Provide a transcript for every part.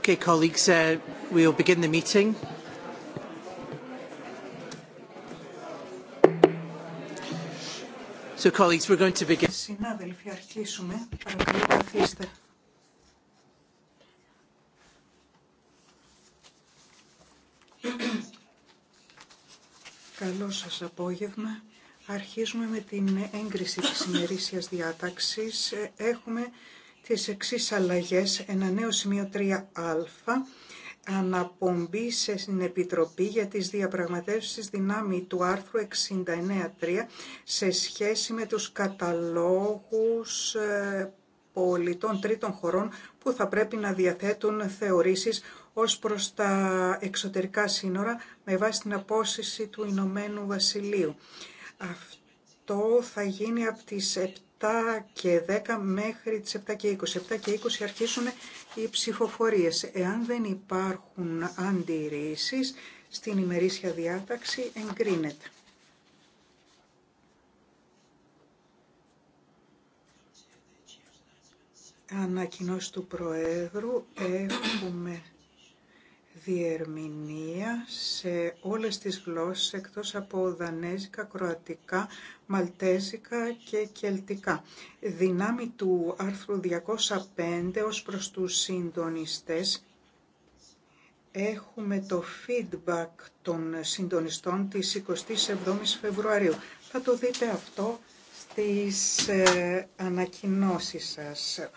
Okay, colleagues, uh, we'll begin the meeting. So, colleagues, we're going to begin. Παρακαλώ, Καλό σας απόγευμα. Αρχίζουμε με την έγκριση της ημερήσιας διάταξης. Έχουμε τις εξής αλλαγές. Ένα νέο σημείο 3α, αναπομπή στην Επιτροπή για τις διαπραγματεύσεις δυνάμει του άρθρου 69.3 σε σχέση με τους καταλόγους ε, πολιτών τρίτων χωρών που θα πρέπει να διαθέτουν θεωρήσεις ως προς τα εξωτερικά σύνορα με βάση την απόσυση του Ηνωμένου Βασιλείου. Αυτό θα γίνει από τις 7 και 10 μέχρι τις 7 και 20. 7 και 20 αρχίσουν οι ψηφοφορίες. Εάν δεν υπάρχουν αντιρρήσεις στην ημερήσια διάταξη εγκρίνεται. Ανακοινώσει του Προέδρου έχουμε διερμηνία σε όλες τις γλώσσες εκτός από δανέζικα, κροατικά, μαλτέζικα και κελτικά. Δυνάμει του άρθρου 205 ως προς τους συντονιστές έχουμε το feedback των συντονιστών της 27ης Φεβρουαρίου. Θα το δείτε αυτό στις ε, ανακοινώσεις σας.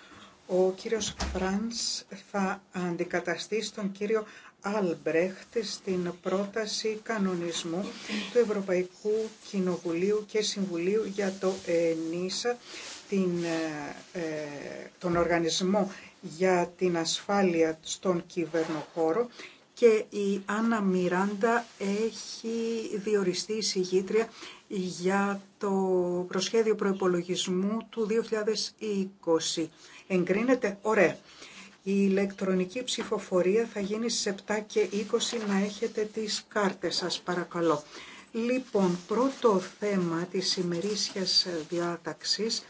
Ο κύριος Φρανς θα αντικαταστήσει τον κύριο Άλμπρεχτ στην πρόταση κανονισμού του Ευρωπαϊκού Κοινοβουλίου και Συμβουλίου για το ΕΝΙΣΑ, ε, τον Οργανισμό για την Ασφάλεια στον Κυβερνοχώρο και η Άννα Μιράντα έχει διοριστεί συγγήτρια για το προσχέδιο προϋπολογισμού του 2020. Εγκρίνεται, ωραία. Η ηλεκτρονική ψηφοφορία θα γίνει στις 7 και 20 να έχετε τις κάρτες σας παρακαλώ. Λοιπόν, πρώτο θέμα της ημερήσιας διάταξης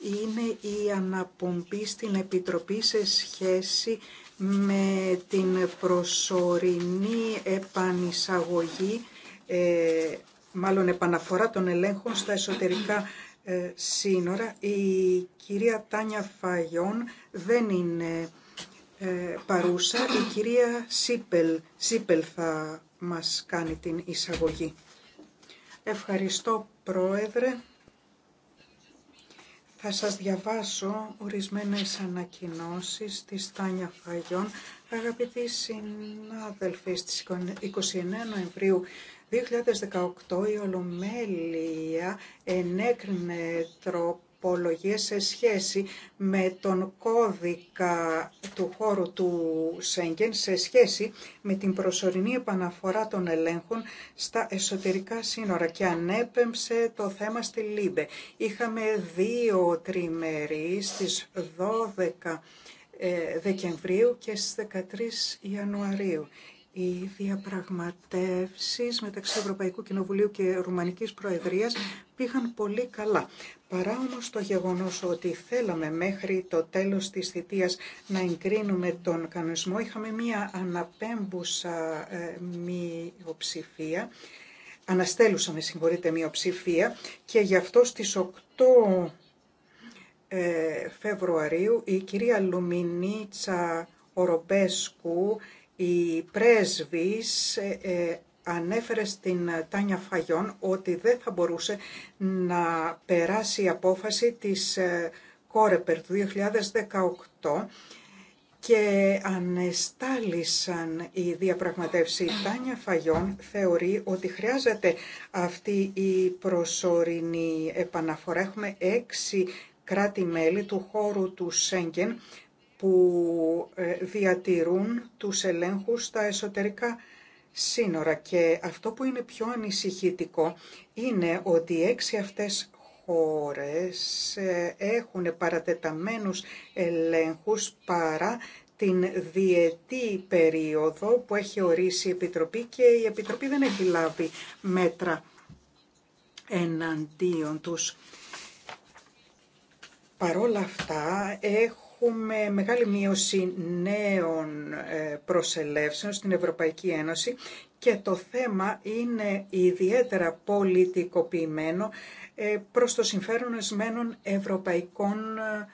είναι η αναπομπή στην Επιτροπή σε σχέση με την προσωρινή επανεισαγωγή, ε, μάλλον επαναφορά των ελέγχων στα εσωτερικά ε, σύνορα. Η κυρία Τάνια Φαγιόν δεν είναι ε, παρούσα. Η κυρία Σίπελ, Σίπελ θα μας κάνει την εισαγωγή. Ευχαριστώ Πρόεδρε. Θα σας διαβάσω ορισμένες ανακοινώσεις της Τάνια Φαγιών. Αγαπητοί συνάδελφοι, στις 29 Νοεμβρίου 2018 η Ολομέλεια ενέκρινε τρόπο σε σχέση με τον κώδικα του χώρου του Σέγγεν σε σχέση με την προσωρινή επαναφορά των ελέγχων στα εσωτερικά σύνορα και ανέπεμψε το θέμα στη Λίμπε. Είχαμε δύο τριμερεί στις 12 ε, Δεκεμβρίου και στις 13 Ιανουαρίου. Οι διαπραγματεύσεις μεταξύ Ευρωπαϊκού Κοινοβουλίου και Ρουμανικής Προεδρίας πήγαν πολύ καλά. Παρά όμως το γεγονός ότι θέλαμε μέχρι το τέλος της θητείας να εγκρίνουμε τον κανονισμό, είχαμε μία αναπέμπουσα ε, μειοψηφία, αναστέλουσα με συγχωρείτε μειοψηφία και γι' αυτό στις 8 ε, Φεβρουαρίου η κυρία Λουμινίτσα Ορομπέσκου, η πρέσβης, ε, ανέφερε στην ε, Τάνια Φαγιόν ότι δεν θα μπορούσε να περάσει η απόφαση της ε, Κόρεπερ του 2018 και ανεστάλησαν οι διαπραγματεύση. Η Τάνια Φαγιόν θεωρεί ότι χρειάζεται αυτή η προσωρινή επαναφορά. Έχουμε έξι κράτη-μέλη του χώρου του Σέγγεν που ε, διατηρούν τους ελέγχους στα εσωτερικά σύνορα και αυτό που είναι πιο ανησυχητικό είναι ότι έξι αυτές χώρες ε, έχουν παρατεταμένους ελέγχους παρά την διετή περίοδο που έχει ορίσει η Επιτροπή και η Επιτροπή δεν έχει λάβει μέτρα εναντίον τους. Παρόλα αυτά, έχω έχουμε μεγάλη μείωση νέων ε, προσελεύσεων στην Ευρωπαϊκή Ένωση και το θέμα είναι ιδιαίτερα πολιτικοποιημένο ε, προς το συμφέρον ευρωπαϊκών ε,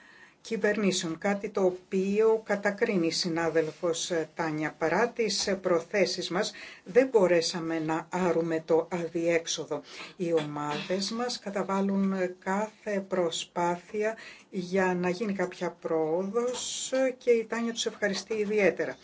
κυβερνήσεων, κάτι το οποίο κατακρίνει η συνάδελφος Τάνια. Παρά τις προθέσεις μας δεν μπορέσαμε να άρουμε το αδιέξοδο. Οι ομάδες μας καταβάλουν κάθε προσπάθεια για να γίνει κάποια πρόοδος και η Τάνια τους ευχαριστεί ιδιαίτερα.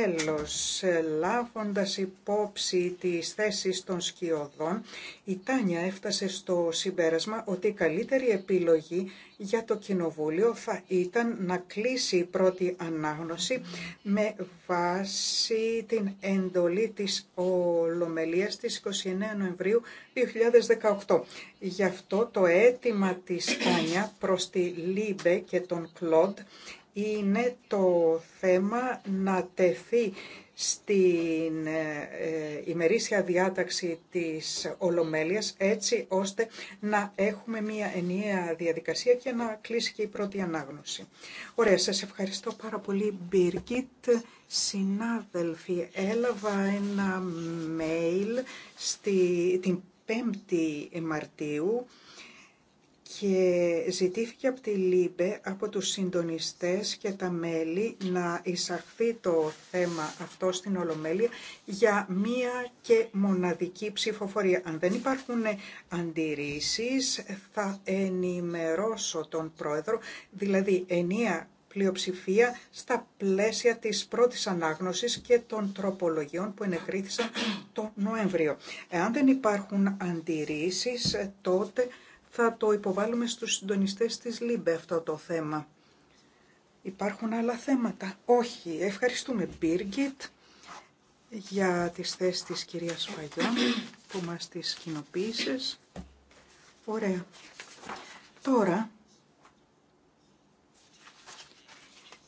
Τέλος, λάβοντας υπόψη τις θέσεις των σκιωδών, η Τάνια έφτασε στο συμπέρασμα ότι η καλύτερη επιλογή για το Κοινοβούλιο θα ήταν να κλείσει η πρώτη ανάγνωση με βάση την εντολή της Ολομελίας της 29 Νοεμβρίου 2018. Γι' αυτό το αίτημα της Τάνια προς τη Λίμπε και τον Κλοντ είναι το θέμα να τεθεί στην ε, ε, ημερήσια διάταξη της Ολομέλειας έτσι ώστε να έχουμε μια ενιαία διαδικασία και να κλείσει και η πρώτη ανάγνωση. Ωραία, σας ευχαριστώ πάρα πολύ Μπίργκιτ. Συνάδελφοι, έλαβα ένα mail στη, την 5η Μαρτίου και ζητήθηκε από τη ΛΥΜΠΕ, από τους συντονιστές και τα μέλη να εισαχθεί το θέμα αυτό στην Ολομέλεια για μία και μοναδική ψηφοφορία. Αν δεν υπάρχουν αντιρρήσεις θα ενημερώσω τον Πρόεδρο, δηλαδή ενία πλειοψηφία στα πλαίσια της πρώτης ανάγνωσης και των τροπολογιών που ενεκρίθησαν τον Νοέμβριο. Εάν δεν υπάρχουν αντιρρήσεις τότε θα το υποβάλουμε στους συντονιστές της ΛΥΜΠΕ αυτό το θέμα. Υπάρχουν άλλα θέματα. Όχι. Ευχαριστούμε Birgit για τις θέσεις της κυρίας Φαγιών που μας τις κοινοποίησες. Ωραία. Τώρα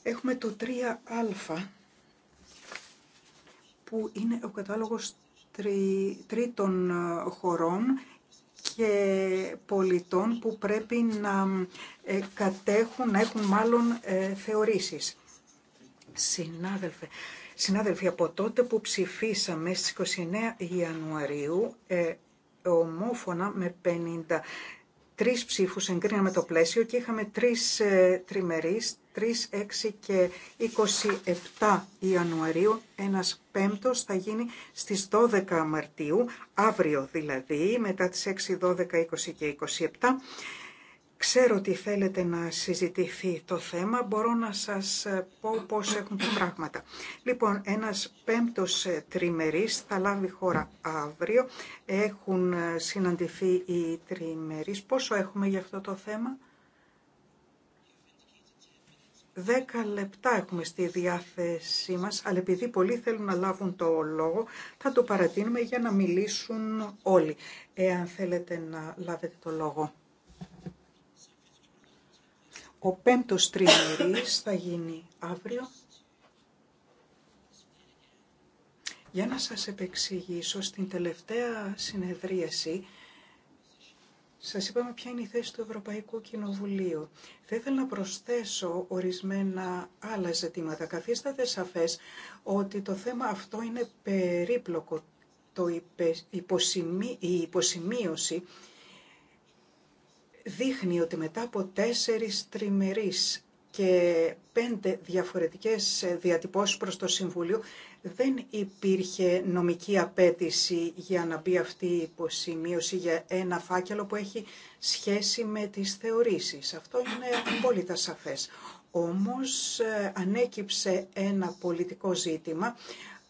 έχουμε το 3α που είναι ο κατάλογος τρι, τρίτων ε, χωρών και πολιτών που πρέπει να ε, κατέχουν, να έχουν μάλλον ε, θεωρήσεις. Συνάδελφε, συνάδελφοι, από τότε που ψηφίσαμε στις 29 Ιανουαρίου, ε, ομόφωνα με 53 τρεις ψήφους εγκρίναμε το πλαίσιο και είχαμε τρεις ε, 3, 6 και 27 Ιανουαρίου. Ένας πέμπτος θα γίνει στις 12 Μαρτίου, αύριο δηλαδή, μετά τις 6, 12, 20 και 27. Ξέρω ότι θέλετε να συζητηθεί το θέμα, μπορώ να σας ε, πω πώς έχουν τα πράγματα. Λοιπόν, ένας πέμπτος ε, τριμερής θα λάβει χώρα αύριο. Έχουν ε, συναντηθεί οι τριμερείς. Πόσο έχουμε για αυτό το θέμα? Δέκα λεπτά έχουμε στη διάθεσή μας, αλλά επειδή πολλοί θέλουν να λάβουν το λόγο, θα το παρατείνουμε για να μιλήσουν όλοι, εάν θέλετε να λάβετε το λόγο. Ο πέμπτος τριμερής θα γίνει αύριο. Για να σας επεξηγήσω, στην τελευταία συνεδρίαση σας είπαμε ποια είναι η θέση του Ευρωπαϊκού Κοινοβουλίου. Θα ήθελα να προσθέσω ορισμένα άλλα ζητήματα. Καθίσταται σαφές ότι το θέμα αυτό είναι περίπλοκο. Το η υποσημείωση δείχνει ότι μετά από τέσσερις τριμερείς και πέντε διαφορετικές διατυπώσεις προς το Συμβούλιο δεν υπήρχε νομική απέτηση για να μπει αυτή η υποσημείωση για ένα φάκελο που έχει σχέση με τις θεωρήσεις. Αυτό είναι απόλυτα σαφές. Όμως ε, ανέκυψε ένα πολιτικό ζήτημα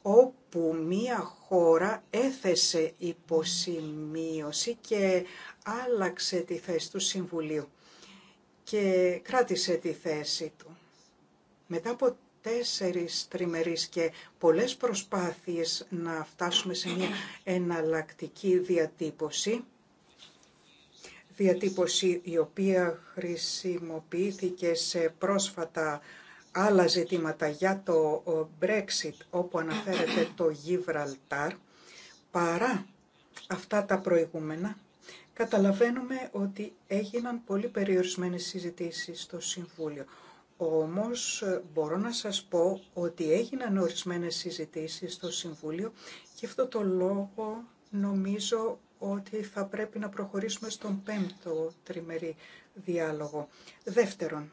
όπου μία χώρα έθεσε υποσημείωση και άλλαξε τη θέση του Συμβουλίου και κράτησε τη θέση του. Μετά από τέσσερις τριμερείς και πολλές προσπάθειες να φτάσουμε σε μια εναλλακτική διατύπωση. Διατύπωση η οποία χρησιμοποιήθηκε σε πρόσφατα άλλα ζητήματα για το Brexit όπου αναφέρεται το Γιβραλτάρ παρά αυτά τα προηγούμενα καταλαβαίνουμε ότι έγιναν πολύ περιορισμένες συζητήσεις στο Συμβούλιο. Όμως ε, μπορώ να σας πω ότι έγιναν ορισμένες συζητήσεις στο Συμβούλιο και αυτό το λόγο νομίζω ότι θα πρέπει να προχωρήσουμε στον πέμπτο τριμερή διάλογο. Δεύτερον,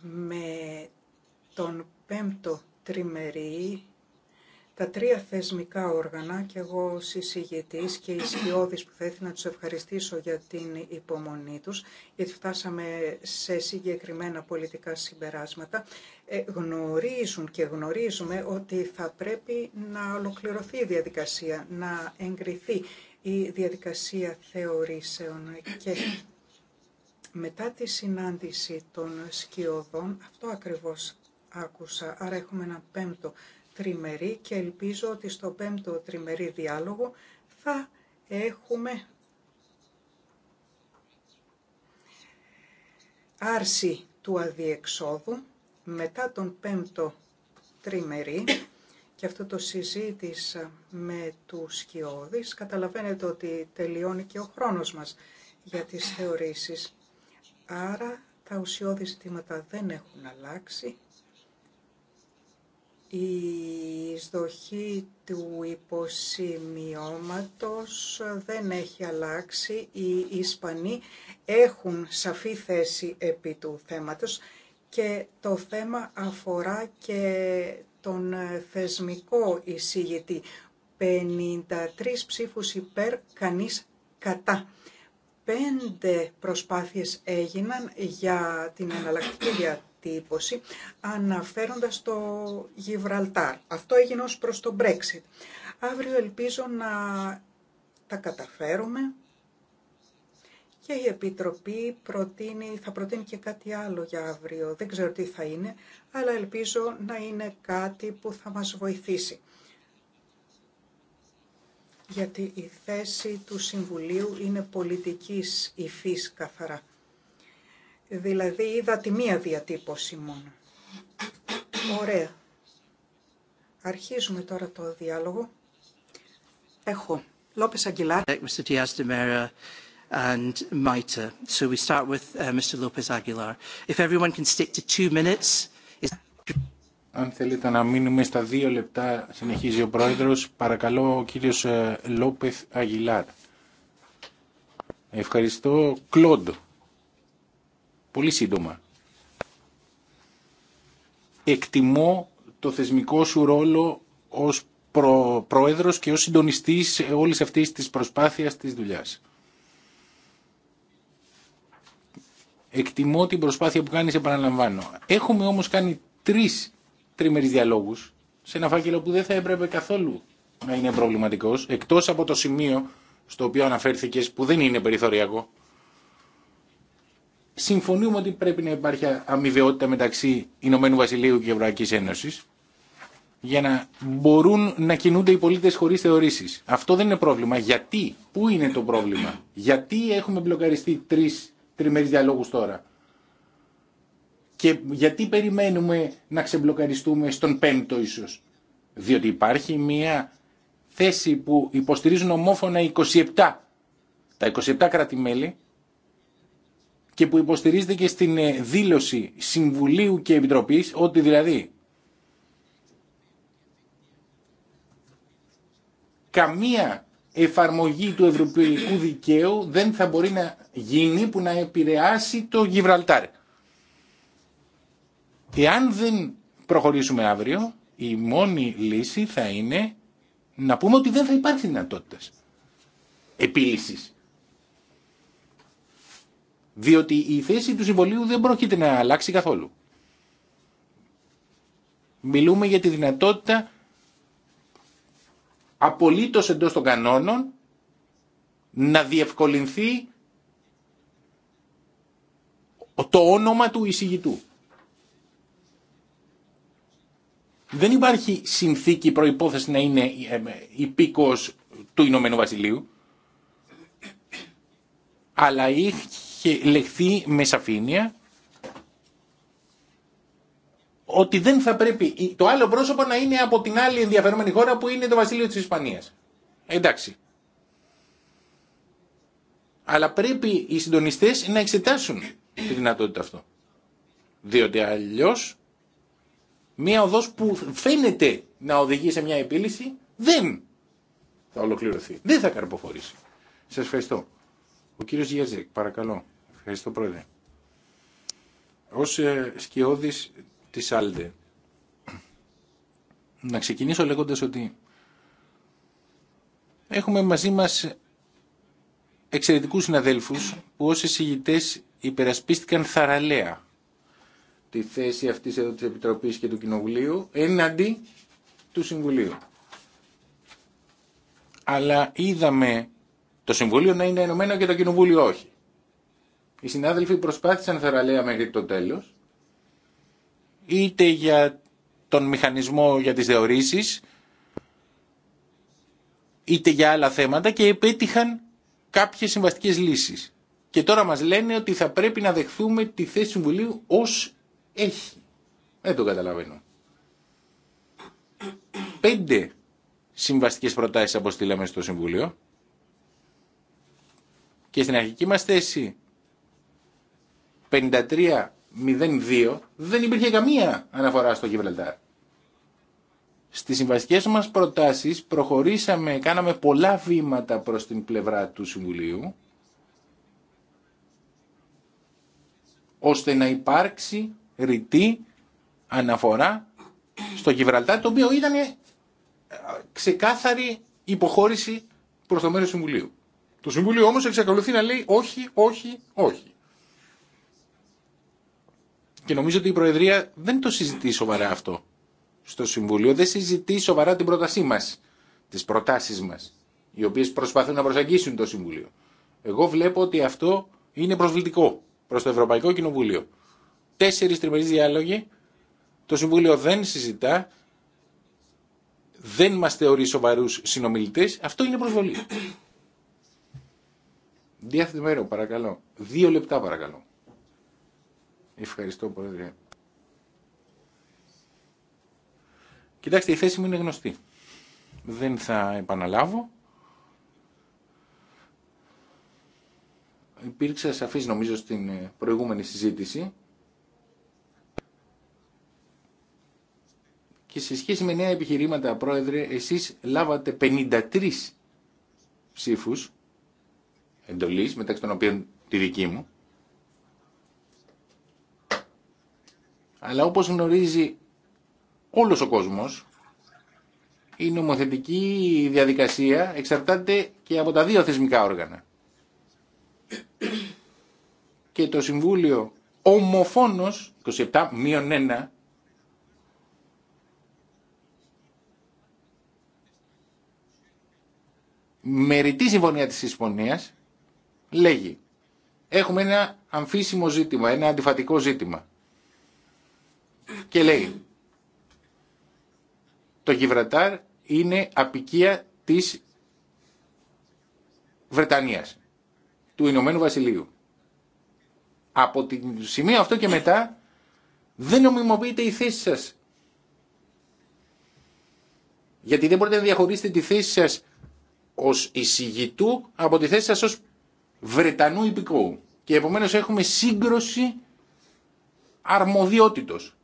με τον πέμπτο τριμερή τα τρία θεσμικά όργανα και εγώ ως και οι που θα να τους ευχαριστήσω για την υπομονή τους γιατί φτάσαμε σε συγκεκριμένα πολιτικά συμπεράσματα ε, γνωρίζουν και γνωρίζουμε ότι θα πρέπει να ολοκληρωθεί η διαδικασία, να εγκριθεί η διαδικασία θεωρήσεων και μετά τη συνάντηση των σκιωδών αυτό ακριβώς άκουσα, άρα έχουμε ένα πέμπτο τριμερή και ελπίζω ότι στο πέμπτο τριμερή διάλογο θα έχουμε άρση του αδιεξόδου μετά τον πέμπτο τριμερή και αυτό το συζήτησα με του σκιώδεις, Καταλαβαίνετε ότι τελειώνει και ο χρόνος μας για τις θεωρήσεις. Άρα τα ουσιώδη ζητήματα δεν έχουν αλλάξει. Η εισδοχή του υποσημειώματος δεν έχει αλλάξει. Οι Ισπανοί έχουν σαφή θέση επί του θέματος και το θέμα αφορά και τον θεσμικό εισηγητή. 53 ψήφους υπέρ, κανείς κατά. Πέντε προσπάθειες έγιναν για την εναλλακτική εντύπωση αναφέροντας το Γιβραλτάρ. Αυτό έγινε ως προς το Brexit. Αύριο ελπίζω να τα καταφέρουμε και η Επιτροπή προτείνει, θα προτείνει και κάτι άλλο για αύριο. Δεν ξέρω τι θα είναι, αλλά ελπίζω να είναι κάτι που θα μας βοηθήσει. Γιατί η θέση του Συμβουλίου είναι πολιτικής υφής καθαρά. Δηλαδή είδα τη μία διατύπωση μόνο. Ωραία. Αρχίζουμε τώρα το διάλογο. Έχω. Λόπες Αγγιλάρ. Mr. Diaz and Maita. So we start with uh, Mr. Lopez Aguilar. If everyone can stick to two minutes. Αν θέλετε να μείνουμε στα δύο λεπτά, συνεχίζει ο Πρόεδρος, παρακαλώ ο κύριος ε, Λόπεθ Αγγιλάρ. Ευχαριστώ. Κλόντ. Πολύ σύντομα. Εκτιμώ το θεσμικό σου ρόλο ως προ, πρόεδρος και ως συντονιστής όλης αυτής της προσπάθειας της δουλειάς. Εκτιμώ την προσπάθεια που κάνεις, επαναλαμβάνω. Έχουμε όμως κάνει τρεις τριμερείς διαλόγους σε ένα φάκελο που δεν θα έπρεπε καθόλου να είναι προβληματικός, εκτός από το σημείο στο οποίο αναφέρθηκες που δεν είναι περιθωριακό συμφωνούμε ότι πρέπει να υπάρχει αμοιβαιότητα μεταξύ Ηνωμένου Βασιλείου και Ευρωπαϊκή Ένωση για να μπορούν να κινούνται οι πολίτε χωρί θεωρήσει. Αυτό δεν είναι πρόβλημα. Γιατί, πού είναι το πρόβλημα, γιατί έχουμε μπλοκαριστεί τρεις τριμερείς διαλόγους τώρα και γιατί περιμένουμε να ξεμπλοκαριστούμε στον πέμπτο ίσως. Διότι υπάρχει μια θέση που ειναι το προβλημα γιατι εχουμε μπλοκαριστει τρει τριμερει διαλόγου τωρα και γιατι περιμενουμε ομόφωνα 27. Τα 27 κράτη-μέλη και που υποστηρίζεται και στην ε, δήλωση Συμβουλίου και Επιτροπής ότι δηλαδή καμία εφαρμογή του ευρωπαϊκού δικαίου δεν θα μπορεί να γίνει που να επηρεάσει το Γιβραλτάρ. Εάν δεν προχωρήσουμε αύριο, η μόνη λύση θα είναι να πούμε ότι δεν θα υπάρχει δυνατότητα επίλυσης διότι η θέση του συμβολίου δεν πρόκειται να αλλάξει καθόλου. Μιλούμε για τη δυνατότητα απολύτως εντός των κανόνων να διευκολυνθεί το όνομα του εισηγητού. Δεν υπάρχει συνθήκη προϋπόθεση να είναι υπήκος του Ηνωμένου Βασιλείου, αλλά είχε λεχθεί με σαφήνεια ότι δεν θα πρέπει το άλλο πρόσωπο να είναι από την άλλη ενδιαφερόμενη χώρα που είναι το βασίλειο της Ισπανίας. Εντάξει. Αλλά πρέπει οι συντονιστές να εξετάσουν τη δυνατότητα αυτό. Διότι αλλιώς μία οδός που φαίνεται να οδηγεί σε μια επίλυση δεν θα ολοκληρωθεί. Δεν θα καρποφορήσει. Σας ευχαριστώ. Ο κύριος Γιέζεκ, παρακαλώ. Ευχαριστώ πρόεδρε. Ως ε, σκιώδης της Άλντε, να ξεκινήσω λέγοντας ότι έχουμε μαζί μας εξαιρετικούς συναδέλφους που όσες εισηγητές υπερασπίστηκαν θαραλέα τη θέση αυτής εδώ της Επιτροπής και του Κοινοβουλίου έναντι του Συμβουλίου. Αλλά είδαμε το Συμβούλιο να είναι ενωμένο και το Κοινοβούλιο όχι. Οι συνάδελφοι προσπάθησαν θεραλέα μέχρι το τέλος, είτε για τον μηχανισμό για τις θεωρήσεις, είτε για άλλα θέματα και επέτυχαν κάποιες συμβαστικές λύσεις. Και τώρα μας λένε ότι θα πρέπει να δεχθούμε τη θέση του Συμβουλίου ως έχει. Δεν το καταλαβαίνω. Πέντε συμβαστικές προτάσεις αποστήλαμε στο Συμβούλιο και στην αρχική μας θέση 53-02 δεν υπήρχε καμία αναφορά στο Γιβραλτάρ. Στις συμβασικές μας προτάσεις προχωρήσαμε, κάναμε πολλά βήματα προς την πλευρά του Συμβουλίου ώστε να υπάρξει ρητή αναφορά στο Γιβραλτάρ το οποίο ήταν ε, ξεκάθαρη υποχώρηση προς το μέρος του Συμβουλίου. Το Συμβούλιο όμως εξακολουθεί να λέει όχι, όχι, όχι. Και νομίζω ότι η Προεδρία δεν το συζητεί σοβαρά αυτό στο Συμβουλίο. Δεν συζητεί σοβαρά την πρότασή μα, τι προτάσει μα, οι οποίε προσπαθούν να προσαγγίσουν το Συμβουλίο. Εγώ βλέπω ότι αυτό είναι προσβλητικό προς το Ευρωπαϊκό Κοινοβούλιο. Τέσσερις τριμερεί διάλογοι, το Συμβούλιο δεν συζητά, δεν μας θεωρεί σοβαρού συνομιλητέ. αυτό είναι προσβολή. Διάθετη μέρο, παρακαλώ. Δύο λεπτά, παρακαλώ. Ευχαριστώ, Πρόεδρε. Κοιτάξτε, η θέση μου είναι γνωστή. Δεν θα επαναλάβω. Υπήρξε σαφής νομίζω στην ε, προηγούμενη συζήτηση και σε σχέση με νέα επιχειρήματα, Πρόεδρε, εσείς λάβατε 53 ψήφους εντολής, μεταξύ των οποίων τη δική μου, Αλλά όπως γνωρίζει όλος ο κόσμος, η νομοθετική διαδικασία εξαρτάται και από τα δύο θεσμικά όργανα. Και το Συμβούλιο ομοφόνος, 27 27-1 1, ρητή συμφωνία της Ισπανίας λέγει έχουμε ένα αμφίσιμο ζήτημα, ένα αντιφατικό ζήτημα και λέει το Γιβρατάρ είναι απικία της Βρετανίας, του Ηνωμένου Βασιλείου. Από τη σημεία αυτό και μετά δεν νομιμοποιείται η θέση σας. Γιατί δεν μπορείτε να διαχωρίσετε τη θέση σας ως εισηγητού από τη θέση σας ως Βρετανού υπηκόου. Και επομένως έχουμε σύγκρουση αρμοδιότητος.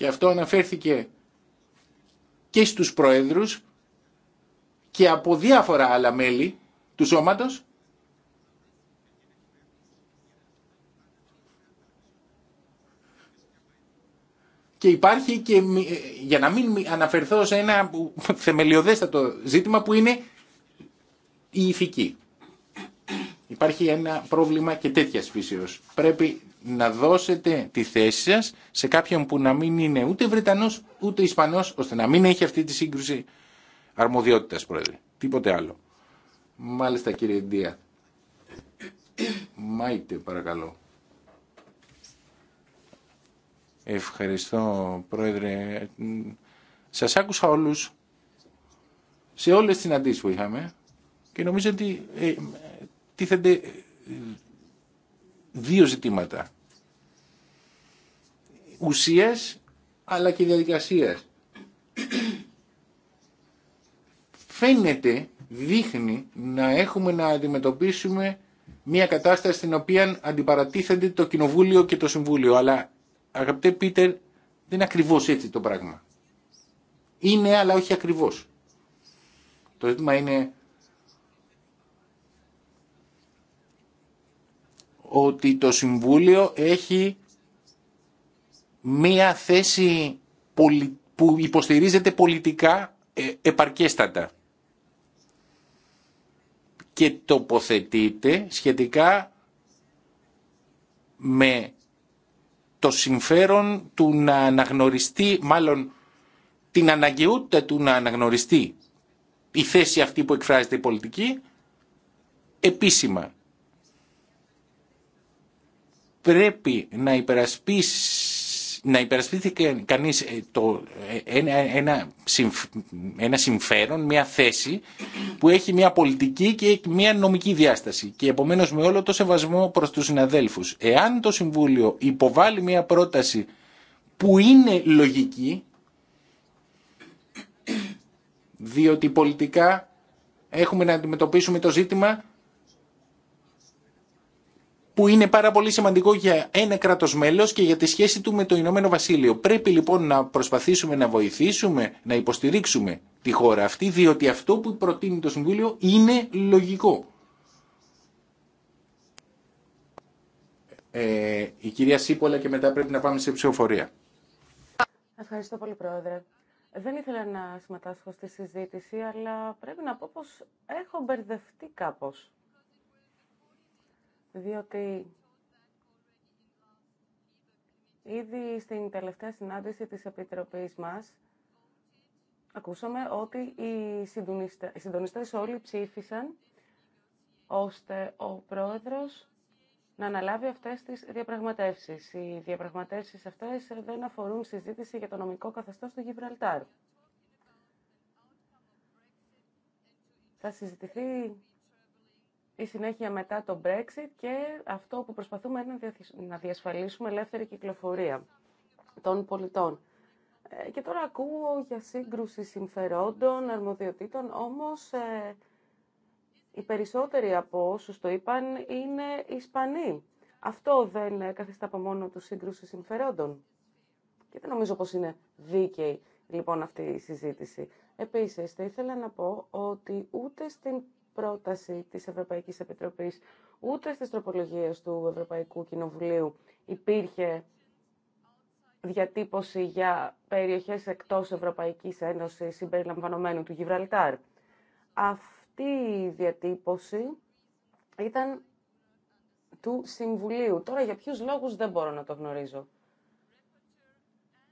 Και αυτό αναφέρθηκε και στους προέδρους και από διάφορα άλλα μέλη του σώματος. Και υπάρχει και, ε, για να μην αναφερθώ σε ένα θεμελιωδέστατο ζήτημα που είναι η ηθική. Υπάρχει ένα πρόβλημα και τέτοια φύσεως. Πρέπει να δώσετε τη θέση σας σε κάποιον που να μην είναι ούτε Βρετανός ούτε Ισπανός, ώστε να μην έχει αυτή τη σύγκρουση αρμοδιότητα, Πρόεδρε. Τίποτε άλλο. Μάλιστα, κύριε Ντία. Μάιτε, παρακαλώ. Ευχαριστώ, Πρόεδρε. Σας άκουσα όλους σε όλες τις συναντήσεις που είχαμε και νομίζω ότι ε, τίθενται ε, δύο ζητήματα. Ουσίες αλλά και διαδικασίες Φαίνεται, δείχνει να έχουμε να αντιμετωπίσουμε μια κατάσταση στην οποία αντιπαρατίθενται το Κοινοβούλιο και το Συμβούλιο. Αλλά αγαπητέ Πίτερ, δεν είναι ακριβώς έτσι το πράγμα. Είναι αλλά όχι ακριβώς. Το ζήτημα είναι ότι το Συμβούλιο έχει μία θέση που υποστηρίζεται πολιτικά ε, επαρκέστατα και τοποθετείται σχετικά με το συμφέρον του να αναγνωριστεί, μάλλον την αναγκαιότητα του να αναγνωριστεί η θέση αυτή που εκφράζεται η πολιτική επίσημα πρέπει να υπερασπίσει να κανείς ε, το, ε, ένα, ένα, ένα συμφέρον, μια θέση που έχει μια πολιτική και μια νομική διάσταση και επομένως με όλο το σεβασμό προς τους συναδέλφους. Εάν το Συμβούλιο υποβάλει μια πρόταση που είναι λογική, διότι πολιτικά έχουμε να αντιμετωπίσουμε το ζήτημα που είναι πάρα πολύ σημαντικό για ένα κράτος μέλος και για τη σχέση του με το Ηνωμένο Βασίλειο. Πρέπει λοιπόν να προσπαθήσουμε να βοηθήσουμε, να υποστηρίξουμε τη χώρα αυτή, διότι αυτό που προτείνει το Συμβούλιο είναι λογικό. Ε, η κυρία Σίπολα και μετά πρέπει να πάμε σε ψηφοφορία. Ευχαριστώ πολύ, Πρόεδρε. Δεν ήθελα να συμμετάσχω στη συζήτηση, αλλά πρέπει να πω πως έχω μπερδευτεί κάπως διότι ήδη στην τελευταία συνάντηση της Επιτροπής μας ακούσαμε ότι οι συντονιστές, όλοι ψήφισαν ώστε ο πρόεδρος να αναλάβει αυτές τις διαπραγματεύσεις. Οι διαπραγματεύσεις αυτές δεν αφορούν συζήτηση για το νομικό καθεστώς του Γιβραλτάρ. Θα συζητηθεί η συνέχεια μετά το Brexit και αυτό που προσπαθούμε είναι να διασφαλίσουμε ελεύθερη κυκλοφορία των πολιτών. Ε, και τώρα ακούω για σύγκρουση συμφερόντων, αρμοδιοτήτων, όμως ε, οι περισσότεροι από όσους το είπαν είναι Ισπανοί. Αυτό δεν καθιστά από μόνο του σύγκρουση συμφερόντων. Και δεν νομίζω πως είναι δίκαιη λοιπόν αυτή η συζήτηση. Επίσης, θα ήθελα να πω ότι ούτε στην πρόταση της Ευρωπαϊκής Επιτροπής, ούτε στις τροπολογίες του Ευρωπαϊκού Κοινοβουλίου υπήρχε διατύπωση για περιοχές εκτός Ευρωπαϊκής Ένωσης συμπεριλαμβανομένου του Γιβραλτάρ. Αυτή η διατύπωση ήταν του Συμβουλίου. Τώρα για ποιους λόγους δεν μπορώ να το γνωρίζω.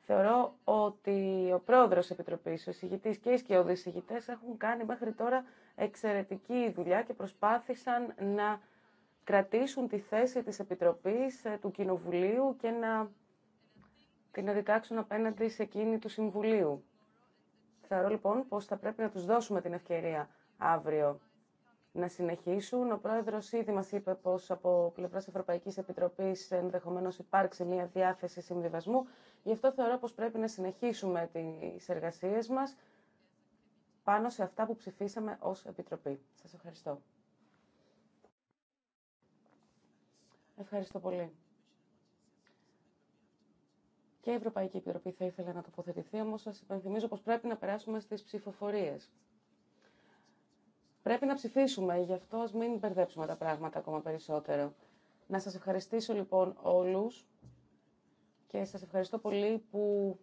Θεωρώ ότι ο πρόεδρος Επιτροπής, ο εισηγητής και οι σκιώδεις έχουν κάνει μέχρι τώρα εξαιρετική δουλειά και προσπάθησαν να κρατήσουν τη θέση της Επιτροπής ε, του Κοινοβουλίου και να την αντιτάξουν απέναντι σε εκείνη του Συμβουλίου. Θεωρώ λοιπόν πως θα πρέπει να τους δώσουμε την ευκαιρία αύριο να συνεχίσουν. Ο πρόεδρος ήδη μας είπε πως από πλευράς Ευρωπαϊκής Επιτροπής ενδεχομένως υπάρξει μια διάθεση συμβιβασμού. Γι' αυτό θεωρώ πως πρέπει να συνεχίσουμε τις εργασίες μας πάνω σε αυτά που ψηφίσαμε ως Επιτροπή. Σας ευχαριστώ. Ευχαριστώ πολύ. Και η Ευρωπαϊκή Επιτροπή θα ήθελε να τοποθετηθεί, όμως σας υπενθυμίζω πως πρέπει να περάσουμε στις ψηφοφορίες. Πρέπει να ψηφίσουμε, γι' αυτό ας μην μπερδέψουμε τα πράγματα ακόμα περισσότερο. Να σας ευχαριστήσω λοιπόν όλους και σας ευχαριστώ πολύ που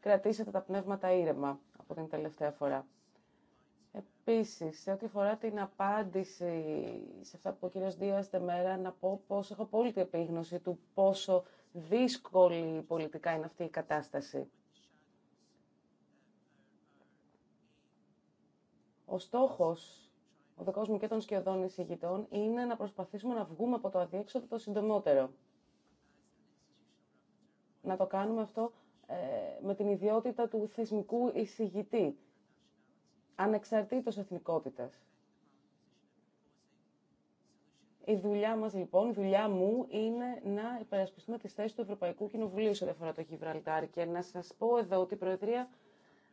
κρατήσατε τα πνεύματα ήρεμα από την τελευταία φορά. Επίσης, σε ό,τι φορά την απάντηση σε αυτά που ο κύριος Δίας μέρα, να πω πως έχω απόλυτη επίγνωση του πόσο δύσκολη πολιτικά είναι αυτή η κατάσταση. Ο στόχος, ο δικός μου και των σκιωδών εισηγητών, είναι να προσπαθήσουμε να βγούμε από το αδιέξοδο το συντομότερο. Να το κάνουμε αυτό ε, με την ιδιότητα του θεσμικού εισηγητή ανεξαρτήτως εθνικότητας. Η δουλειά μας λοιπόν, η δουλειά μου είναι να υπερασπιστούμε τις θέσεις του Ευρωπαϊκού Κοινοβουλίου σε διαφορά το Γιβραλτάρ και να σας πω εδώ ότι η Προεδρία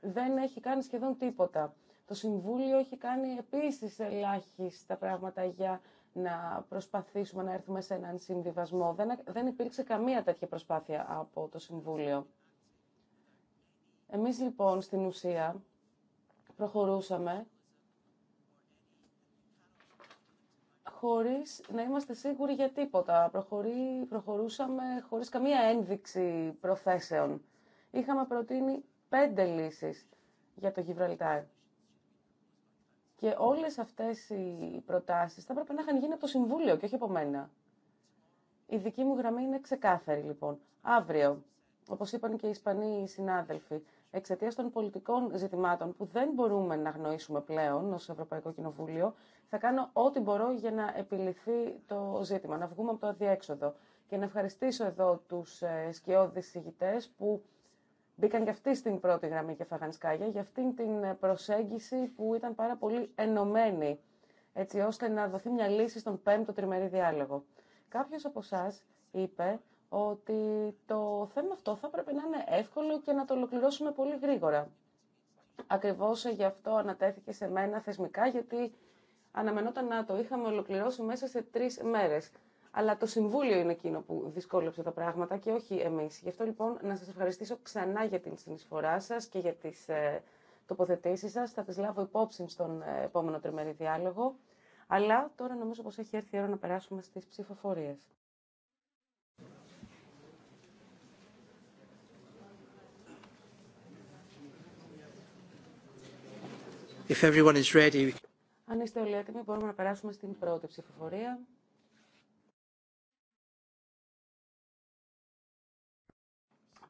δεν έχει κάνει σχεδόν τίποτα. Το Συμβούλιο έχει κάνει επίσης ελάχιστα πράγματα για να προσπαθήσουμε να έρθουμε σε έναν συμβιβασμό. Δεν, δεν υπήρξε καμία τέτοια προσπάθεια από το Συμβούλιο. Εμείς λοιπόν στην ουσία προχωρούσαμε χωρίς να είμαστε σίγουροι για τίποτα. προχωρούσαμε χωρίς καμία ένδειξη προθέσεων. Είχαμε προτείνει πέντε λύσεις για το Γιβραλτάρ. Και όλες αυτές οι προτάσεις θα έπρεπε να είχαν γίνει από το Συμβούλιο και όχι από μένα. Η δική μου γραμμή είναι ξεκάθαρη λοιπόν. Αύριο, όπως είπαν και οι Ισπανοί συνάδελφοι, εξαιτία των πολιτικών ζητημάτων που δεν μπορούμε να γνωρίσουμε πλέον ω Ευρωπαϊκό Κοινοβούλιο, θα κάνω ό,τι μπορώ για να επιληθεί το ζήτημα, να βγούμε από το αδιέξοδο. Και να ευχαριστήσω εδώ τους ε, σκιώδει ηγητές που μπήκαν και αυτοί στην πρώτη γραμμή και σκάγια για αυτήν την προσέγγιση που ήταν πάρα πολύ ενωμένη, έτσι ώστε να δοθεί μια λύση στον πέμπτο τριμερή διάλογο. Κάποιο από εσά είπε ότι το θέμα αυτό θα πρέπει να είναι εύκολο και να το ολοκληρώσουμε πολύ γρήγορα. Ακριβώς γι' αυτό ανατέθηκε σε μένα θεσμικά, γιατί αναμενόταν να το είχαμε ολοκληρώσει μέσα σε τρεις μέρες. Αλλά το Συμβούλιο είναι εκείνο που δυσκόλεψε τα πράγματα και όχι εμείς. Γι' αυτό λοιπόν να σας ευχαριστήσω ξανά για την συνεισφορά σας και για τις ε, τοποθετήσεις σας. Θα τις λάβω υπόψη στον ε, επόμενο τριμερή διάλογο. Αλλά τώρα νομίζω πως έχει έρθει η ώρα να περάσουμε στις ψηφοφορίες. If everyone is ready. Αν είστε όλοι έτοιμοι, μπορούμε να περάσουμε στην πρώτη ψηφοφορία.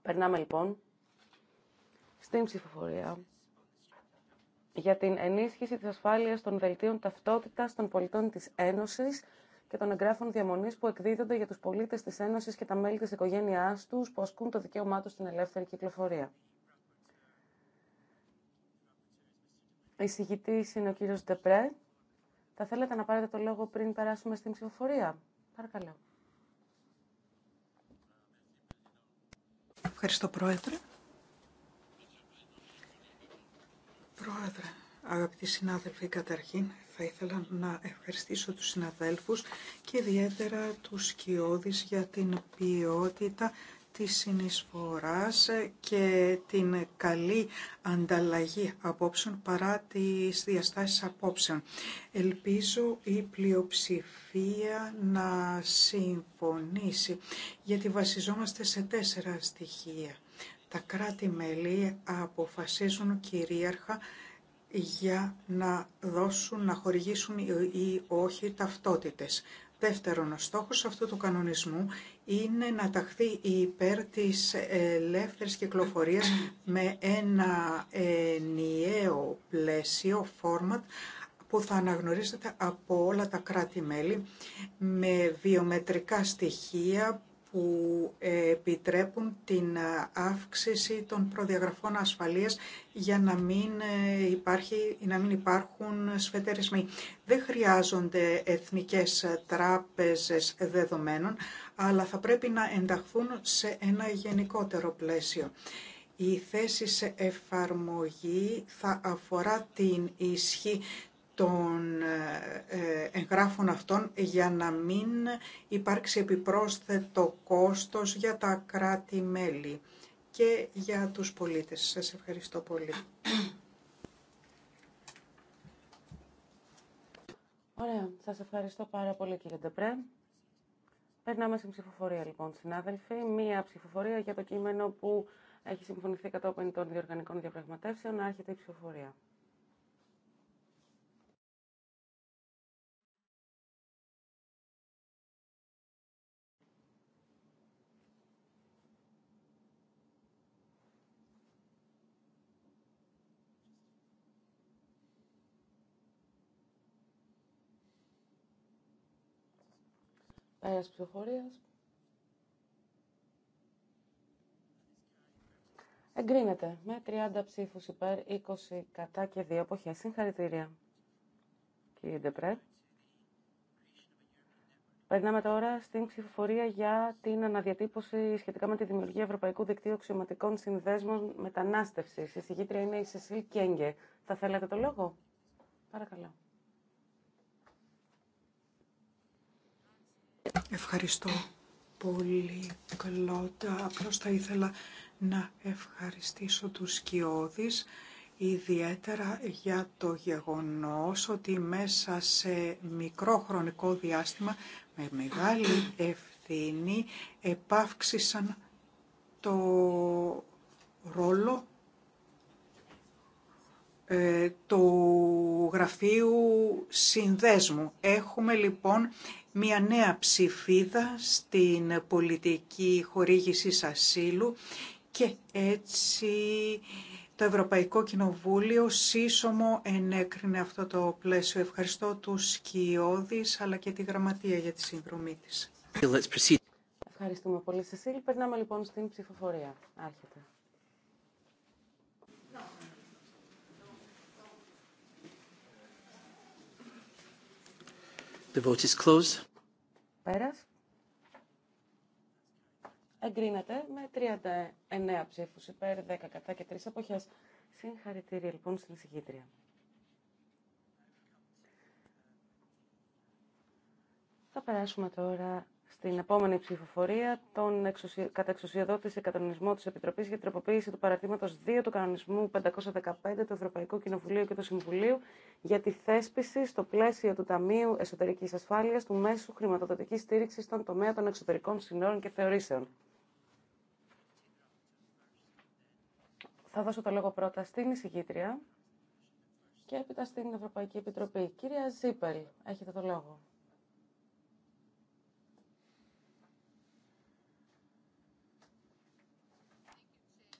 Περνάμε λοιπόν στην ψηφοφορία για την ενίσχυση της ασφάλειας των δελτίων ταυτότητας των πολιτών της Ένωσης και των εγγράφων διαμονής που εκδίδονται για τους πολίτες της Ένωσης και τα μέλη της οικογένειάς τους που ασκούν το δικαίωμά τους στην ελεύθερη κυκλοφορία. εισηγητής είναι ο κύριο Ντεπρέ. Θα θέλατε να πάρετε το λόγο πριν περάσουμε στην ψηφοφορία. Παρακαλώ. Ευχαριστώ, Πρόεδρε. Πρόεδρε, αγαπητοί συνάδελφοι, καταρχήν θα ήθελα να ευχαριστήσω τους συναδέλφους και ιδιαίτερα τους σκιώδεις για την ποιότητα Τη συνεισφορά και την καλή ανταλλαγή απόψεων παρά τις διαστάσεις απόψεων. Ελπίζω η πλειοψηφία να συμφωνήσει γιατί βασιζόμαστε σε τέσσερα στοιχεία. Τα κράτη-μέλη αποφασίζουν κυρίαρχα για να δώσουν, να χορηγήσουν ή όχι ταυτότητες. Δεύτερον, ο στόχος αυτού του κανονισμού είναι να ταχθεί υπέρ της ελεύθερης κυκλοφορίας με ένα ενιαίο πλαίσιο, format, που θα αναγνωρίζεται από όλα τα κράτη-μέλη με βιομετρικά στοιχεία που ε, επιτρέπουν την ε, αύξηση των προδιαγραφών ασφαλείας για να μην, ε, υπάρχει, να μην υπάρχουν σφετερισμοί. Δεν χρειάζονται εθνικές τράπεζες δεδομένων, αλλά θα πρέπει να ενταχθούν σε ένα γενικότερο πλαίσιο. Η θέση σε εφαρμογή θα αφορά την ισχύ των ε, ε, εγγράφων αυτών για να μην υπάρξει επιπρόσθετο κόστος για τα κράτη-μέλη και για τους πολίτες. Σας ευχαριστώ πολύ. Ωραία. Σας ευχαριστώ πάρα πολύ κύριε Ντεπρέ. Περνάμε στην ψηφοφορία λοιπόν, συνάδελφοι. Μία ψηφοφορία για το κείμενο που έχει συμφωνηθεί κατόπιν των διοργανικών διαπραγματεύσεων. Άρχεται η ψηφοφορία. ψηφοφορίας. Εγκρίνεται με 30 ψήφους υπέρ, 20 κατά και 2 αποχές. Συγχαρητήρια, κύριε Ντεπρέ. Περνάμε τώρα στην ψηφοφορία για την αναδιατύπωση σχετικά με τη δημιουργία Ευρωπαϊκού Δικτύου Αξιωματικών Συνδέσμων Μετανάστευση. Η συγγήτρια είναι η Σεσίλ Κέγκε. Θα θέλατε το λόγο. Παρακαλώ. Ευχαριστώ πολύ, Κλώτα. Απλώς θα ήθελα να ευχαριστήσω τους σκιώδεις, ιδιαίτερα για το γεγονός ότι μέσα σε μικρό χρονικό διάστημα, με μεγάλη ευθύνη, επαύξησαν το ρόλο ε, του γραφείου συνδέσμου. Έχουμε λοιπόν μια νέα ψηφίδα στην πολιτική χορήγηση ασύλου και έτσι το Ευρωπαϊκό Κοινοβούλιο σύσσωμο ενέκρινε αυτό το πλαίσιο. Ευχαριστώ του Σκιώδης αλλά και τη Γραμματεία για τη σύνδρομή της. Ευχαριστούμε πολύ, Σεσίλ. Περνάμε λοιπόν στην ψηφοφορία. Άρχεται. The vote is closed. Πέρας. Εγκρίνεται με 39 ψήφους υπέρ, 10 κατά και 3 αποχές. Συγχαρητήρια λοιπόν στην εισηγήτρια. Θα περάσουμε τώρα στην επόμενη ψηφοφορία τον εξουσιο... σε κανονισμό της Επιτροπής για τροποποίηση του παρατήματος 2 του κανονισμού 515 του Ευρωπαϊκού Κοινοβουλίου και του Συμβουλίου για τη θέσπιση στο πλαίσιο του Ταμείου Εσωτερικής Ασφάλειας του Μέσου Χρηματοδοτικής στήριξη στον τομέα των εξωτερικών συνόρων και θεωρήσεων. Θα δώσω το λόγο πρώτα στην εισηγήτρια και έπειτα στην Ευρωπαϊκή Επιτροπή. Κυρία Ζίπελ, έχετε το λόγο.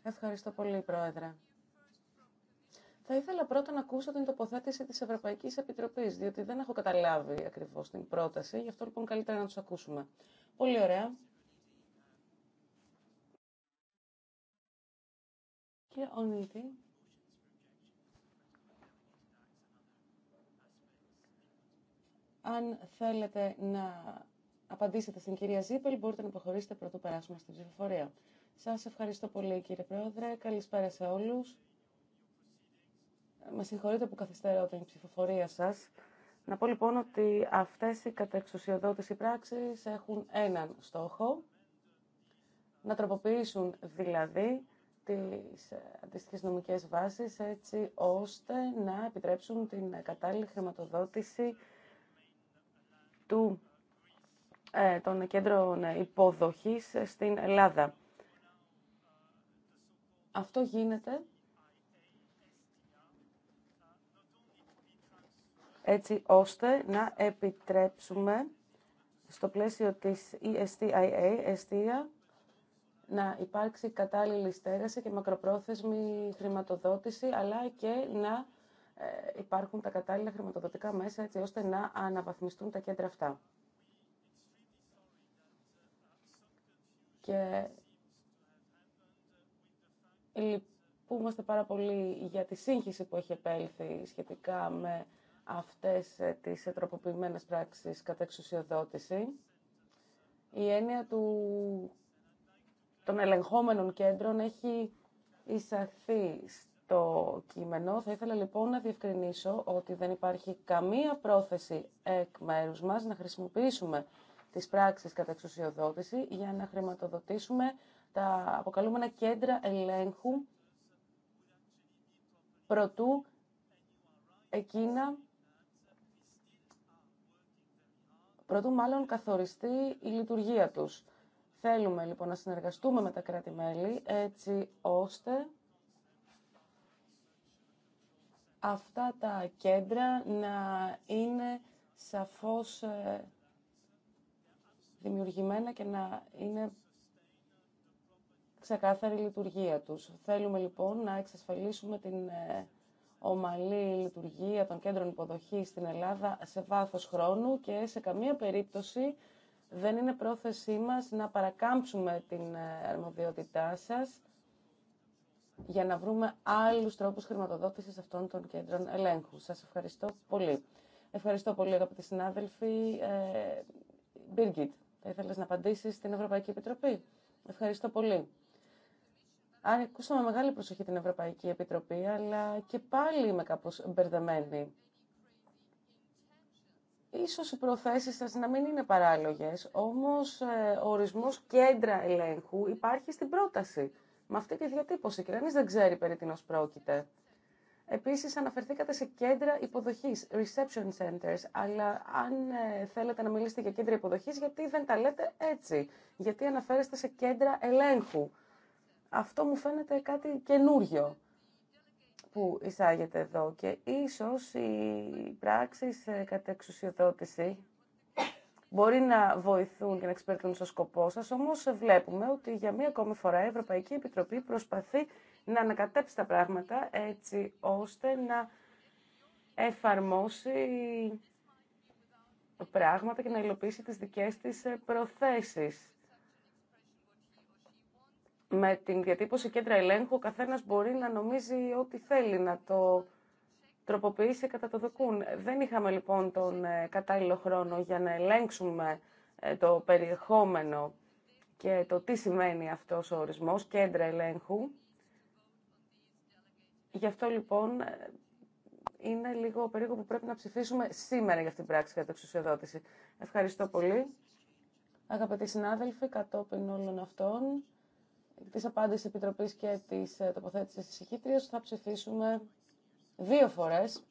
Ευχαριστώ πολύ, Πρόεδρε. Θα ήθελα πρώτα να ακούσω την τοποθέτηση της Ευρωπαϊκής Επιτροπής, διότι δεν έχω καταλάβει ακριβώς την πρόταση, γι' αυτό λοιπόν καλύτερα να τους ακούσουμε. Πολύ ωραία. Κύριε Ονίδη. Αν θέλετε να απαντήσετε στην κυρία Ζήπελ, μπορείτε να προχωρήσετε πρωτού περάσουμε στην ψηφοφορία. Σας ευχαριστώ πολύ κύριε Πρόεδρε. Καλησπέρα σε όλους. Με συγχωρείτε που καθυστερώ την ψηφοφορία σας. Να πω λοιπόν ότι αυτές οι κατεξουσιοδότηση πράξεις έχουν έναν στόχο, να τροποποιήσουν δηλαδή τις αντίστοιχες νομικές βάσεις έτσι ώστε να επιτρέψουν την κατάλληλη χρηματοδότηση του, ε, των κέντρων υποδοχής στην Ελλάδα. Αυτό γίνεται έτσι ώστε να επιτρέψουμε στο πλαίσιο της ESTIA, να υπάρξει κατάλληλη στέγαση και μακροπρόθεσμη χρηματοδότηση, αλλά και να ε, υπάρχουν τα κατάλληλα χρηματοδοτικά μέσα, έτσι ώστε να αναβαθμιστούν τα κέντρα αυτά. Και λυπούμαστε πάρα πολύ για τη σύγχυση που έχει επέλθει σχετικά με αυτές ε, τις τροποποιημένες πράξεις κατά εξουσιοδότηση. Η έννοια του, των ελεγχόμενων κέντρων έχει εισαχθεί στο κείμενο. Θα ήθελα λοιπόν να διευκρινίσω ότι δεν υπάρχει καμία πρόθεση εκ μέρους μας να χρησιμοποιήσουμε τις πράξεις κατά εξουσιοδότηση για να χρηματοδοτήσουμε τα αποκαλούμενα κέντρα ελέγχου προτού εκείνα προτού μάλλον καθοριστεί η λειτουργία τους. Θέλουμε λοιπόν να συνεργαστούμε με τα κράτη-μέλη έτσι ώστε αυτά τα κέντρα να είναι σαφώς ε, δημιουργημένα και να είναι σε ξεκάθαρη λειτουργία τους. Θέλουμε λοιπόν να εξασφαλίσουμε την ε, ομαλή λειτουργία των κέντρων υποδοχής στην Ελλάδα σε βάθος χρόνου και σε καμία περίπτωση δεν είναι πρόθεσή μας να παρακάμψουμε την ε, αρμοδιότητά σας για να βρούμε άλλους τρόπους χρηματοδότησης αυτών των κέντρων ελέγχου. Σας ευχαριστώ πολύ. Ευχαριστώ πολύ αγαπητοί συνάδελφοι. Ε, Μπίργκιτ, θα ήθελες να απαντήσεις στην Ευρωπαϊκή Επιτροπή. Ευχαριστώ πολύ. Ακούσαμε μεγάλη προσοχή την Ευρωπαϊκή Επιτροπή, αλλά και πάλι είμαι κάπως μπερδεμένη. Ίσως οι προθέσεις σας να μην είναι παράλογες, όμως ε, ο ορισμός κέντρα ελέγχου υπάρχει στην πρόταση. Με αυτή τη διατύπωση κανείς δεν ξέρει περί τίνος πρόκειται. Επίσης αναφερθήκατε σε κέντρα υποδοχής, reception centers, αλλά αν ε, θέλετε να μιλήσετε για κέντρα υποδοχής, γιατί δεν τα λέτε έτσι, γιατί αναφέρεστε σε κέντρα ελέγχου. Αυτό μου φαίνεται κάτι καινούργιο που εισάγεται εδώ και ίσως οι πράξεις κατά εξουσιοδότηση μπορεί να βοηθούν και να εξυπηρετούν στο σκοπό σας, όμως βλέπουμε ότι για μία ακόμη φορά η Ευρωπαϊκή Επιτροπή προσπαθεί να ανακατέψει τα πράγματα έτσι ώστε να εφαρμόσει πράγματα και να υλοποιήσει τις δικές της προθέσεις με την διατύπωση κέντρα ελέγχου ο καθένας μπορεί να νομίζει ό,τι θέλει, να το τροποποιήσει κατά το δοκούν. Δεν είχαμε λοιπόν τον ε, κατάλληλο χρόνο για να ελέγξουμε ε, το περιεχόμενο και το τι σημαίνει αυτός ο ορισμός, κέντρα ελέγχου. Γι' αυτό λοιπόν ε, είναι λίγο περίπου που πρέπει να ψηφίσουμε σήμερα για αυτήν την πράξη κατά εξουσιοδότηση. Ευχαριστώ πολύ. Αγαπητοί συνάδελφοι, κατόπιν όλων αυτών, της απάντησης της Επιτροπής και της ε, τοποθέτησης της ηχήτριας θα ψηφίσουμε δύο φορές.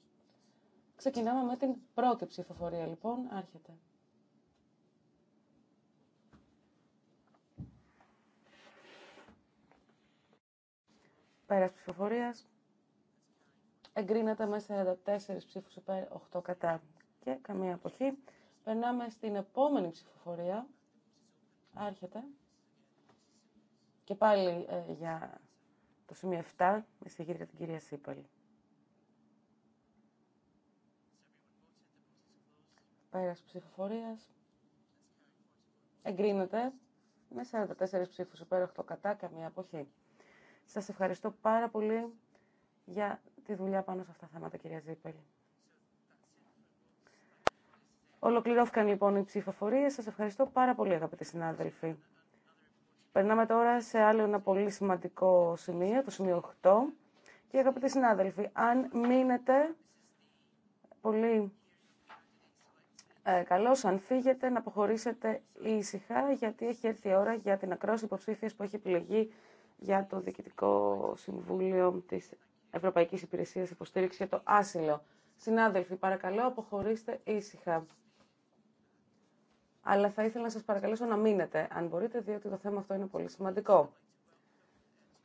Ξεκινάμε με την πρώτη ψηφοφορία λοιπόν. Άρχεται. Πέρας ψηφοφορίας. Εγκρίνεται με 44 ψήφους υπέρ 8 κατά και καμία αποχή. Περνάμε στην επόμενη ψηφοφορία. Άρχεται. Και πάλι ε, για το σημείο 7, με την κυρία Σίπελ. Πέρας ψηφοφορίας. Εγκρίνεται με 44 ψήφους υπέρ 8 κατά, καμία αποχή. Σας ευχαριστώ πάρα πολύ για τη δουλειά πάνω σε αυτά τα θέματα, κυρία Ζήπελη. Ολοκληρώθηκαν λοιπόν οι ψηφοφορίες. Σας ευχαριστώ πάρα πολύ, αγαπητοί συνάδελφοι. Περνάμε τώρα σε άλλο ένα πολύ σημαντικό σημείο, το σημείο 8. Και αγαπητοί συνάδελφοι, αν μείνετε πολύ ε, καλώς, αν φύγετε, να αποχωρήσετε ήσυχα, γιατί έχει έρθει η ώρα για την ακρόαση υποψήφια που έχει επιλεγεί για το Διοικητικό Συμβούλιο της Ευρωπαϊκής Υπηρεσίας Υποστήριξης για το Άσυλο. Συνάδελφοι, παρακαλώ, αποχωρήστε ήσυχα αλλά θα ήθελα να σας παρακαλέσω να μείνετε, αν μπορείτε, διότι το θέμα αυτό είναι πολύ σημαντικό.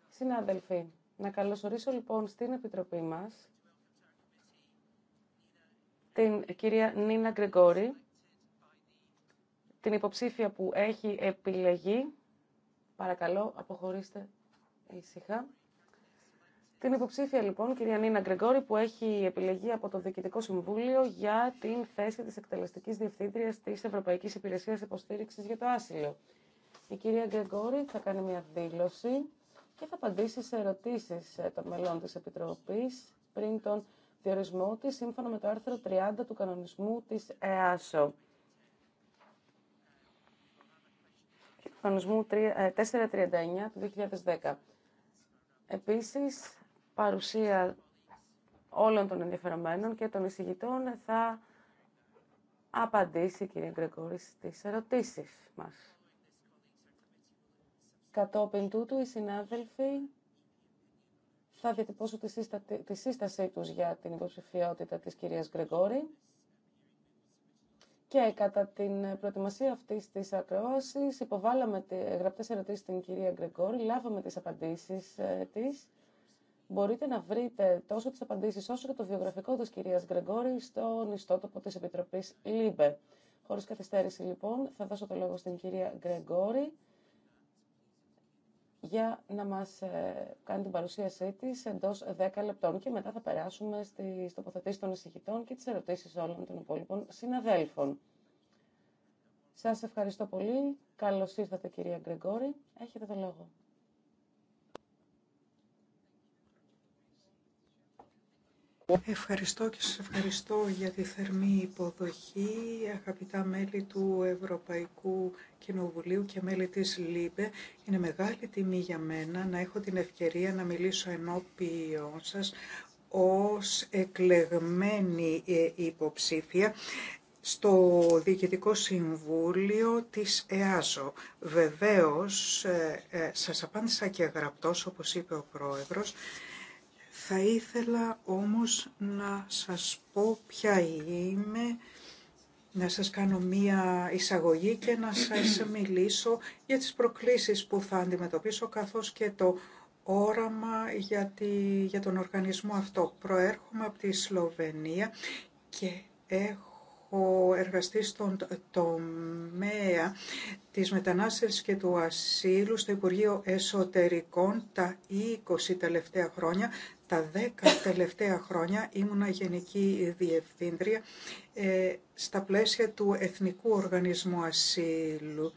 Συνάδελφοι, να καλωσορίσω λοιπόν στην Επιτροπή μας την κυρία Νίνα Γκρεγόρη, την υποψήφια που έχει επιλεγεί. Παρακαλώ, αποχωρήστε ήσυχα. Την υποψήφια λοιπόν, κυρία Νίνα Γκρεγόρη, που έχει επιλεγεί από το Διοικητικό Συμβούλιο για την θέση της εκτελεστικής διευθύντριας της Ευρωπαϊκής Υπηρεσίας Υποστήριξης για το Άσυλο. Η κυρία Γκρεγόρη θα κάνει μια δήλωση και θα απαντήσει σε ερωτήσεις ε, των μελών της Επιτροπής πριν τον διορισμό της, σύμφωνα με το άρθρο 30 του κανονισμού της ΕΑΣΟ. Κανονισμού 439 ε, του 2010. Επίσης, παρουσία όλων των ενδιαφερομένων και των εισηγητών θα απαντήσει η κυρία Γκρεγόρη στις ερωτήσεις μας. Κατόπιν τούτου, οι συνάδελφοι θα διατυπώσουν τη, τη σύστασή τους για την υποψηφιότητα της κυρίας Γκρεγόρη και κατά την προετοιμασία αυτής της ακρόασης υποβάλαμε γραπτές ερωτήσεις στην κυρία Γκρεγόρη, λάβαμε τις απαντήσεις ε, της μπορείτε να βρείτε τόσο τις απαντήσεις όσο και το βιογραφικό της κυρίας Γκρεγόρη στον ιστότοπο της Επιτροπής ΛΥΜΠΕ. Χωρίς καθυστέρηση λοιπόν θα δώσω το λόγο στην κυρία Γκρεγόρη για να μας ε, κάνει την παρουσίασή της εντός 10 λεπτών και μετά θα περάσουμε στις τοποθετήσεις των εισηγητών και τις ερωτήσεις όλων των υπόλοιπων συναδέλφων. Σας ευχαριστώ πολύ. Καλώς ήρθατε κυρία Γκρεγόρη. Έχετε το λόγο. Ευχαριστώ και σας ευχαριστώ για τη θερμή υποδοχή, αγαπητά μέλη του Ευρωπαϊκού Κοινοβουλίου και μέλη της ΛΥΠΕ. Είναι μεγάλη τιμή για μένα να έχω την ευκαιρία να μιλήσω ενώπιον σας ως εκλεγμένη ε, υποψήφια στο Διοικητικό Συμβούλιο της ΕΑΖΟ. Βεβαίως, ε, ε, σας απάντησα και γραπτός, όπως είπε ο Πρόεδρος, θα ήθελα όμως να σας πω ποια είμαι, να σας κάνω μία εισαγωγή και να σας μιλήσω για τις προκλήσεις που θα αντιμετωπίσω καθώς και το όραμα για, για τον οργανισμό αυτό. Προέρχομαι από τη Σλοβενία και έχω ο εργαστής στον τομέα της μετανάστευσης και του ασύλου στο Υπουργείο Εσωτερικών τα 20 τελευταία χρόνια. Τα 10 τελευταία χρόνια ήμουνα Γενική Διευθύντρια ε, στα πλαίσια του Εθνικού Οργανισμού Ασύλου.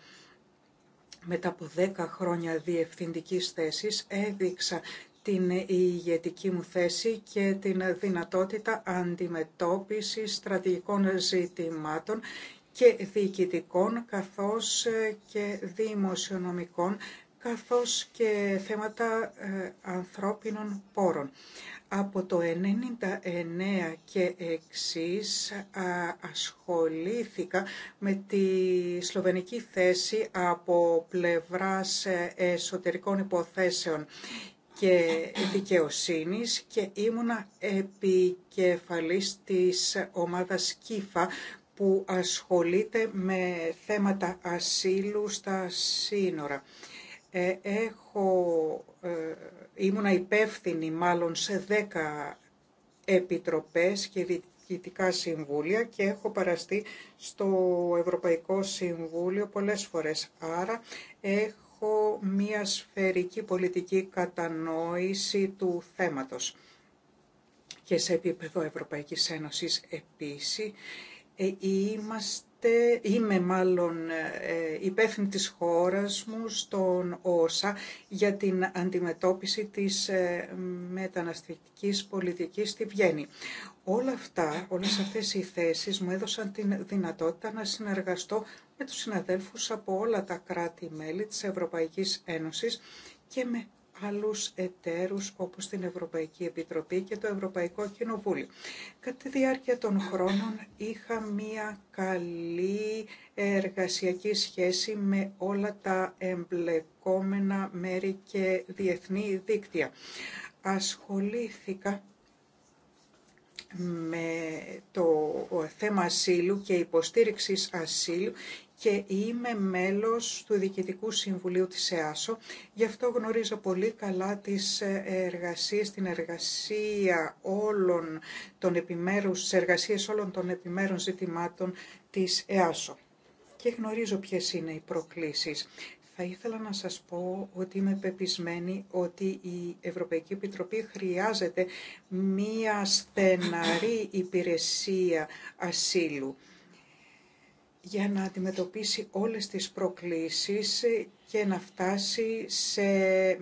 Μετά από 10 χρόνια διευθυντικής θέσης έδειξα την ηγετική μου θέση και την δυνατότητα αντιμετώπισης στρατηγικών ζητημάτων και διοικητικών καθώς ε, και δημοσιονομικών καθώς και θέματα ε, ανθρώπινων πόρων. Από το 1999 και εξής ασχολήθηκα με τη σλοβενική θέση από πλευράς ε, εσωτερικών υποθέσεων και δικαιοσύνης και ήμουνα επικεφαλής της ομάδας ΚΙΦΑ που ασχολείται με θέματα ασύλου στα σύνορα. Ε, έχω, ε, ήμουνα υπεύθυνη μάλλον σε 10 επιτροπές και διοικητικά συμβούλια και έχω παραστεί στο Ευρωπαϊκό Συμβούλιο πολλές φορές. Άρα έχω μία σφαιρική πολιτική κατανόηση του θέματος. Και σε επίπεδο Ευρωπαϊκής Ένωσης επίσης ε, είμαστε, είμαι μάλλον ε, υπεύθυνη της χώρας μου στον ΩΣΑ για την αντιμετώπιση της ε, μεταναστευτικής πολιτικής στη Βιέννη. Όλα αυτά, όλες αυτές οι θέσεις μου έδωσαν την δυνατότητα να συνεργαστώ με τους συναδέλφους από όλα τα κράτη-μέλη της Ευρωπαϊκής Ένωσης και με άλλους εταίρους όπως την Ευρωπαϊκή Επιτροπή και το Ευρωπαϊκό Κοινοβούλιο. Κατά τη διάρκεια των χρόνων είχα μία καλή εργασιακή σχέση με όλα τα εμπλεκόμενα μέρη και διεθνή δίκτυα. Ασχολήθηκα με το θέμα ασύλου και υποστήριξης ασύλου και είμαι μέλος του Διοικητικού Συμβουλίου της ΕΑΣΟ. Γι' αυτό γνωρίζω πολύ καλά τις εργασίες, την εργασία όλων των επιμέρους, εργασίες όλων των επιμέρων ζητημάτων της ΕΑΣΟ και γνωρίζω ποιες είναι οι προκλήσεις. Θα ήθελα να σας πω ότι είμαι πεπισμένη ότι η Ευρωπαϊκή Επιτροπή χρειάζεται μία στεναρή υπηρεσία ασύλου για να αντιμετωπίσει όλες τις προκλήσεις και να φτάσει σε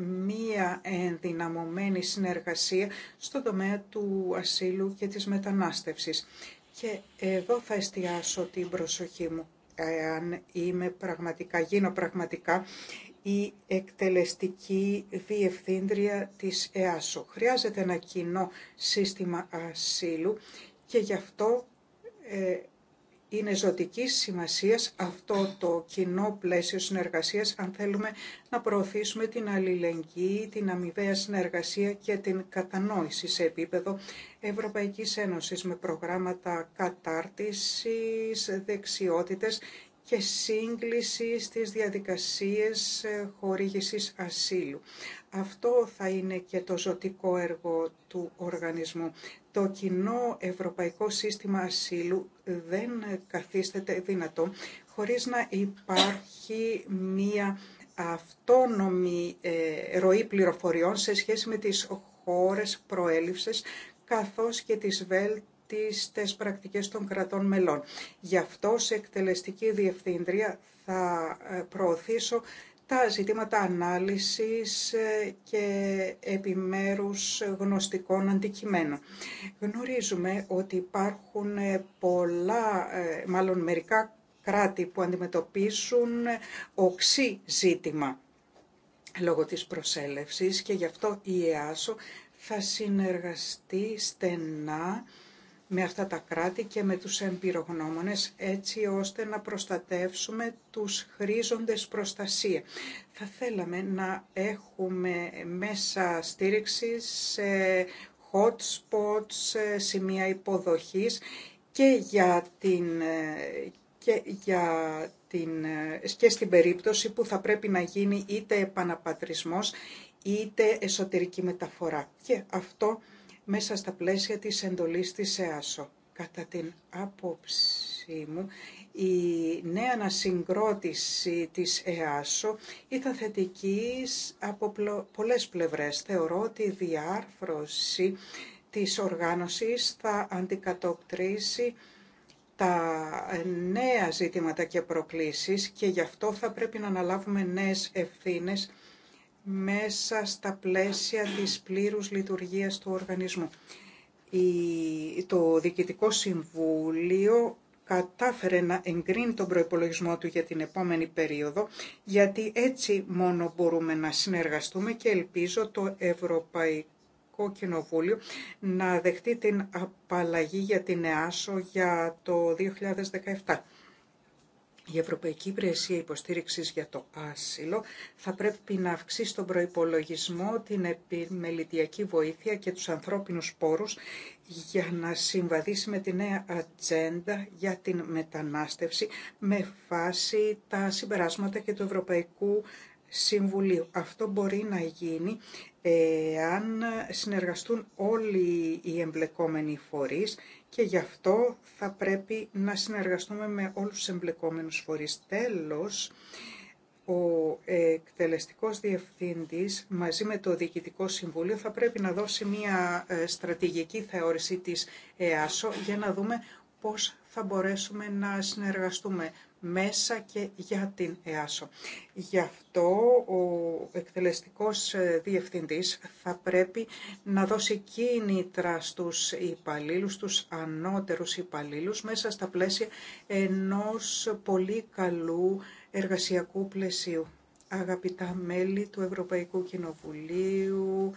μία ενδυναμωμένη συνεργασία στον τομέα του ασύλου και της μετανάστευσης. Και εδώ θα εστιάσω την προσοχή μου αν είμαι πραγματικά, γίνω πραγματικά η εκτελεστική διευθύντρια της ΕΑΣΟ. Χρειάζεται ένα κοινό σύστημα ασύλου και γι' αυτό ε, είναι ζωτική σημασία αυτό το κοινό πλαίσιο συνεργασία. αν θέλουμε να προωθήσουμε την αλληλεγγύη, την αμοιβαία συνεργασία και την κατανόηση σε επίπεδο Ευρωπαϊκής Ένωσης με προγράμματα κατάρτισης, δεξιότητες και σύγκληση στις διαδικασίες ε, χορήγησης ασύλου. Αυτό θα είναι και το ζωτικό έργο του οργανισμού το κοινό ευρωπαϊκό σύστημα ασύλου δεν καθίσταται δυνατό χωρίς να υπάρχει μία αυτόνομη ε, ροή πληροφοριών σε σχέση με τις χώρες προέλευσης καθώς και τις βέλτιστες πρακτικές των κρατών μελών. Γι' αυτό σε εκτελεστική διευθύντρια θα ε, προωθήσω τα ζητήματα ανάλυσης ε, και επιμέρους γνωστικών αντικειμένων. Γνωρίζουμε ότι υπάρχουν ε, πολλά, ε, μάλλον μερικά κράτη που αντιμετωπίζουν οξύ ζήτημα λόγω της προσέλευσης και γι' αυτό η ΕΑΣΟ θα συνεργαστεί στενά με αυτά τα κράτη και με τους εμπειρογνώμονες έτσι ώστε να προστατεύσουμε τους χρήζοντες προστασία. Θα θέλαμε να έχουμε μέσα στήριξη σε hot spots, σημεία υποδοχής και για την και, για την, στην περίπτωση που θα πρέπει να γίνει είτε επαναπατρισμός είτε εσωτερική μεταφορά. Και αυτό μέσα στα πλαίσια της εντολής της ΕΑΣΟ. Κατά την άποψή μου, η νέα ανασυγκρότηση της ΕΑΣΟ ήταν θετική από πολλές πλευρές. Θεωρώ ότι η διάρθρωση της οργάνωσης θα αντικατοπτρίσει τα νέα ζήτηματα και προκλήσεις και γι' αυτό θα πρέπει να αναλάβουμε νέες ευθύνες μέσα στα πλαίσια της πλήρους λειτουργίας του οργανισμού. Το Διοικητικό Συμβούλιο κατάφερε να εγκρίνει τον προϋπολογισμό του για την επόμενη περίοδο, γιατί έτσι μόνο μπορούμε να συνεργαστούμε και ελπίζω το Ευρωπαϊκό Κοινοβούλιο να δεχτεί την απαλλαγή για την ΕΑΣΟ για το 2017. Η Ευρωπαϊκή Υπηρεσία Υποστήριξης για το Άσυλο θα πρέπει να αυξήσει τον προϋπολογισμό την επιμελητιακή βοήθεια και τους ανθρώπινους πόρους για να συμβαδίσει με τη νέα ατζέντα για την μετανάστευση με φάση τα συμπεράσματα και του Ευρωπαϊκού Συμβουλίου. Αυτό μπορεί να γίνει αν συνεργαστούν όλοι οι εμπλεκόμενοι φορείς και γι' αυτό θα πρέπει να συνεργαστούμε με όλους τους εμπλεκόμενους φορείς. Τέλος, ο εκτελεστικός διευθύντης μαζί με το Διοικητικό Συμβούλιο θα πρέπει να δώσει μια ε, στρατηγική θεώρηση της ΕΑΣΟ για να δούμε πώς θα μπορέσουμε να συνεργαστούμε μέσα και για την ΕΑΣΟ. Γι' αυτό ο εκτελεστικός ε, διευθυντής θα πρέπει να δώσει κίνητρα στους υπαλλήλους, τους ανώτερους υπαλλήλους, μέσα στα πλαίσια ενός πολύ καλού εργασιακού πλαισίου. Αγαπητά μέλη του Ευρωπαϊκού Κοινοβουλίου,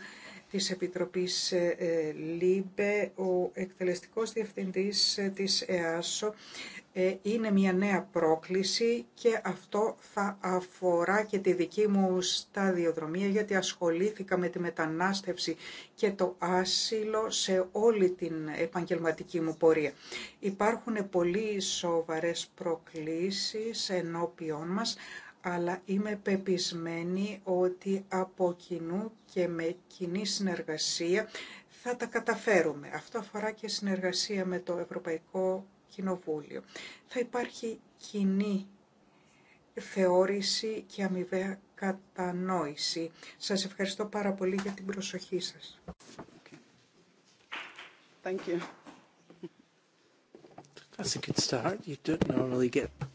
της Επιτροπής ε, ε, ΛΥΜΠΕ, ο εκτελεστικός διευθυντής ε, της ΕΑΣΟ, είναι μια νέα πρόκληση και αυτό θα αφορά και τη δική μου σταδιοδρομία γιατί ασχολήθηκα με τη μετανάστευση και το άσυλο σε όλη την επαγγελματική μου πορεία. Υπάρχουν πολύ σοβαρές προκλήσεις ενώπιόν μας, αλλά είμαι πεπισμένη ότι από κοινού και με κοινή συνεργασία θα τα καταφέρουμε. Αυτό αφορά και συνεργασία με το Ευρωπαϊκό Κοινοβούλιο. Θα υπάρχει κοινή θεώρηση και αμοιβαία κατανόηση. Σας ευχαριστώ πάρα πολύ για την προσοχή σας. Thank you. You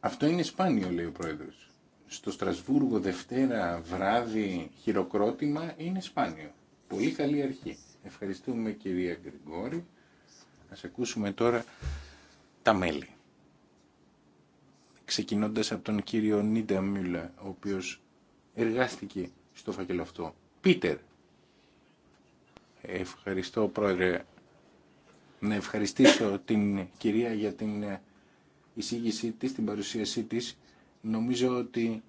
αυτό είναι σπάνιο, λέει ο Πρόεδρος. Στο Στρασβούργο Δευτέρα βράδυ χειροκρότημα είναι σπάνιο. Πολύ καλή αρχή. Ευχαριστούμε κυρία Γκριγκόρη. Ας ακούσουμε τώρα τα μέλη. Ξεκινώντας από τον κύριο Νίντα Μιούλα, ο οποίος εργάστηκε στο φάκελο αυτό. Πίτερ. Ευχαριστώ πρόεδρε. Να ευχαριστήσω την κυρία για την εισήγησή της, την παρουσίασή της. Νομίζω ότι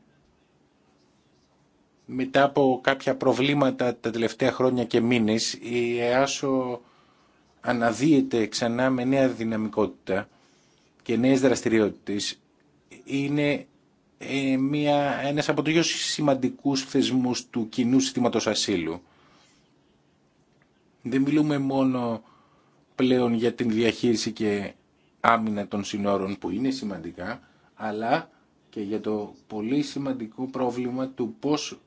μετά από κάποια προβλήματα τα τελευταία χρόνια και μήνες η ΕΑΣΟ αναδύεται ξανά με νέα δυναμικότητα και νέες δραστηριότητες. Είναι ε, μια, ένας από τους σημαντικούς θεσμούς του κοινού συστήματος ασύλου. Δεν μιλούμε μόνο πλέον για την διαχείριση και άμυνα των συνόρων που είναι σημαντικά, αλλά και για το πολύ σημαντικό πρόβλημα του πώς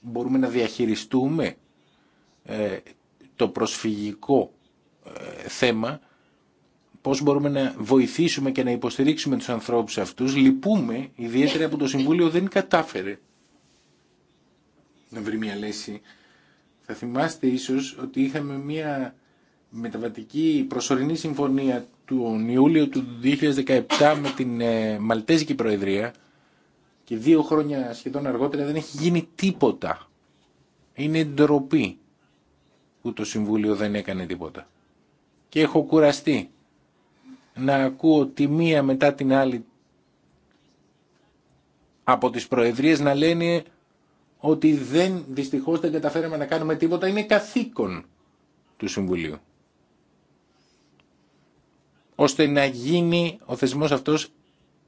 μπορούμε να διαχειριστούμε ε, το προσφυγικό ε, θέμα, πώς μπορούμε να βοηθήσουμε και να υποστηρίξουμε τους ανθρώπους αυτούς. Λυπούμε ιδιαίτερα που το Συμβούλιο δεν κατάφερε να βρει μια λέση. Θα θυμάστε ίσως ότι είχαμε μια μεταβατική προσωρινή συμφωνία του Ιούλιο του 2017 με την ε, Μαλτέζικη Προεδρία και δύο χρόνια σχεδόν αργότερα δεν έχει γίνει τίποτα. Είναι ντροπή που το Συμβούλιο δεν έκανε τίποτα. Και έχω κουραστεί να ακούω τη μία μετά την άλλη από τις Προεδρίες να λένε ότι δεν, δυστυχώς δεν καταφέραμε να κάνουμε τίποτα, είναι καθήκον του Συμβουλίου ώστε να γίνει ο θεσμός αυτός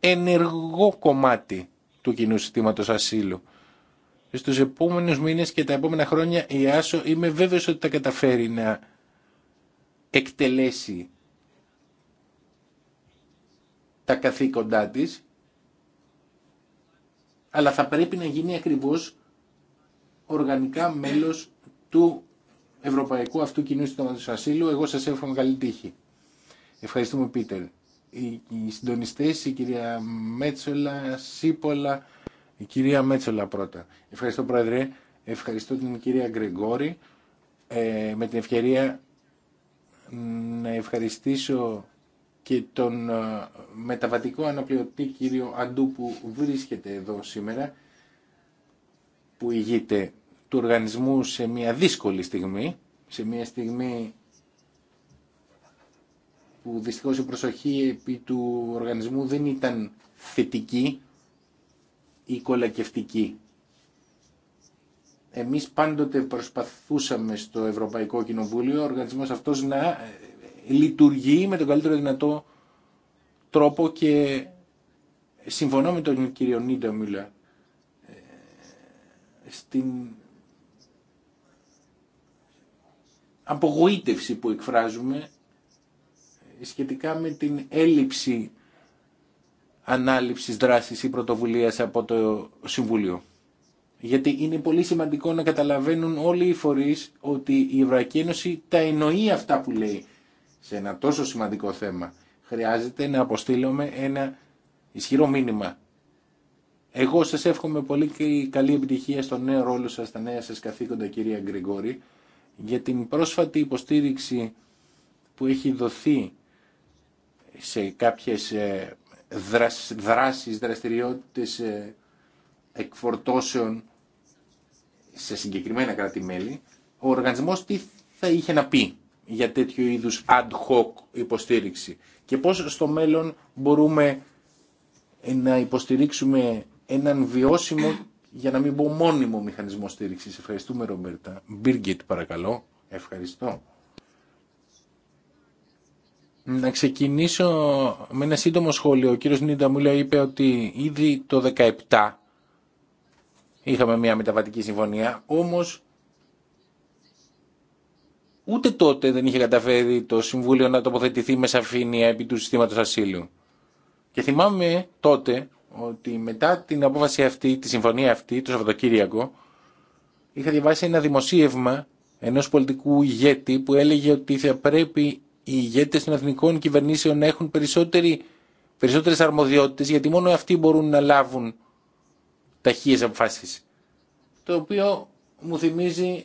ενεργό κομμάτι του κοινού συστήματος ασύλου. Στους επόμενους μήνες και τα επόμενα χρόνια η Άσο είμαι βέβαιος ότι θα καταφέρει να εκτελέσει τα καθήκοντά της, αλλά θα πρέπει να γίνει ακριβώς οργανικά μέλος του Ευρωπαϊκού Αυτού Κοινού συστήματο Ασύλου. Εγώ σας εύχομαι καλή τύχη. Ευχαριστούμε, Πίτερ. Οι συντονιστέ, η κυρία Μέτσολα, Σίπολα, η κυρία Μέτσολα πρώτα. Ευχαριστώ, Πρόεδρε. Ευχαριστώ την κυρία Γκρεγόρη. Ε, με την ευκαιρία να ευχαριστήσω και τον ε, μεταβατικό αναπληρωτή κύριο Αντού που βρίσκεται εδώ σήμερα, που ηγείται του οργανισμού σε μια δύσκολη στιγμή, σε μια στιγμή που δυστυχώς η προσοχή επί του οργανισμού δεν ήταν θετική ή κολακευτική. Εμείς πάντοτε προσπαθούσαμε στο Ευρωπαϊκό Κοινοβούλιο ο οργανισμός αυτός να ε, λειτουργεί με τον καλύτερο δυνατό τρόπο και συμφωνώ με τον κύριο Νίτα Μίλα ε, στην απογοήτευση που εκφράζουμε σχετικά με την έλλειψη ανάληψης δράσης ή πρωτοβουλίας από το Συμβούλιο. Γιατί είναι πολύ σημαντικό να καταλαβαίνουν όλοι οι φορείς ότι η Ευρωπαϊκή Ένωση τα εννοεί αυτά που λέει σε ένα τόσο σημαντικό θέμα. Χρειάζεται να αποστείλουμε ένα ισχυρό μήνυμα. Εγώ σας εύχομαι πολύ και καλή επιτυχία στο νέο ρόλο σας, στα νέα σας καθήκοντα κυρία Γκριγόρη, για την πρόσφατη υποστήριξη που έχει δοθεί σε κάποιες ε, δράσεις, δραστηριότητες ε, εκφορτώσεων σε συγκεκριμένα κράτη-μέλη, ο οργανισμός τι θα είχε να πει για τέτοιο είδους ad hoc υποστήριξη και πώς στο μέλλον μπορούμε να υποστηρίξουμε έναν βιώσιμο για να μην πω μόνιμο μηχανισμό στήριξης. Ευχαριστούμε Ρομπέρτα. Μπίργκετ παρακαλώ. Ευχαριστώ. Να ξεκινήσω με ένα σύντομο σχόλιο. Ο κύριος Νίντα μου είπε ότι ήδη το 17 είχαμε μια μεταβατική συμφωνία, όμως ούτε τότε δεν είχε καταφέρει το Συμβούλιο να τοποθετηθεί με σαφήνεια επί του συστήματος ασύλου. Και θυμάμαι τότε ότι μετά την απόφαση αυτή, τη συμφωνία αυτή, το Σαββατοκύριακο, είχα διαβάσει ένα δημοσίευμα ενός πολιτικού ηγέτη που έλεγε ότι θα πρέπει οι ηγέτες των εθνικών κυβερνήσεων έχουν περισσότερη, περισσότερες αρμοδιότητες γιατί μόνο αυτοί μπορούν να λάβουν ταχύες αποφάσεις. Το οποίο μου θυμίζει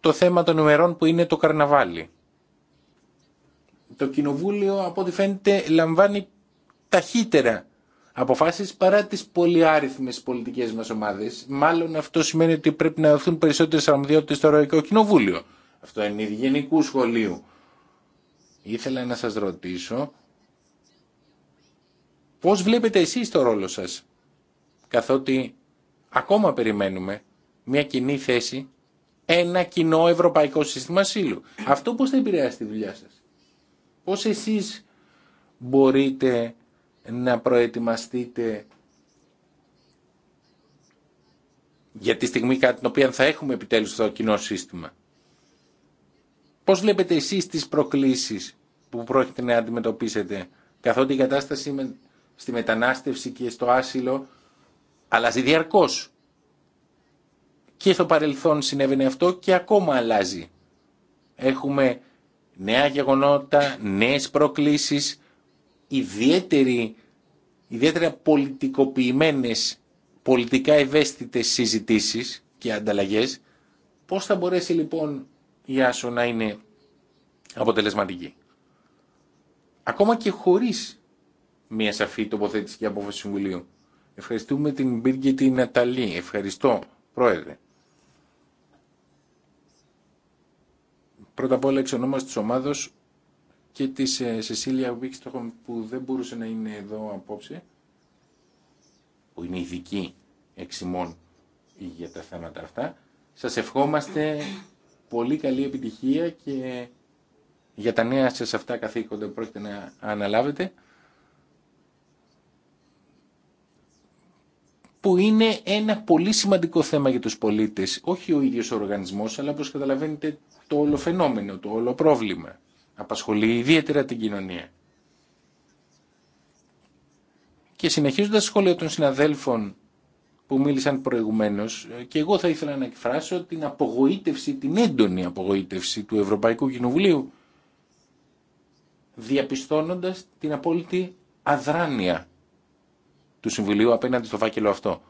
το θέμα των ημερών που είναι το καρναβάλι. Το κοινοβούλιο από ό,τι φαίνεται λαμβάνει ταχύτερα αποφάσεις παρά τις πολυάριθμες πολιτικές μας ομάδες. Μάλλον αυτό σημαίνει ότι πρέπει να δοθούν περισσότερες αρμοδιότητες στο Ρωϊκό Κοινοβούλιο. Αυτό είναι η γενικού σχολείου Ήθελα να σας ρωτήσω πώς βλέπετε εσείς το ρόλο σας, καθότι ακόμα περιμένουμε μια κοινή θέση, ένα κοινό ευρωπαϊκό σύστημα ασύλου. Αυτό πώς θα επηρεάσει τη δουλειά σας. Πώς εσείς μπορείτε να προετοιμαστείτε για τη στιγμή κατά την οποία θα έχουμε επιτέλους το κοινό σύστημα. Πώς βλέπετε εσείς τις προκλήσεις που πρόκειται να αντιμετωπίσετε, καθότι η κατάσταση στη μετανάστευση και στο άσυλο αλλάζει διαρκώς. Και στο παρελθόν συνέβαινε αυτό και ακόμα αλλάζει. Έχουμε νέα γεγονότα, νέες προκλήσεις, ιδιαίτερη, ιδιαίτερα πολιτικοποιημένες, πολιτικά ευαίσθητες συζητήσεις και ανταλλαγές. Πώς θα μπορέσει λοιπόν η Άσο να είναι αποτελεσματική. Ακόμα και χωρίς μια σαφή τοποθέτηση και απόφαση Συμβουλίου. Ευχαριστούμε την Μπίργκη την Ναταλή. Ευχαριστώ, Πρόεδρε. Πρώτα απ' όλα εξ ονόμαστε της και της ε, Σεσίλια Βίξτοχον που δεν μπορούσε να είναι εδώ απόψε, που είναι ειδική εξημών για τα θέματα αυτά. Σας ευχόμαστε πολύ καλή επιτυχία και για τα νέα σας αυτά καθήκοντα πρόκειται να αναλάβετε που είναι ένα πολύ σημαντικό θέμα για τους πολίτες, όχι ο ίδιος ο οργανισμός, αλλά όπως καταλαβαίνετε το όλο φαινόμενο, το όλο πρόβλημα. Απασχολεί ιδιαίτερα την κοινωνία. Και συνεχίζοντας σχόλια των συναδέλφων που μίλησαν προηγουμένως ε, και εγώ θα ήθελα να εκφράσω την απογοήτευση, την έντονη απογοήτευση του Ευρωπαϊκού Κοινοβουλίου διαπιστώνοντας την απόλυτη αδράνεια του Συμβουλίου απέναντι στο φάκελο αυτό.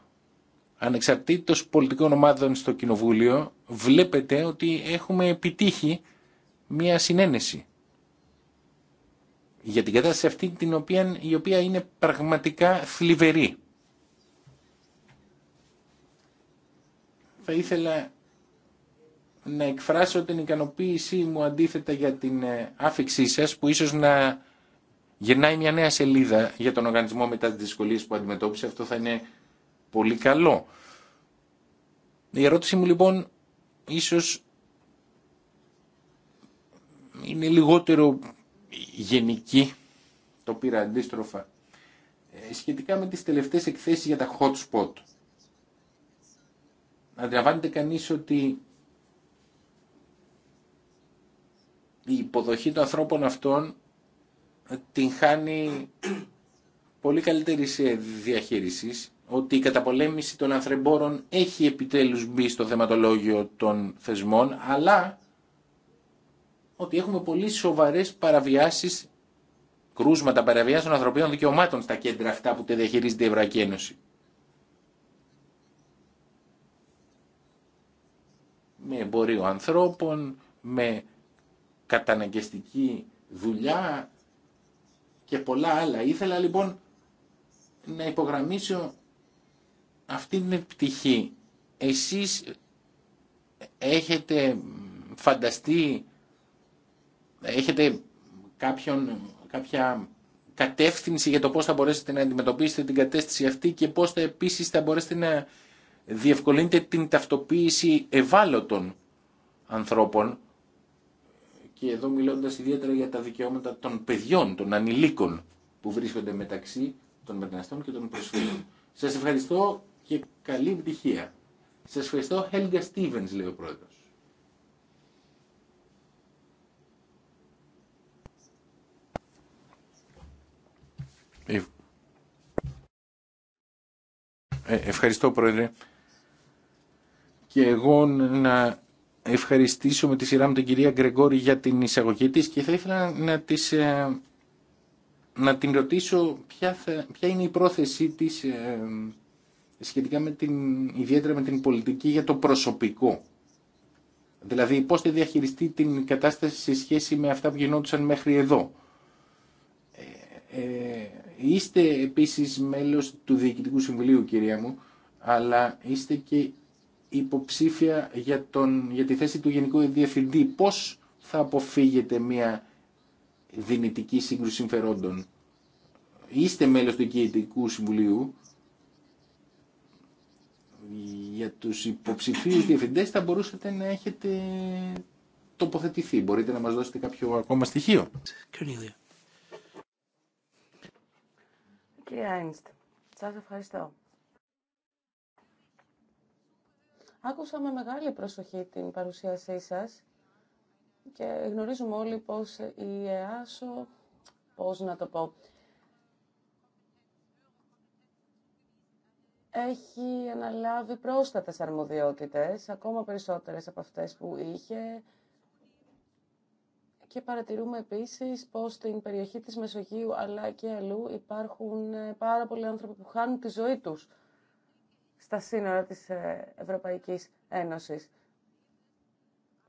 Ανεξαρτήτως πολιτικών ομάδων στο Κοινοβούλιο βλέπετε ότι έχουμε επιτύχει μια συνένεση για την κατάσταση αυτή την οποία, η οποία είναι πραγματικά θλιβερή. θα ήθελα να εκφράσω την ικανοποίησή μου αντίθετα για την ε, άφηξή σας που ίσως να γυρνάει μια νέα σελίδα για τον οργανισμό μετά τις δυσκολίες που αντιμετώπισε. Αυτό θα είναι πολύ καλό. Η ερώτηση μου λοιπόν ίσως είναι λιγότερο γενική, το πήρα αντίστροφα, ε, σχετικά με τις τελευταίες εκθέσεις για τα hot spot αντιλαμβάνεται κανείς ότι η υποδοχή των ανθρώπων αυτών την χάνει πολύ καλύτερη σε διαχείριση ότι η καταπολέμηση των ανθρεμπόρων έχει επιτέλους μπει στο θεματολόγιο των θεσμών, αλλά ότι έχουμε πολύ σοβαρές παραβιάσεις, κρούσματα παραβιάσεων ανθρωπίνων δικαιωμάτων στα κέντρα αυτά που τα διαχειρίζεται η Ευρωπαϊκή Ένωση. με εμπορίο ανθρώπων, με καταναγκαστική δουλειά και πολλά άλλα. Ήθελα λοιπόν να υπογραμμίσω αυτή την πτυχή. Εσείς έχετε φανταστεί, έχετε κάποιον, κάποια κατεύθυνση για το πώς θα μπορέσετε να αντιμετωπίσετε την κατέστηση αυτή και πώς θα επίσης θα μπορέσετε να διευκολύνεται την ταυτοποίηση ευάλωτων ανθρώπων και εδώ μιλώντας ιδιαίτερα για τα δικαιώματα των παιδιών, των ανηλίκων που βρίσκονται μεταξύ των μεταναστών και των προσφύγων. Σας ευχαριστώ και καλή επιτυχία. Σας ευχαριστώ Helga Stevens λέει ο πρόεδρος. Ε, ευχαριστώ πρόεδρε και εγώ να ευχαριστήσω με τη σειρά μου την κυρία Γκρεγόρη για την εισαγωγή της και θα ήθελα να, της, ε, να την ρωτήσω ποια, είναι η πρόθεσή της ε, σχετικά με την, ιδιαίτερα με την πολιτική για το προσωπικό. Δηλαδή πώς θα διαχειριστεί την κατάσταση σε σχέση με αυτά που γινόντουσαν μέχρι εδώ. Ε, είστε επίσης μέλος του Διοικητικού Συμβουλίου, κυρία μου, αλλά είστε και υποψήφια για, για τη θέση του Γενικού Διευθυντή. Πώς θα αποφύγετε μια δυνητική σύγκρουση συμφερόντων. Είστε μέλος του Οικειητικού Συμβουλίου. Για τους υποψηφίους διευθυντές θα μπορούσατε να έχετε τοποθετηθεί. Μπορείτε να μας δώσετε κάποιο ακόμα στοιχείο. Κύριε Άινστ, σας ευχαριστώ. Άκουσα με μεγάλη προσοχή την παρουσίασή σας και γνωρίζουμε όλοι πως η ΕΑΣΟ, πώς να το πω, έχει αναλάβει πρόσθετες αρμοδιότητες, ακόμα περισσότερες από αυτές που είχε. Και παρατηρούμε επίσης πως στην περιοχή της Μεσογείου αλλά και αλλού υπάρχουν πάρα πολλοί άνθρωποι που χάνουν τη ζωή τους στα σύνορα της ε, Ευρωπαϊκής Ένωσης.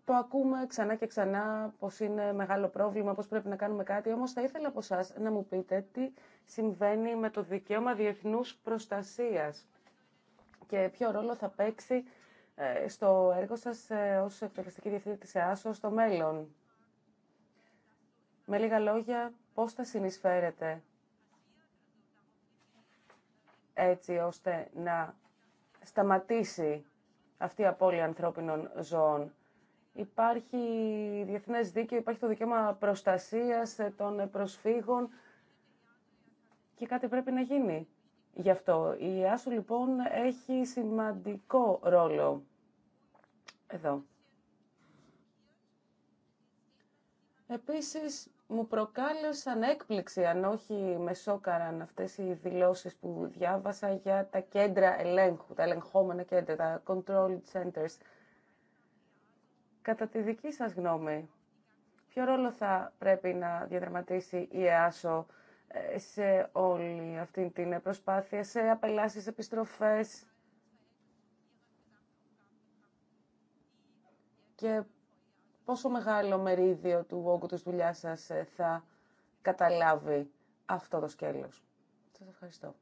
Το ακούμε ξανά και ξανά πως είναι μεγάλο πρόβλημα, πως πρέπει να κάνουμε κάτι, όμως θα ήθελα από εσά να μου πείτε τι συμβαίνει με το δικαίωμα διεθνούς προστασίας και ποιο ρόλο θα παίξει ε, στο έργο σας ε, ως εκτελεστική διευθύντρια της ΕΑΣΟ στο μέλλον. Με λίγα λόγια, πώς θα συνεισφέρετε έτσι ώστε να σταματήσει αυτή η απώλεια ανθρώπινων ζώων. Υπάρχει διεθνές δίκαιο, υπάρχει το δικαίωμα προστασίας ε, των προσφύγων και κάτι πρέπει να γίνει γι' αυτό. Η Άσου λοιπόν έχει σημαντικό ρόλο εδώ. Επίσης, μου προκάλεσαν έκπληξη, αν όχι με σόκαραν αυτές οι δηλώσεις που διάβασα για τα κέντρα ελέγχου, τα ελεγχόμενα κέντρα, τα control centers. Κατά τη δική σας γνώμη, ποιο ρόλο θα πρέπει να διαδραματίσει η ΕΑΣΟ ε, σε όλη αυτή την προσπάθεια, σε απελάσεις, επιστροφές και πόσο μεγάλο μερίδιο του όγκου της δουλειά σας ε, θα καταλάβει αυτό το σκέλος. Σας ευχαριστώ.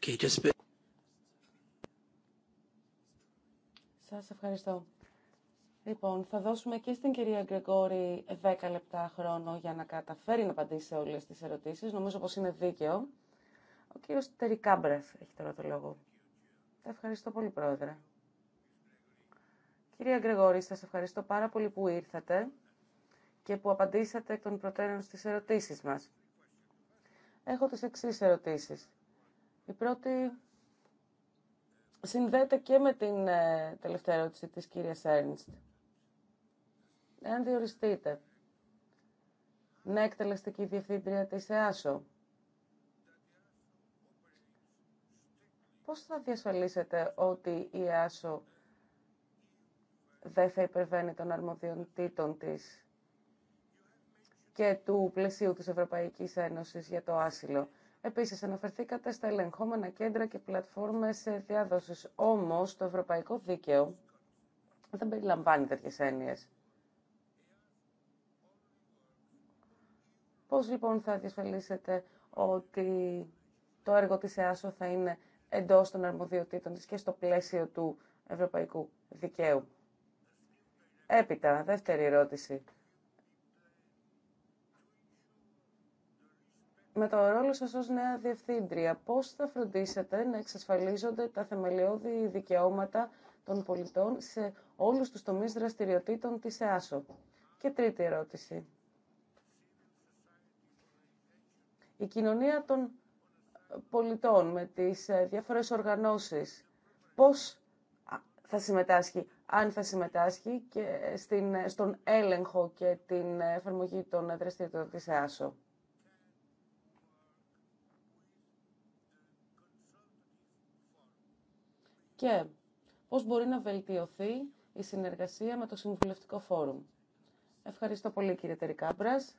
Okay, just... Σας ευχαριστώ. Λοιπόν, θα δώσουμε και στην κυρία Γκρεγόρη 10 λεπτά χρόνο για να καταφέρει να απαντήσει σε όλες τις ερωτήσεις. Νομίζω πως είναι δίκαιο. Ο κύριος Τερικάμπρας έχει τώρα το λόγο. Ευχαριστώ πολύ, Πρόεδρε. Κυρία Γκρεγόρη, σας ευχαριστώ πάρα πολύ που ήρθατε και που απαντήσατε εκ των προτέρων στις ερωτήσεις μας. Έχω τις εξής ερωτήσεις. Η πρώτη συνδέεται και με την ε, τελευταία ερώτηση της κυρίας Έρνστ. Εάν διοριστείτε, ναι, εκτελεστική διευθύντρια της ΕΑΣΟ, πώς θα διασφαλίσετε ότι η ΕΑΣΟ δεν θα υπερβαίνει των αρμοδιοτήτων της και του πλαισίου της Ευρωπαϊκής Ένωσης για το άσυλο. Επίσης, αναφερθήκατε στα ελεγχόμενα κέντρα και πλατφόρμες διάδοση. Όμως, το ευρωπαϊκό δίκαιο δεν περιλαμβάνει τέτοιες έννοιες. Πώς λοιπόν θα διασφαλίσετε ότι το έργο της ΕΑΣΟ θα είναι εντός των αρμοδιοτήτων της και στο πλαίσιο του ευρωπαϊκού δικαίου. Έπειτα, δεύτερη ερώτηση. Με το ρόλο σας ως νέα διευθύντρια, πώς θα φροντίσετε να εξασφαλίζονται τα θεμελιώδη δικαιώματα των πολιτών σε όλους τους τομείς δραστηριοτήτων της ΕΑΣΟ. Και τρίτη ερώτηση. Η κοινωνία των πολιτών, με τις ε, διάφορες οργανώσεις. Πώς θα συμμετάσχει, αν θα συμμετάσχει και στην, ε, στον έλεγχο και την εφαρμογή των δραστηριοτήτων της ΕΑΣΟ. Και πώς μπορεί να βελτιωθεί η συνεργασία με το Συμβουλευτικό Φόρουμ. Ευχαριστώ πολύ κύριε Τερικάμπρας.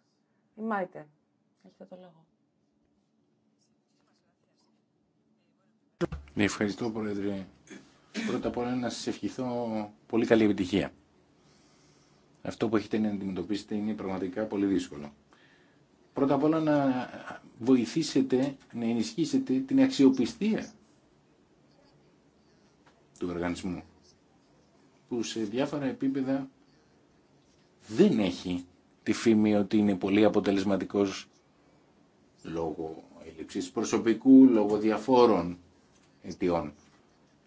Η Μάιτε, έχετε το λόγο. Ναι, ευχαριστώ, Πρόεδρε. Πρώτα απ' όλα να σας ευχηθώ πολύ καλή επιτυχία. Αυτό που έχετε να αντιμετωπίσετε είναι πραγματικά πολύ δύσκολο. Πρώτα απ' όλα να βοηθήσετε, να ενισχύσετε την αξιοπιστία του οργανισμού που σε διάφορα επίπεδα δεν έχει τη φήμη ότι είναι πολύ αποτελεσματικός λόγω έλλειψης προσωπικού, λόγω διαφόρων αιτιών.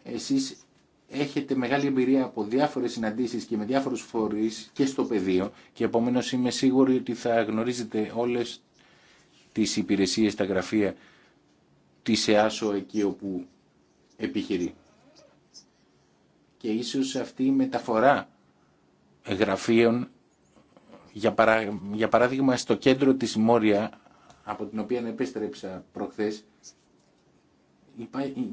Εσείς έχετε μεγάλη εμπειρία από διάφορες συναντήσεις και με διάφορους φορείς και στο πεδίο και επομένω είμαι σίγουροι ότι θα γνωρίζετε όλες τις υπηρεσίες, τα γραφεία της ΕΑΣΟ εκεί όπου επιχειρεί. Και ίσως αυτή η μεταφορά γραφείων, για, για παράδειγμα στο κέντρο της Μόρια, από την οποία επέστρεψα προχθές,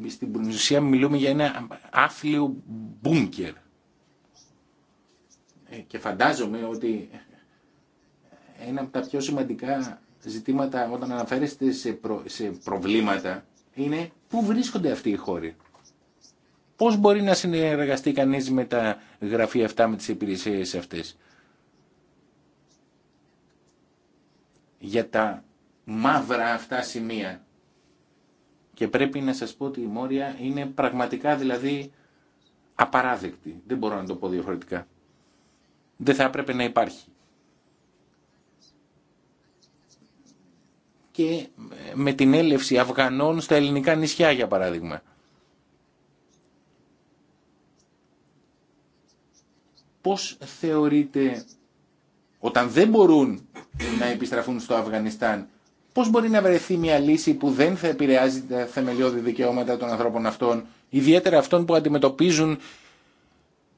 στην ουσία μιλούμε για ένα άθλιο μπούνκερ. Ε, και φαντάζομαι ότι ένα από τα πιο σημαντικά ζητήματα όταν αναφέρεστε σε, σε προβλήματα είναι πού βρίσκονται αυτοί οι χώροι. Πώς μπορεί να συνεργαστεί κανείς με τα γραφεία αυτά, με τις υπηρεσίες αυτές. Για τα μαύρα αυτά σημεία και πρέπει να σας πω ότι η Μόρια είναι πραγματικά δηλαδή απαράδεκτη. Δεν μπορώ να το πω διαφορετικά. Δεν θα έπρεπε να υπάρχει. Και με την έλευση Αφγανών στα ελληνικά νησιά για παράδειγμα. Πώς θεωρείτε όταν δεν μπορούν να επιστραφούν στο Αφγανιστάν Πώς μπορεί να βρεθεί μια λύση που δεν θα επηρεάζει τα θεμελιώδη δικαιώματα των ανθρώπων αυτών, ιδιαίτερα αυτών που αντιμετωπίζουν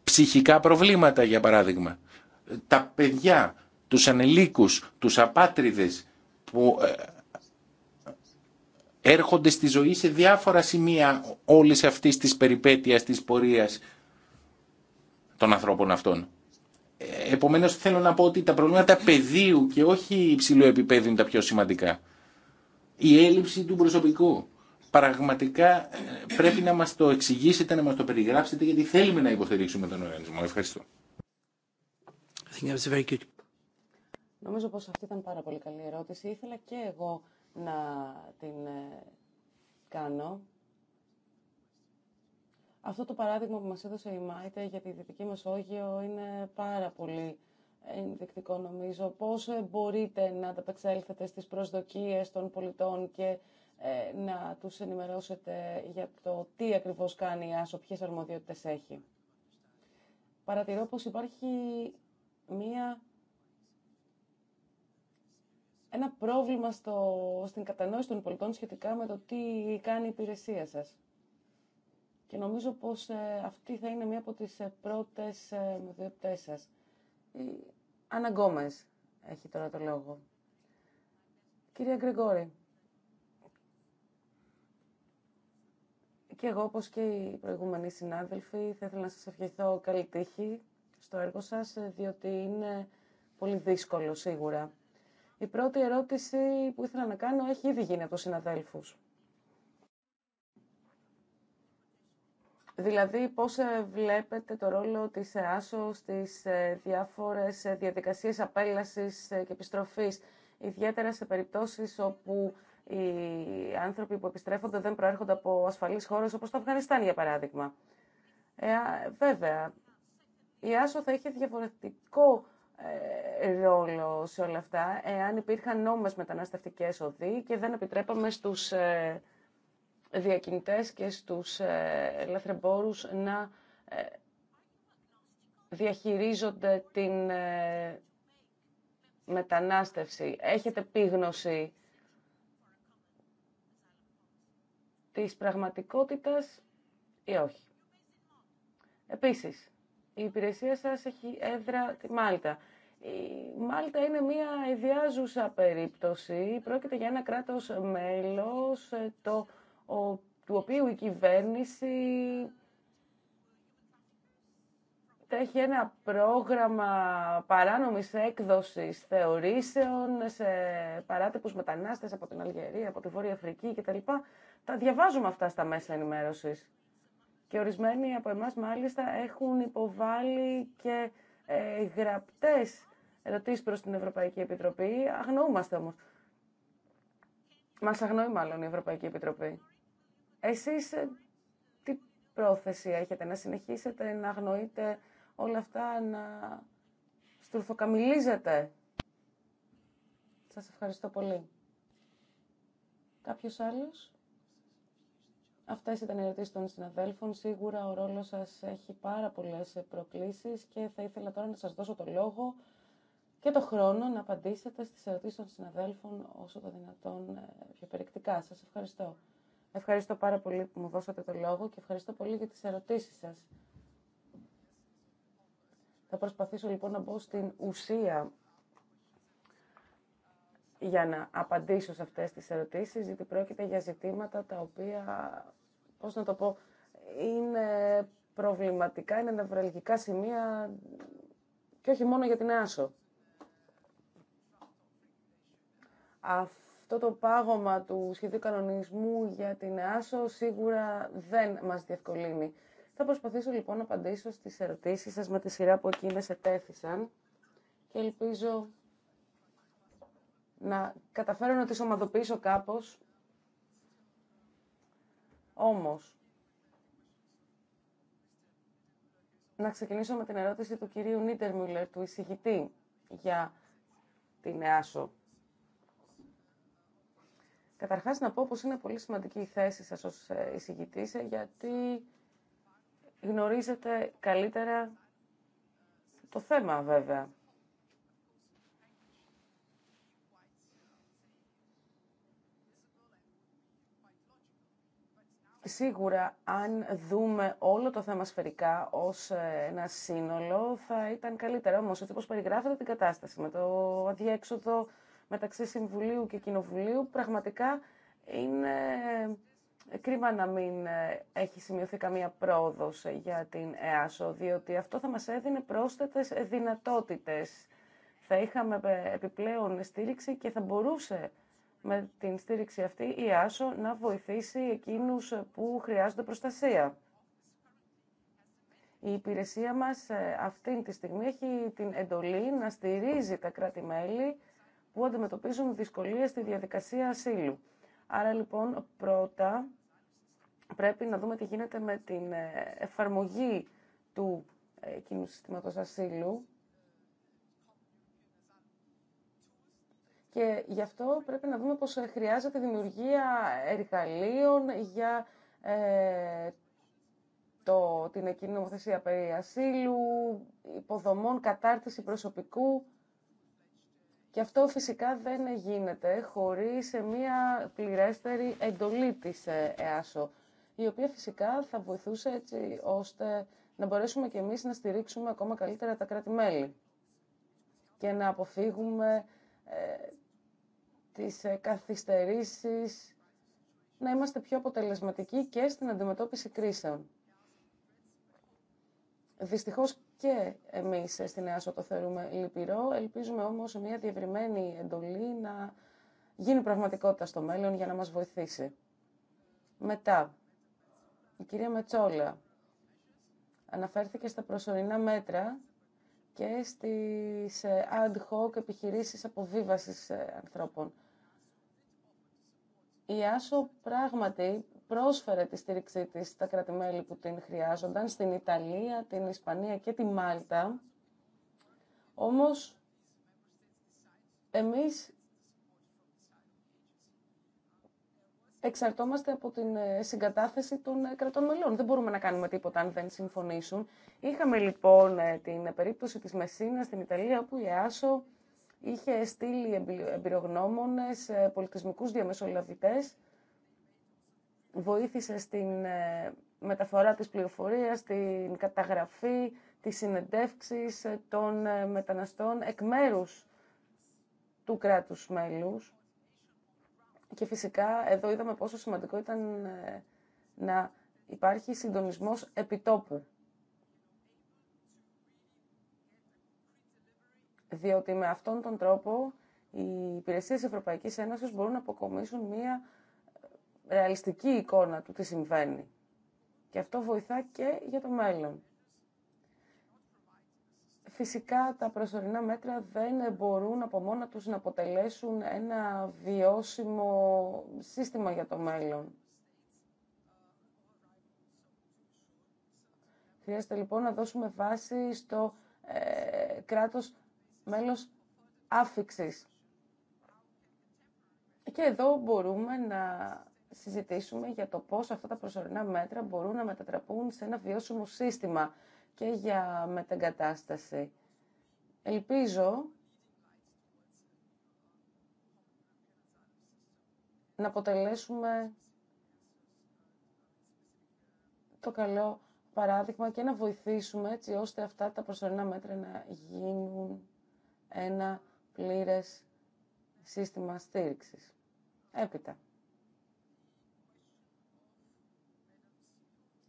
ψυχικά προβλήματα, για παράδειγμα. Τα παιδιά, τους ανελίκους, τους απάτριδες που ε, έρχονται στη ζωή σε διάφορα σημεία όλης αυτής της περιπέτειας, της πορείας των ανθρώπων αυτών. Επομένως θέλω να πω ότι τα προβλήματα πεδίου και όχι υψηλού επίπεδου είναι τα πιο σημαντικά. Η έλλειψη του προσωπικού. Πραγματικά ε, πρέπει να μας το εξηγήσετε, να μας το περιγράψετε γιατί θέλουμε να υποστηρίξουμε τον οργανισμό. Ευχαριστώ. Νομίζω πω αυτή ήταν πάρα πολύ καλή ερώτηση. Ήθελα και εγώ να την ε, κάνω. Αυτό το παράδειγμα που μας έδωσε η Μάιτε για τη Δυτική Μεσόγειο είναι πάρα πολύ ενδεικτικό νομίζω. Πώς ε, μπορείτε να ανταπεξέλθετε στις προσδοκίες των πολιτών και ε, να τους ενημερώσετε για το τι ακριβώς κάνει η ΆΣΟ, ποιες αρμοδιότητες έχει. Παρατηρώ πως υπάρχει μία ένα πρόβλημα στο, στην κατανόηση των πολιτών σχετικά με το τι κάνει η υπηρεσία σας. Και νομίζω πως ε, αυτή θα είναι μία από τις ε, πρώτες ε, μεθοδευτές σας. Η Άννα έχει τώρα το λόγο. Κυρία Γκρεγόρη, και εγώ όπως και οι προηγούμενοι συνάδελφοι θα ήθελα να σας ευχηθώ καλή τύχη στο έργο σας, διότι είναι πολύ δύσκολο σίγουρα. Η πρώτη ερώτηση που ήθελα να κάνω έχει ήδη γίνει από τους συναδέλφους. Δηλαδή, πώς ε, βλέπετε το ρόλο της ΕΑΣΟ στις ε, διάφορες ε, διαδικασίες απέλασης και επιστροφής, ιδιαίτερα σε περιπτώσεις όπου οι άνθρωποι που επιστρέφονται δεν προέρχονται από ασφαλείς χώρες, όπως το Αφγανιστάν, για παράδειγμα. Ε, βέβαια, η ΕΑΣΟ θα είχε διαφορετικό ρόλο σε όλα αυτά, εάν υπήρχαν νόμες μεταναστευτικές οδοί και δεν επιτρέπαμε στους διακινητές και στους ε, ελευθερούς να ε, διαχειρίζονται την ε, μετανάστευση. Έχετε πίγνωση της πραγματικότητας ή όχι. Επίσης, η υπηρεσία σας έχει έδρα τη Μάλτα. Η Μάλτα είναι μια ιδιάζουσα περίπτωση. Πρόκειται για ένα κράτος μέλος το του οποίου η κυβέρνηση έχει ένα πρόγραμμα παράνομης έκδοσης θεωρήσεων σε παράτυπους μετανάστες από την Αλγερία, από τη Βόρεια Αφρική κτλ. Τα διαβάζουμε αυτά στα μέσα ενημέρωσης. Και ορισμένοι από εμάς μάλιστα έχουν υποβάλει και ε, γραπτές ερωτήσεις προς την Ευρωπαϊκή Επιτροπή. Αγνοούμαστε όμως. Μας αγνοεί μάλλον η Ευρωπαϊκή Επιτροπή. Εσείς ε, τι πρόθεση έχετε, να συνεχίσετε να αγνοείτε όλα αυτά, να στουρθοκαμιλίζετε. Σας ευχαριστώ πολύ. Κάποιος άλλος? Αυτές ήταν οι ερωτήσεις των συναδέλφων. Σίγουρα ο ρόλος σας έχει πάρα πολλές προκλήσεις και θα ήθελα τώρα να σας δώσω το λόγο και το χρόνο να απαντήσετε στις ερωτήσεις των συναδέλφων όσο το δυνατόν ε, πιο Σας ευχαριστώ. Ευχαριστώ πάρα πολύ που μου δώσατε το λόγο και ευχαριστώ πολύ για τις ερωτήσεις σας. Θα προσπαθήσω λοιπόν να μπω στην ουσία για να απαντήσω σε αυτές τις ερωτήσεις, γιατί πρόκειται για ζητήματα τα οποία, πώς να το πω, είναι προβληματικά, είναι νευραλγικά σημεία και όχι μόνο για την άσο. Αυτό αυτό το πάγωμα του σχεδίου κανονισμού για την ΕΑΣΟ σίγουρα δεν μας διευκολύνει. Θα προσπαθήσω λοιπόν να απαντήσω στις ερωτήσεις σας με τη σειρά που εκείνες ετέθησαν και ελπίζω να καταφέρω να τις ομαδοποιήσω κάπως. Όμως, να ξεκινήσω με την ερώτηση του κυρίου Νίτερ του εισηγητή για την ΕΑΣΟ. Καταρχάς να πω πως είναι πολύ σημαντική η θέση σας ως ε, εισηγητή ε, γιατί γνωρίζετε καλύτερα το θέμα βέβαια. Σίγουρα, αν δούμε όλο το θέμα σφαιρικά ως ε, ένα σύνολο, θα ήταν καλύτερα. Όμως, έτσι όπως περιγράφεται την κατάσταση, με το αδιέξοδο μεταξύ Συμβουλίου και Κοινοβουλίου πραγματικά είναι κρίμα να μην ε, έχει σημειωθεί καμία πρόοδος ε, για την ΕΑΣΟ, διότι αυτό θα μας έδινε πρόσθετες δυνατότητες. Θα είχαμε ε, επιπλέον στήριξη και θα μπορούσε με την στήριξη αυτή η ΕΑΣΟ να βοηθήσει εκείνους που χρειάζονται προστασία. Η υπηρεσία μας αυτή τη στιγμή έχει την εντολή να στηρίζει τα κράτη-μέλη που αντιμετωπίζουν δυσκολίες στη διαδικασία ασύλου. Άρα λοιπόν πρώτα πρέπει να δούμε τι γίνεται με την ε, εφαρμογή του ε, κοινού συστήματος ασύλου και γι' αυτό πρέπει να δούμε πως ε, χρειάζεται δημιουργία εργαλείων για το, την εκείνη νομοθεσία περί ασύλου, υποδομών, κατάρτιση προσωπικού και αυτό φυσικά δεν γίνεται χωρίς μια πληρέστερη εντολή της ε, ΕΑΣΟ, η οποία φυσικά θα βοηθούσε έτσι ώστε να μπορέσουμε και εμείς να στηρίξουμε ακόμα καλύτερα τα κράτη-μέλη και να αποφύγουμε ε, τις ε, καθυστερήσεις, να είμαστε πιο αποτελεσματικοί και στην αντιμετώπιση κρίσεων. Δυστυχώς και εμείς στην ΕΑΣΟ το θεωρούμε λυπηρό. Ελπίζουμε όμως μια διευρυμένη εντολή να γίνει πραγματικότητα στο μέλλον για να μας βοηθήσει. Μετά, η κυρία Μετσόλα αναφέρθηκε στα προσωρινά μέτρα και στις ε, ad hoc επιχειρήσεις αποβίβασης ε, ανθρώπων. Η Άσο πράγματι πρόσφερε τη στήριξή της στα κρατημέλη που την χρειάζονταν, στην Ιταλία, την Ισπανία και τη Μάλτα. Όμως, εμείς εξαρτώμαστε από την ε, συγκατάθεση των ε, κρατών μελών. Δεν μπορούμε να κάνουμε τίποτα αν δεν συμφωνήσουν. Είχαμε λοιπόν ε, την περίπτωση της Μεσίνας στην Ιταλία, όπου η ΕΑΣΟ είχε στείλει εμπειρογνώμονες, πολιτισμικούς διαμεσολαβητές, βοήθησε στην ε, μεταφορά της πληροφορίας, στην καταγραφή, τη συνεντεύξεις ε, των ε, μεταναστών εκ μέρους του κράτους μέλους. Και φυσικά εδώ είδαμε πόσο σημαντικό ήταν να υπάρχει συντονισμός επιτόπου. Διότι με αυτόν τον τρόπο οι υπηρεσίε Ευρωπαϊκής Ένωσης μπορούν να αποκομίσουν μία ρεαλιστική εικόνα του τι συμβαίνει. Και αυτό βοηθά και για το μέλλον. Φυσικά τα προσωρινά μέτρα δεν μπορούν από μόνα τους να αποτελέσουν ένα βιώσιμο σύστημα για το μέλλον. Χρειάζεται λοιπόν να δώσουμε βάση στο ε, κράτος μέλος άφηξης. Και εδώ μπορούμε να συζητήσουμε για το πώς αυτά τα προσωρινά μέτρα μπορούν να μετατραπούν σε ένα βιώσιμο σύστημα και για μετεγκατάσταση. Ελπίζω να αποτελέσουμε το καλό παράδειγμα και να βοηθήσουμε έτσι ώστε αυτά τα προσωρινά μέτρα να γίνουν ένα πλήρες σύστημα στήριξης. Έπειτα.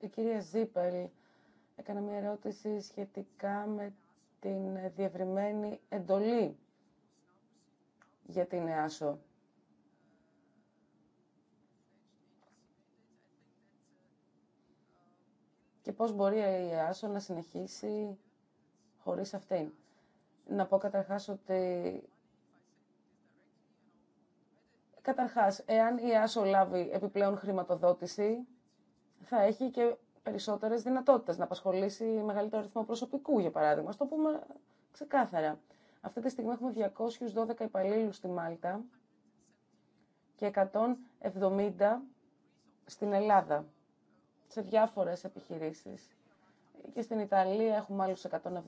Η κυρία Ζίπελ έκανε μια ερώτηση σχετικά με την διευρυμένη εντολή για την ΕΑΣΟ. Και πώς μπορεί η ΕΑΣΟ να συνεχίσει χωρίς αυτήν. Να πω καταρχάς ότι... Καταρχάς, εάν η ΕΑΣΟ λάβει επιπλέον χρηματοδότηση, θα έχει και περισσότερες δυνατότητες να απασχολήσει μεγαλύτερο αριθμό προσωπικού, για παράδειγμα. Στο πούμε ξεκάθαρα. Αυτή τη στιγμή έχουμε 212 υπαλλήλου στη Μάλτα και 170 στην Ελλάδα, σε διάφορες επιχειρήσεις. Και στην Ιταλία έχουμε άλλους 170, 40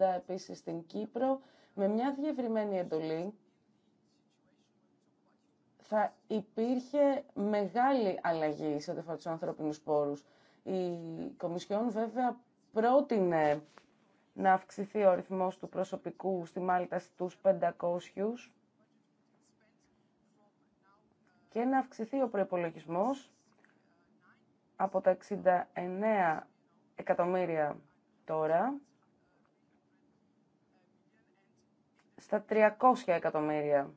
ε, επίσης στην Κύπρο, με μια διευρυμένη εντολή θα υπήρχε μεγάλη αλλαγή σε ό,τι αφορά του ανθρώπινου πόρου. Η Κομισιόν βέβαια πρότεινε να αυξηθεί ο αριθμό του προσωπικού στη Μάλτα στου 500 και να αυξηθεί ο προϋπολογισμός από τα 69 εκατομμύρια τώρα στα 300 εκατομμύρια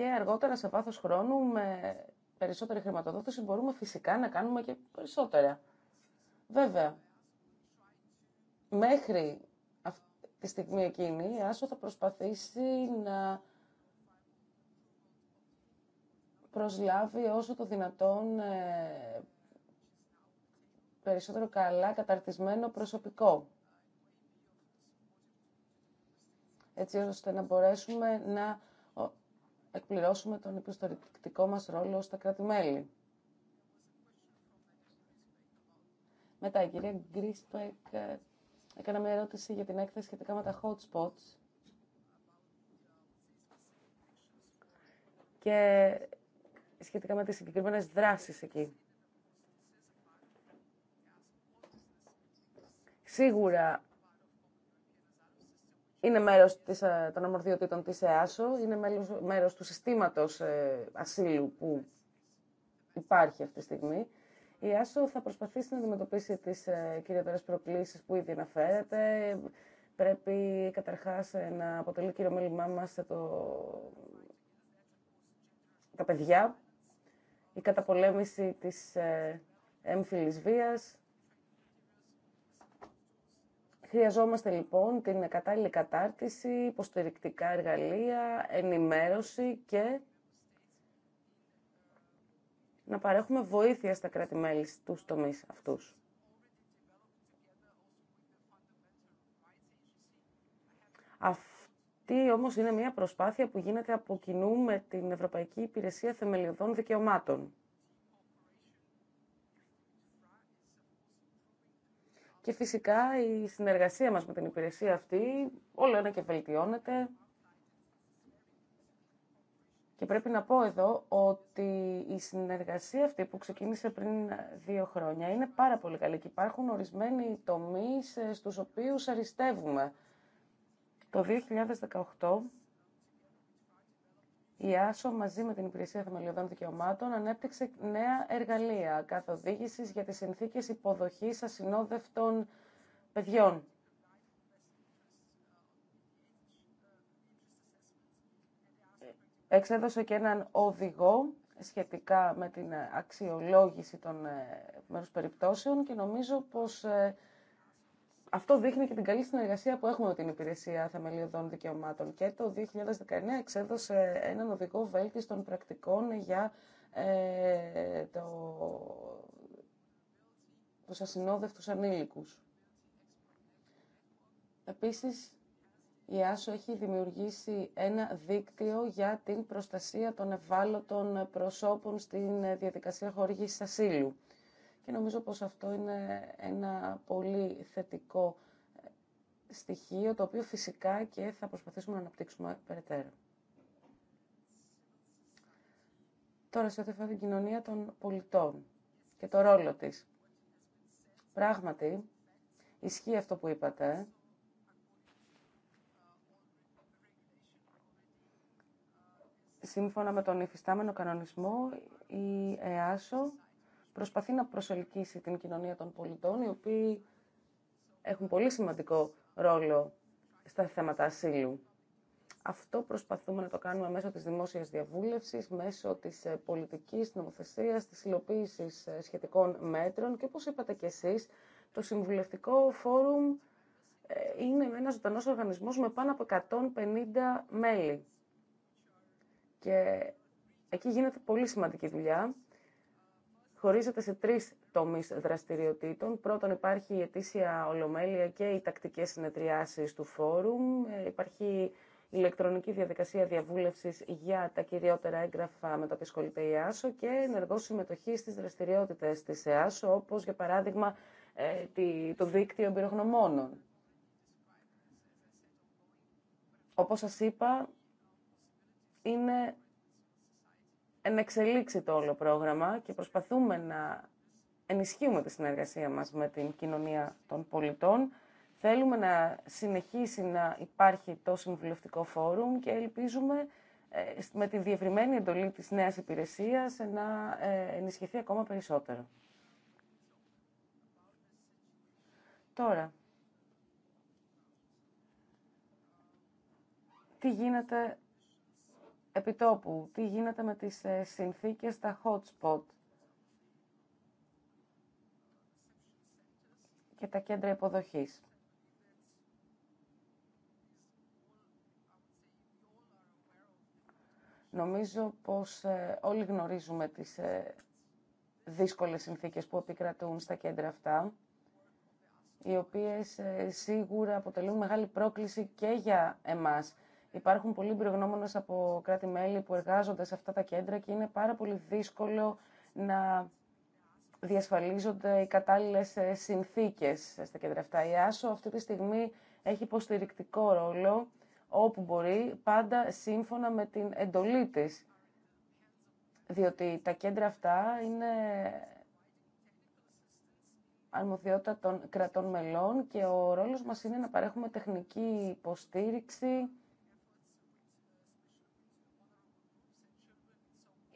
και αργότερα σε βάθος χρόνου με περισσότερη χρηματοδότηση μπορούμε φυσικά να κάνουμε και περισσότερα. Βέβαια, μέχρι τη στιγμή εκείνη η Άσο θα προσπαθήσει να προσλάβει όσο το δυνατόν ε, περισσότερο καλά καταρτισμένο προσωπικό. Έτσι ώστε να μπορέσουμε να εκπληρώσουμε τον υποστηρικτικό μας ρόλο στα κράτη-μέλη. Μετά, η κυρία Γκρίσπεκ ε, έκανα μια ερώτηση για την έκθεση σχετικά με τα hot spots. Και σχετικά με τις συγκεκριμένες δράσεις εκεί. Σίγουρα είναι μέρος της, ε, των ομορδιοτήτων της ΕΑΣΟ, είναι μέρο μέρος του συστήματος ε, ασύλου που υπάρχει αυτή τη στιγμή. Η ΕΑΣΟ θα προσπαθήσει να αντιμετωπίσει τις ε, κυριότερες προκλήσεις που ήδη αναφέρεται. Πρέπει καταρχάς ε, να αποτελεί κύριο μέλημά μας το... τα παιδιά, η καταπολέμηση της ε, έμφυλης Χρειαζόμαστε λοιπόν την κατάλληλη κατάρτιση, υποστηρικτικά εργαλεία, ενημέρωση και να παρέχουμε βοήθεια στα κράτη-μέλη στους τομείς αυτούς. Αυτή όμως είναι μια προσπάθεια που γίνεται από κοινού με την Ευρωπαϊκή Υπηρεσία Θεμελιωδών Δικαιωμάτων. Και φυσικά η συνεργασία μας με την υπηρεσία αυτή όλο ένα και βελτιώνεται. Και πρέπει να πω εδώ ότι η συνεργασία αυτή που ξεκίνησε πριν δύο χρόνια είναι πάρα πολύ καλή και υπάρχουν ορισμένοι τομείς ε, στους οποίους αριστεύουμε. Το 2018 η ΆΣΟ μαζί με την Υπηρεσία Θεμελιωδών Δικαιωμάτων ανέπτυξε νέα εργαλεία καθοδήγησης για τις συνθήκες υποδοχής ασυνόδευτων παιδιών. Εξέδωσε και έναν οδηγό σχετικά με την αξιολόγηση των ε, μέρους περιπτώσεων και νομίζω πως ε, αυτό δείχνει και την καλή συνεργασία που έχουμε με την Υπηρεσία Θεμελιωδών Δικαιωμάτων. Και το 2019 εξέδωσε έναν οδηγό βέλτιστων πρακτικών για ε, το, τους ασυνόδευτους ανήλικους. Επίσης, η ΆΣΟ έχει δημιουργήσει ένα δίκτυο για την προστασία των ευάλωτων προσώπων στην διαδικασία χορήγησης ασύλου και νομίζω πως αυτό είναι ένα πολύ θετικό ε, στοιχείο, το οποίο φυσικά και θα προσπαθήσουμε να αναπτύξουμε περαιτέρω. Τώρα σε ό,τι την κοινωνία των πολιτών και το ρόλο της. Πράγματι, ισχύει αυτό που είπατε. Σύμφωνα με τον υφιστάμενο κανονισμό, η ΕΑΣΟ προσπαθεί να προσελκύσει την κοινωνία των πολιτών, οι οποίοι έχουν πολύ σημαντικό ρόλο στα θέματα ασύλου. Αυτό προσπαθούμε να το κάνουμε μέσω της δημόσιας διαβούλευσης, μέσω της ε, πολιτικής νομοθεσίας, της υλοποίηση ε, σχετικών μέτρων και όπως είπατε και εσείς, το Συμβουλευτικό Φόρουμ ε, είναι ένας ζωντανός οργανισμός με πάνω από 150 μέλη. Και εκεί γίνεται πολύ σημαντική δουλειά χωρίζεται σε τρεις τομείς δραστηριοτήτων. Πρώτον υπάρχει η ετήσια ολομέλεια και οι τακτικές συνεδριάσεις του φόρουμ. Ε, υπάρχει η ηλεκτρονική διαδικασία διαβούλευσης για τα κυριότερα έγγραφα με τα οποία ασχολείται η ΕΑΣΟ και ενεργό συμμετοχή στις δραστηριότητες της ΕΑΣΟ, όπως για παράδειγμα ε, το δίκτυο εμπειρογνωμόνων. Όπως σας είπα, είναι ενεξελίξει το όλο πρόγραμμα και προσπαθούμε να ενισχύουμε τη συνεργασία μας με την κοινωνία των πολιτών. Θέλουμε να συνεχίσει να υπάρχει το Συμβουλευτικό Φόρουμ και ελπίζουμε ε, με τη διευρυμένη εντολή της νέας υπηρεσίας να ε, ενισχυθεί ακόμα περισσότερο. Τώρα, τι γίνεται επιτόπου, τι γίνεται με τις ε, συνθήκες στα hot spot και τα κέντρα υποδοχής. Νομίζω πως ε, όλοι γνωρίζουμε τις ε, δύσκολες συνθήκες που επικρατούν στα κέντρα αυτά, οι οποίες σίγουρα αποτελούν μεγάλη πρόκληση και για εμάς Υπάρχουν πολλοί εμπειρογνώμονε από κράτη-μέλη που εργάζονται σε αυτά τα κέντρα και είναι πάρα πολύ δύσκολο να διασφαλίζονται οι κατάλληλε ε, συνθήκε στα κέντρα αυτά. Η ΆΣΟ αυτή τη στιγμή έχει υποστηρικτικό ρόλο όπου μπορεί, πάντα σύμφωνα με την εντολή της. Διότι τα κέντρα αυτά είναι αρμοδιότητα των κρατών μελών και ο ρόλος μας είναι να παρέχουμε τεχνική υποστήριξη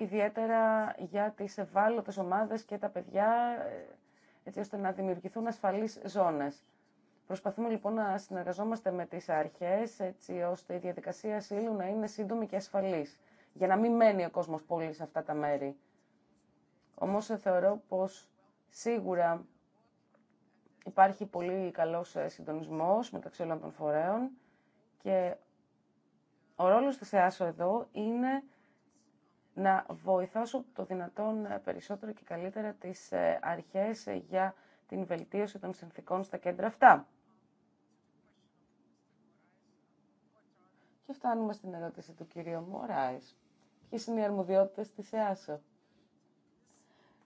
ιδιαίτερα για τις ευάλωτες ομάδες και τα παιδιά, ε, έτσι ώστε να δημιουργηθούν ασφαλείς ζώνες. Προσπαθούμε λοιπόν να συνεργαζόμαστε με τις αρχές, έτσι ώστε η διαδικασία ασύλου να είναι σύντομη και ασφαλής, για να μην μένει ο κόσμος πολύ σε αυτά τα μέρη. Όμως ε, θεωρώ πως σίγουρα υπάρχει πολύ καλός ε, συντονισμός μεταξύ όλων των φορέων και ο ρόλος της ΕΑΣΟ εδώ είναι να βοηθάσω το δυνατόν ε, περισσότερο και καλύτερα τις ε, αρχές ε, για την βελτίωση των συνθήκων στα κέντρα αυτά. Και φτάνουμε στην ερώτηση του κυρίου Μωράης. Ποιε είναι οι αρμοδιότητες της ΕΑΣΟ.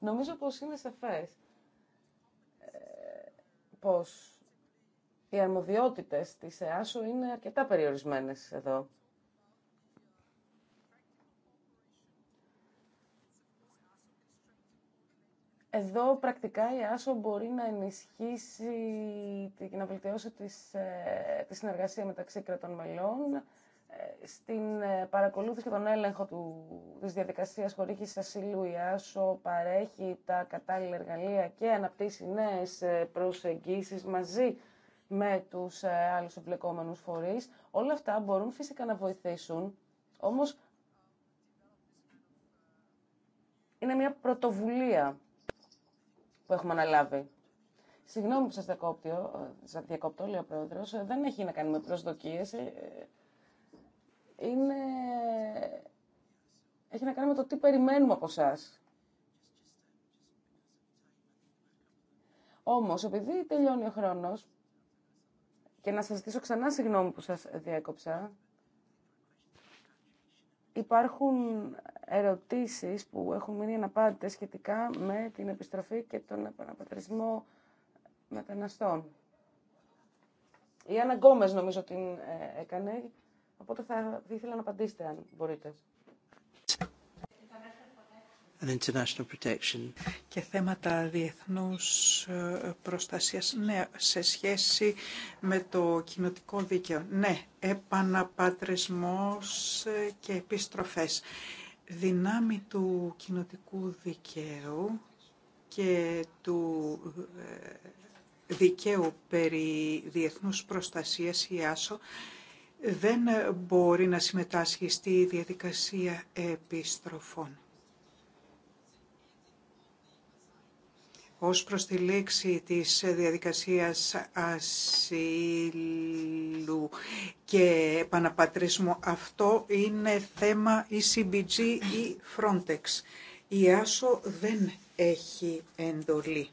Νομίζω πως είναι σαφές ε, πως οι αρμοδιότητες της ΕΑΣΟ είναι αρκετά περιορισμένες εδώ. Εδώ πρακτικά η ΆΣΟ μπορεί να ενισχύσει και να βελτιώσει τις, ε, τη συνεργασία μεταξύ κρατών μελών ε, στην ε, παρακολούθηση και τον έλεγχο του, της διαδικασίας χορήγησης ασύλου η ΆΣΟ παρέχει τα κατάλληλα εργαλεία και αναπτύσσει νέες προσεγγίσεις μαζί με τους άλλους εμπλεκόμενους φορείς. Όλα αυτά μπορούν φυσικά να βοηθήσουν, όμως είναι μια πρωτοβουλία που έχουμε αναλάβει. Συγγνώμη που σας διακόπτω, ε, διακόπτω λέει ο πρόεδρο, ε, δεν έχει να κάνει με προσδοκίες. Ε, είναι... Έχει να κάνει με το τι περιμένουμε από εσά. Όμω, επειδή τελειώνει ο χρόνος, και να σας ζητήσω ξανά συγγνώμη που σας διέκοψα, υπάρχουν ερωτήσεις που έχουν μείνει αναπάντητες σχετικά με την επιστροφή και τον επαναπατρισμό μεταναστών. Η Άννα Γκόμες νομίζω την ε, έκανε, οπότε θα ήθελα να απαντήσετε αν μπορείτε. international protection. Και θέματα διεθνούς ε, προστασίας, ναι, σε σχέση με το κοινοτικό δίκαιο. Ναι, επαναπατρισμός ε, και επιστροφές δύναμη του κοινοτικού δικαίου και του ε, δικαίου περί διεθνούς προστασίας η ΆΣΟ δεν μπορεί να συμμετάσχει στη διαδικασία επιστροφών. ως προς τη λήξη της διαδικασίας ασύλου και επαναπατρισμού. Αυτό είναι θέμα ECBG ή Frontex. Η ΆΣΟ δεν έχει εντολή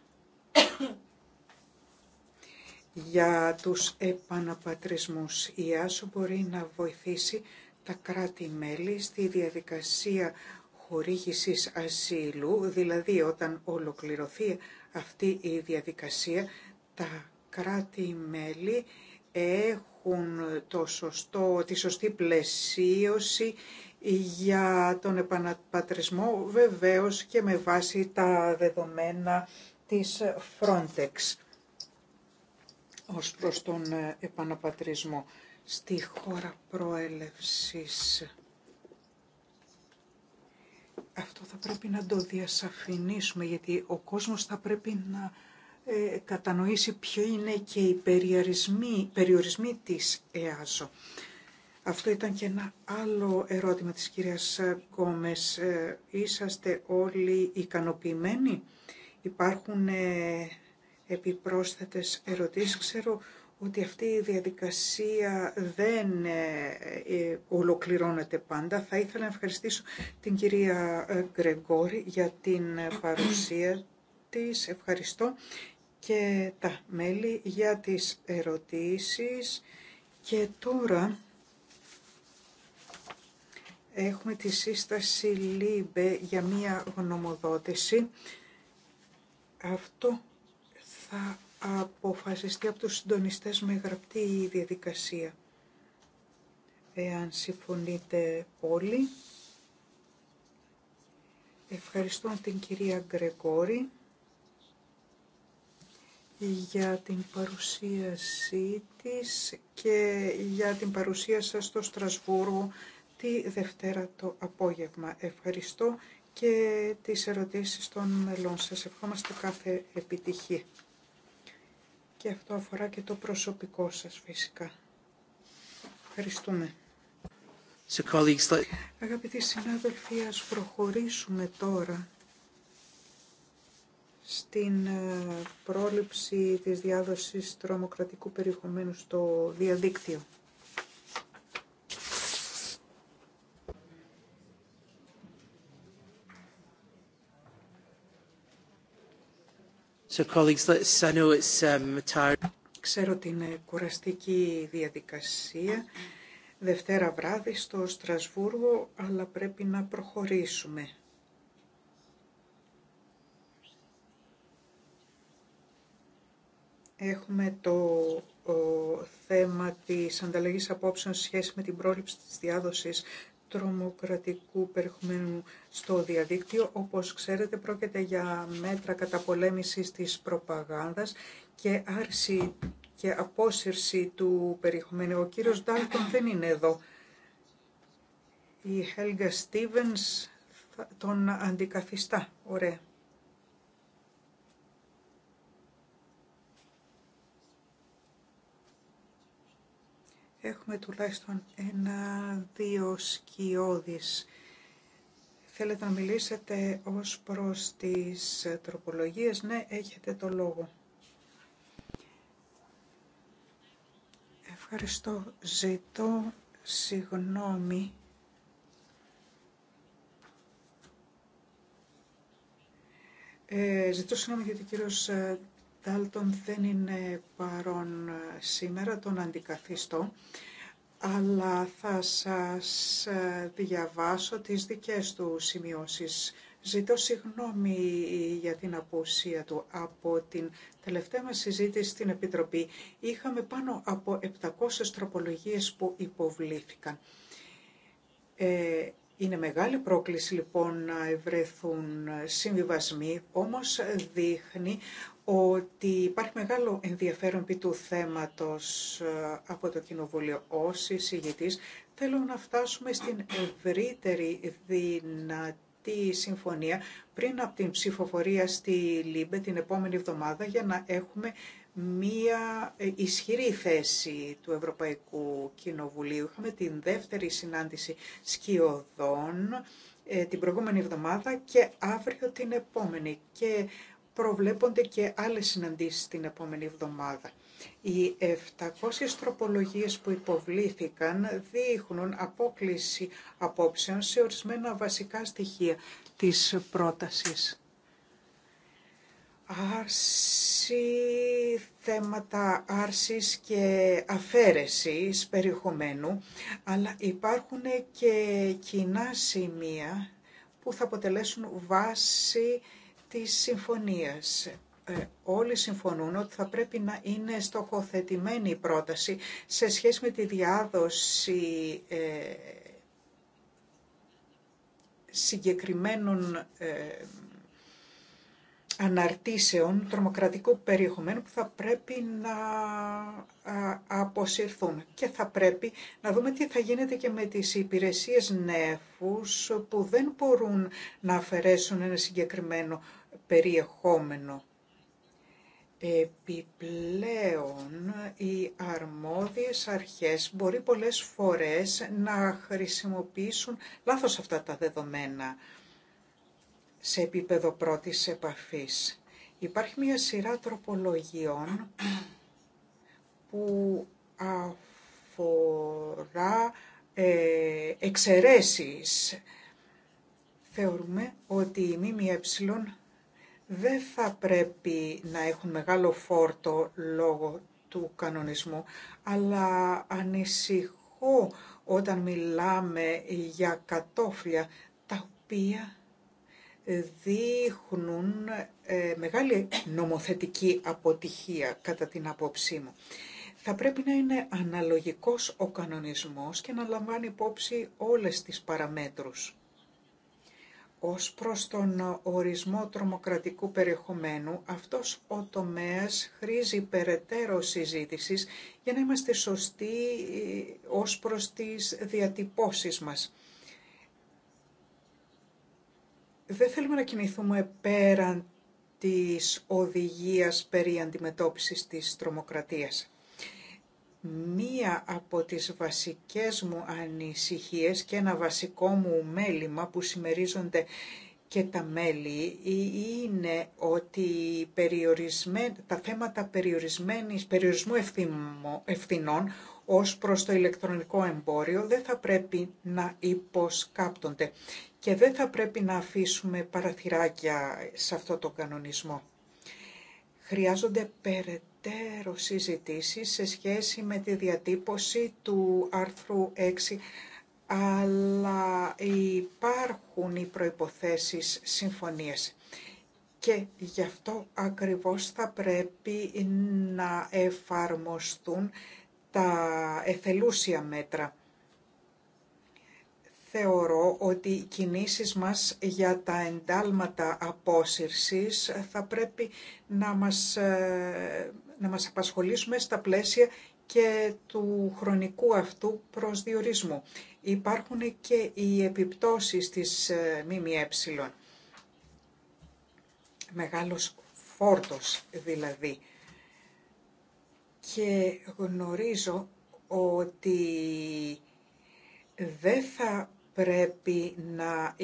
για τους επαναπατρισμούς. Η ΆΣΟ μπορεί να βοηθήσει τα κράτη-μέλη στη διαδικασία χορήγησης ασύλου, δηλαδή όταν ολοκληρωθεί αυτή η διαδικασία, τα κράτη-μέλη έχουν το σωστό, τη σωστή πλαισίωση για τον επαναπατρισμό βεβαίως και με βάση τα δεδομένα της Frontex ως προς τον επαναπατρισμό στη χώρα προέλευσης. Αυτό θα πρέπει να το διασαφηνίσουμε γιατί ο κόσμος θα πρέπει να ε, κατανοήσει ποιο είναι και οι περιορισμοί, περιορισμοί της ΕΑΖΟ. Αυτό ήταν και ένα άλλο ερώτημα της κυρίας Κόμες. Ε, είσαστε όλοι ικανοποιημένοι. Υπάρχουν ε, επιπρόσθετες ερωτήσεις. Ξέρω ότι αυτή η διαδικασία δεν ε, ε, ολοκληρώνεται πάντα. Θα ήθελα να ευχαριστήσω την κυρία ε, Γκρεγόρη για την παρουσία της. Ευχαριστώ και τα μέλη για τις ερωτήσεις. Και τώρα έχουμε τη σύσταση ΛΥΜΠΕ για μία γνωμοδότηση. Αυτό θα αποφασιστεί από τους συντονιστές με γραπτή διαδικασία. Εάν συμφωνείτε όλοι, ευχαριστώ την κυρία Γκρεγόρη για την παρουσίασή της και για την παρουσία σας στο Στρασβούργο τη Δευτέρα το απόγευμα. Ευχαριστώ και τις ερωτήσεις των μελών σας. Ευχόμαστε κάθε επιτυχία και αυτό αφορά και το προσωπικό σας φυσικά. Ευχαριστούμε. So, colleagues... Αγαπητοί συνάδελφοι, ας προχωρήσουμε τώρα στην ε, πρόληψη της διάδοσης τρομοκρατικού περιεχομένου στο διαδίκτυο. Um, Ξέρω ότι είναι κουραστική διαδικασία. Δευτέρα βράδυ στο Στρασβούργο, αλλά πρέπει να προχωρήσουμε. Έχουμε το θέμα της ανταλλαγής απόψεων σχέση με την πρόληψη της διάδοσης τρομοκρατικού περιεχομένου στο διαδίκτυο. Όπως ξέρετε πρόκειται για μέτρα καταπολέμησης της προπαγάνδας και άρση και απόσυρση του περιεχομένου. Ο κύριος Ντάλτον δεν είναι εδώ. Η Helga Στίβενς τον αντικαθιστά. Ωραία. Έχουμε τουλάχιστον ένα-δύο σκιώδεις. Θέλετε να μιλήσετε ως προς τις τροπολογίες. Ναι, έχετε το λόγο. Ευχαριστώ. Ζητώ συγγνώμη. Ε, ζητώ συγγνώμη γιατί ο κύριος ε, Ντάλτον δεν είναι παρόν ε, σήμερα, τον αντικαθιστώ, αλλά θα σας ε, διαβάσω τις δικές του σημειώσεις. Ζητώ συγγνώμη ε, για την απουσία του. Από την τελευταία μας συζήτηση στην Επιτροπή είχαμε πάνω από 700 τροπολογίες που υποβλήθηκαν. Ε, είναι μεγάλη πρόκληση λοιπόν να ευρεθούν συμβιβασμοί, όμως δείχνει ότι υπάρχει μεγάλο ενδιαφέρον επί του θέματος ε, από το Κοινοβούλιο. Ως εισηγητής θέλω να φτάσουμε στην ευρύτερη δυνατή συμφωνία πριν από την ψηφοφορία στη ΛΥΜΠΕ την επόμενη εβδομάδα για να έχουμε μία ε, ισχυρή θέση του Ευρωπαϊκού Κοινοβουλίου. Είχαμε την δεύτερη συνάντηση σκιωδών ε, την προηγούμενη εβδομάδα και αύριο την επόμενη. Και προβλέπονται και άλλες συναντήσεις την επόμενη εβδομάδα. Οι 700 τροπολογίες που υποβλήθηκαν δείχνουν απόκληση απόψεων σε ορισμένα βασικά στοιχεία της πρότασης. Άρση, θέματα άρσης και αφαίρεσης περιεχομένου, αλλά υπάρχουν και κοινά σημεία που θα αποτελέσουν βάση της συμφωνίας. Ε, όλοι συμφωνούν ότι θα πρέπει να είναι στοχοθετημένη η πρόταση σε σχέση με τη διάδοση ε, συγκεκριμένων ε, αναρτήσεων τρομοκρατικού περιεχομένου που θα πρέπει να αποσυρθούν. Και θα πρέπει να δούμε τι θα γίνεται και με τις υπηρεσίες νέφους που δεν μπορούν να αφαιρέσουν ένα συγκεκριμένο περιεχόμενο. Επιπλέον, οι αρμόδιες αρχές μπορεί πολλές φορές να χρησιμοποιήσουν λάθος αυτά τα δεδομένα σε επίπεδο πρώτης επαφής. Υπάρχει μια σειρά τροπολογιών που αφορά ε, εξαιρέσεις. Θεωρούμε ότι οι ΜΜΕ δεν θα πρέπει να έχουν μεγάλο φόρτο λόγω του κανονισμού, αλλά ανησυχώ όταν μιλάμε για κατόφλια τα οποία δείχνουν ε, μεγάλη νομοθετική αποτυχία κατά την απόψή μου. Θα πρέπει να είναι αναλογικός ο κανονισμός και να λαμβάνει υπόψη όλες τις παραμέτρους. Ως προς τον ορισμό τρομοκρατικού περιεχομένου, αυτός ο τομέας χρήζει περαιτέρω συζήτησης για να είμαστε σωστοί ε, ως προς τις διατυπώσεις μας δεν θέλουμε να κινηθούμε πέραν της οδηγίας περί αντιμετώπισης της τρομοκρατίας. Μία από τις βασικές μου ανησυχίες και ένα βασικό μου μέλημα που συμμερίζονται και τα μέλη είναι ότι τα θέματα περιορισμένης, περιορισμού ευθυνών ως προς το ηλεκτρονικό εμπόριο δεν θα πρέπει να υποσκάπτονται και δεν θα πρέπει να αφήσουμε παραθυράκια σε αυτό το κανονισμό. Χρειάζονται περαιτέρω συζητήσει σε σχέση με τη διατύπωση του άρθρου 6 αλλά υπάρχουν οι προϋποθέσεις συμφωνίες. Και γι' αυτό ακριβώς θα πρέπει να εφαρμοστούν τα εθελούσια μέτρα θεωρώ ότι οι κινήσεις μας για τα εντάλματα απόσυρσης θα πρέπει να μας, ε, να μας απασχολήσουμε στα πλαίσια και του χρονικού αυτού προσδιορισμού. Υπάρχουν και οι επιπτώσεις της ε, ΜΜΕ. Μεγάλος φόρτος δηλαδή. Και γνωρίζω ότι δεν θα πρέπει να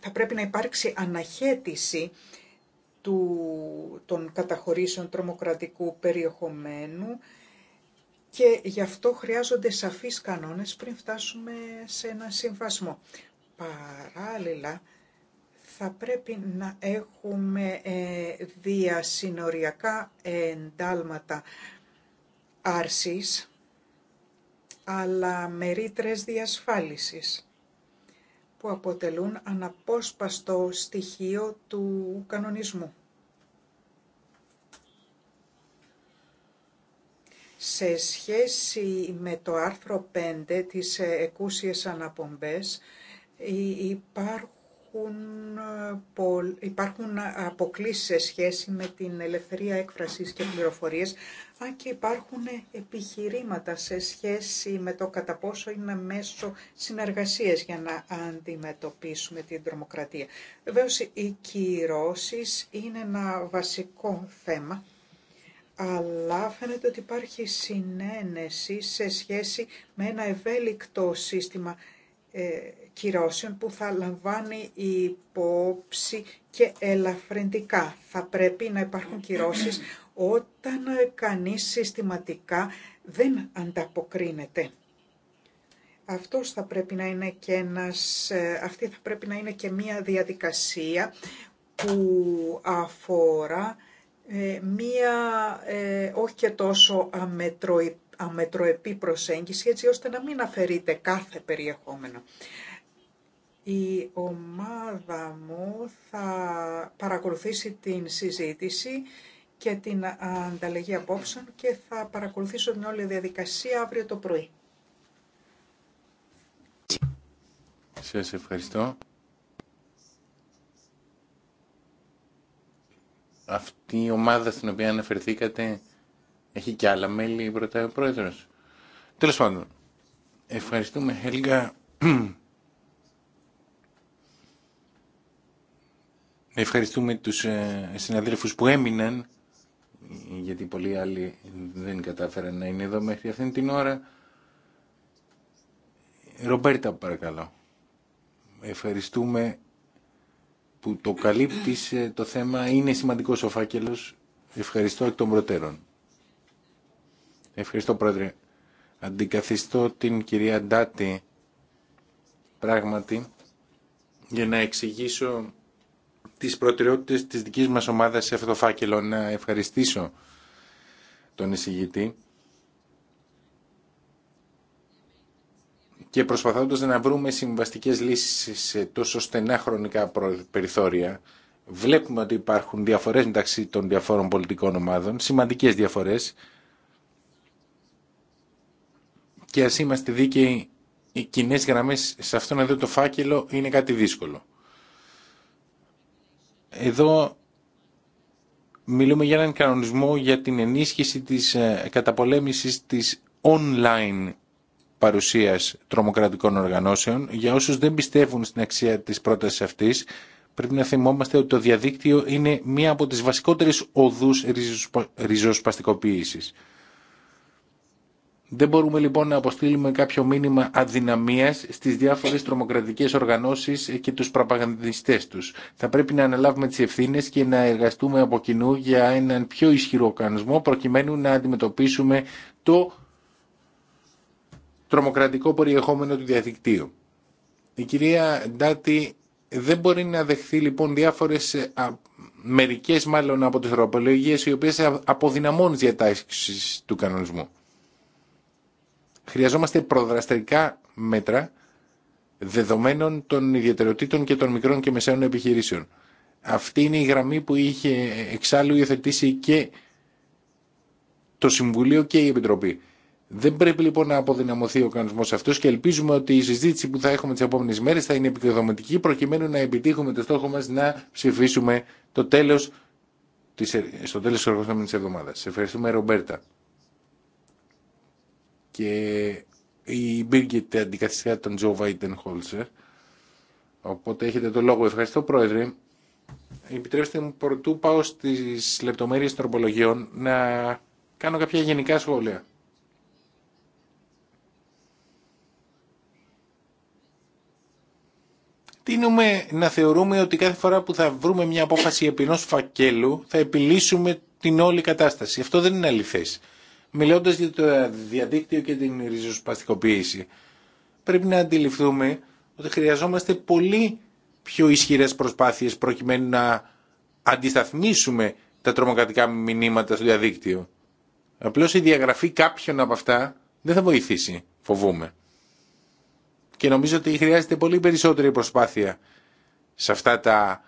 θα πρέπει να υπάρξει αναχέτηση του, των καταχωρήσεων τρομοκρατικού περιεχομένου και γι' αυτό χρειάζονται σαφείς κανόνες πριν φτάσουμε σε ένα συμβασμό. Παράλληλα, θα πρέπει να έχουμε ε, διασυνοριακά εντάλματα άρσης αλλά με ρήτρες διασφάλισης που αποτελούν αναπόσπαστο στοιχείο του κανονισμού. Σε σχέση με το άρθρο 5 της εκούσιες αναπομπές υπάρχουν υπάρχουν, ε, υπάρχουν ε, αποκλήσεις σε σχέση με την ελευθερία έκφρασης και πληροφορίες, αν και υπάρχουν ε, επιχειρήματα σε σχέση με το κατά πόσο είναι μέσο συνεργασίες για να αντιμετωπίσουμε την τρομοκρατία. Βεβαίως, οι κυρώσεις είναι ένα βασικό θέμα αλλά φαίνεται ότι υπάρχει συνένεση σε σχέση με ένα ευέλικτο σύστημα κυρώσεων που θα λαμβάνει υπόψη και ελαφρυντικά. Θα πρέπει να υπάρχουν κυρώσεις όταν κανείς συστηματικά δεν ανταποκρίνεται. Αυτός θα πρέπει να είναι και ένας, ε, αυτή θα πρέπει να είναι και μία διαδικασία που αφορά ε, μία ε, όχι και τόσο αμετροεπή προσέγγιση έτσι ώστε να μην αφαιρείται κάθε περιεχόμενο. Η ομάδα μου θα παρακολουθήσει την συζήτηση και την ανταλλαγή απόψεων και θα παρακολουθήσω την όλη διαδικασία αύριο το πρωί. Σας ευχαριστώ. Αυτή η ομάδα στην οποία αναφερθήκατε έχει και άλλα μέλη, πρώτα ο πρόεδρος. Τέλος πάντων, ευχαριστούμε Χέλγα Ευχαριστούμε τους ε, συναδέλφους που έμειναν, γιατί πολλοί άλλοι δεν κατάφεραν να είναι εδώ μέχρι αυτήν την ώρα. Ρομπέρτα, παρακαλώ. Ευχαριστούμε που το καλύπτεις ε, το θέμα. Είναι σημαντικός ο φάκελος. Ευχαριστώ εκ των προτέρων. Ευχαριστώ, Πρόεδρε. Αντικαθιστώ την κυρία Ντάτη πράγματι για να εξηγήσω τις προτεραιότητες της δικής μας ομάδας σε αυτό το φάκελο. Να ευχαριστήσω τον εισηγητή και προσπαθώντας να βρούμε συμβαστικές λύσεις σε τόσο στενά χρονικά περιθώρια βλέπουμε ότι υπάρχουν διαφορές μεταξύ των διαφόρων πολιτικών ομάδων, σημαντικές διαφορές και ας είμαστε δίκαιοι οι κοινέ γραμμές σε αυτόν εδώ το φάκελο είναι κάτι δύσκολο. Εδώ μιλούμε για έναν κανονισμό για την ενίσχυση της ε, καταπολέμησης της online παρουσίας τρομοκρατικών οργανώσεων. Για όσους δεν πιστεύουν στην αξία της πρότασης αυτής, πρέπει να θυμόμαστε ότι το διαδίκτυο είναι μία από τις βασικότερες οδούς ριζοσπαστικοποίησης. Δεν μπορούμε λοιπόν να αποστείλουμε κάποιο μήνυμα αδυναμίας στις διάφορες τρομοκρατικές οργανώσεις και τους προπαγανδιστές τους. Θα πρέπει να αναλάβουμε τις ευθύνες και να εργαστούμε από κοινού για έναν πιο ισχυρό κανονισμό προκειμένου να αντιμετωπίσουμε το τρομοκρατικό περιεχόμενο του διαδικτύου. Η κυρία Ντάτη δεν μπορεί να δεχθεί λοιπόν διάφορες μερικές μάλλον από τις τροπολογίες οι οποίες αποδυναμώνουν τις διατάξεις του κανονισμού. Χρειαζόμαστε προδραστικά μέτρα δεδομένων των ιδιαιτεροτήτων και των μικρών και μεσαίων επιχειρήσεων. Αυτή είναι η γραμμή που είχε εξάλλου υιοθετήσει και το Συμβουλίο και η Επιτροπή. Δεν πρέπει λοιπόν να αποδυναμωθεί ο κανονισμό αυτό και ελπίζουμε ότι η συζήτηση που θα έχουμε τι επόμενε μέρε θα είναι επικοδομητική προκειμένου να επιτύχουμε το στόχο μα να ψηφίσουμε το τέλος της, στο τέλο τη εβδομάδα. Σε ευχαριστούμε, Ρομπέρτα και η Μπίργκετ αντικαθιστά τον Τζο Βάιντεν Χόλσερ. Οπότε έχετε το λόγο. Ευχαριστώ Πρόεδρε. Επιτρέψτε μου πρωτού πάω στις λεπτομέρειες τροπολογιών να κάνω κάποια γενικά σχόλια. Τίνουμε να θεωρούμε ότι κάθε φορά που θα βρούμε μια απόφαση επί φακέλου θα επιλύσουμε την όλη κατάσταση. Αυτό δεν είναι αληθές. Μιλώντας για το διαδίκτυο και την ριζοσπαστικοποίηση, πρέπει να αντιληφθούμε ότι χρειαζόμαστε πολύ πιο ισχυρές προσπάθειες προκειμένου να αντισταθμίσουμε τα τρομοκρατικά μηνύματα στο διαδίκτυο. Απλώς η διαγραφή κάποιων από αυτά δεν θα βοηθήσει, φοβούμε. Και νομίζω ότι χρειάζεται πολύ περισσότερη προσπάθεια σε αυτά τα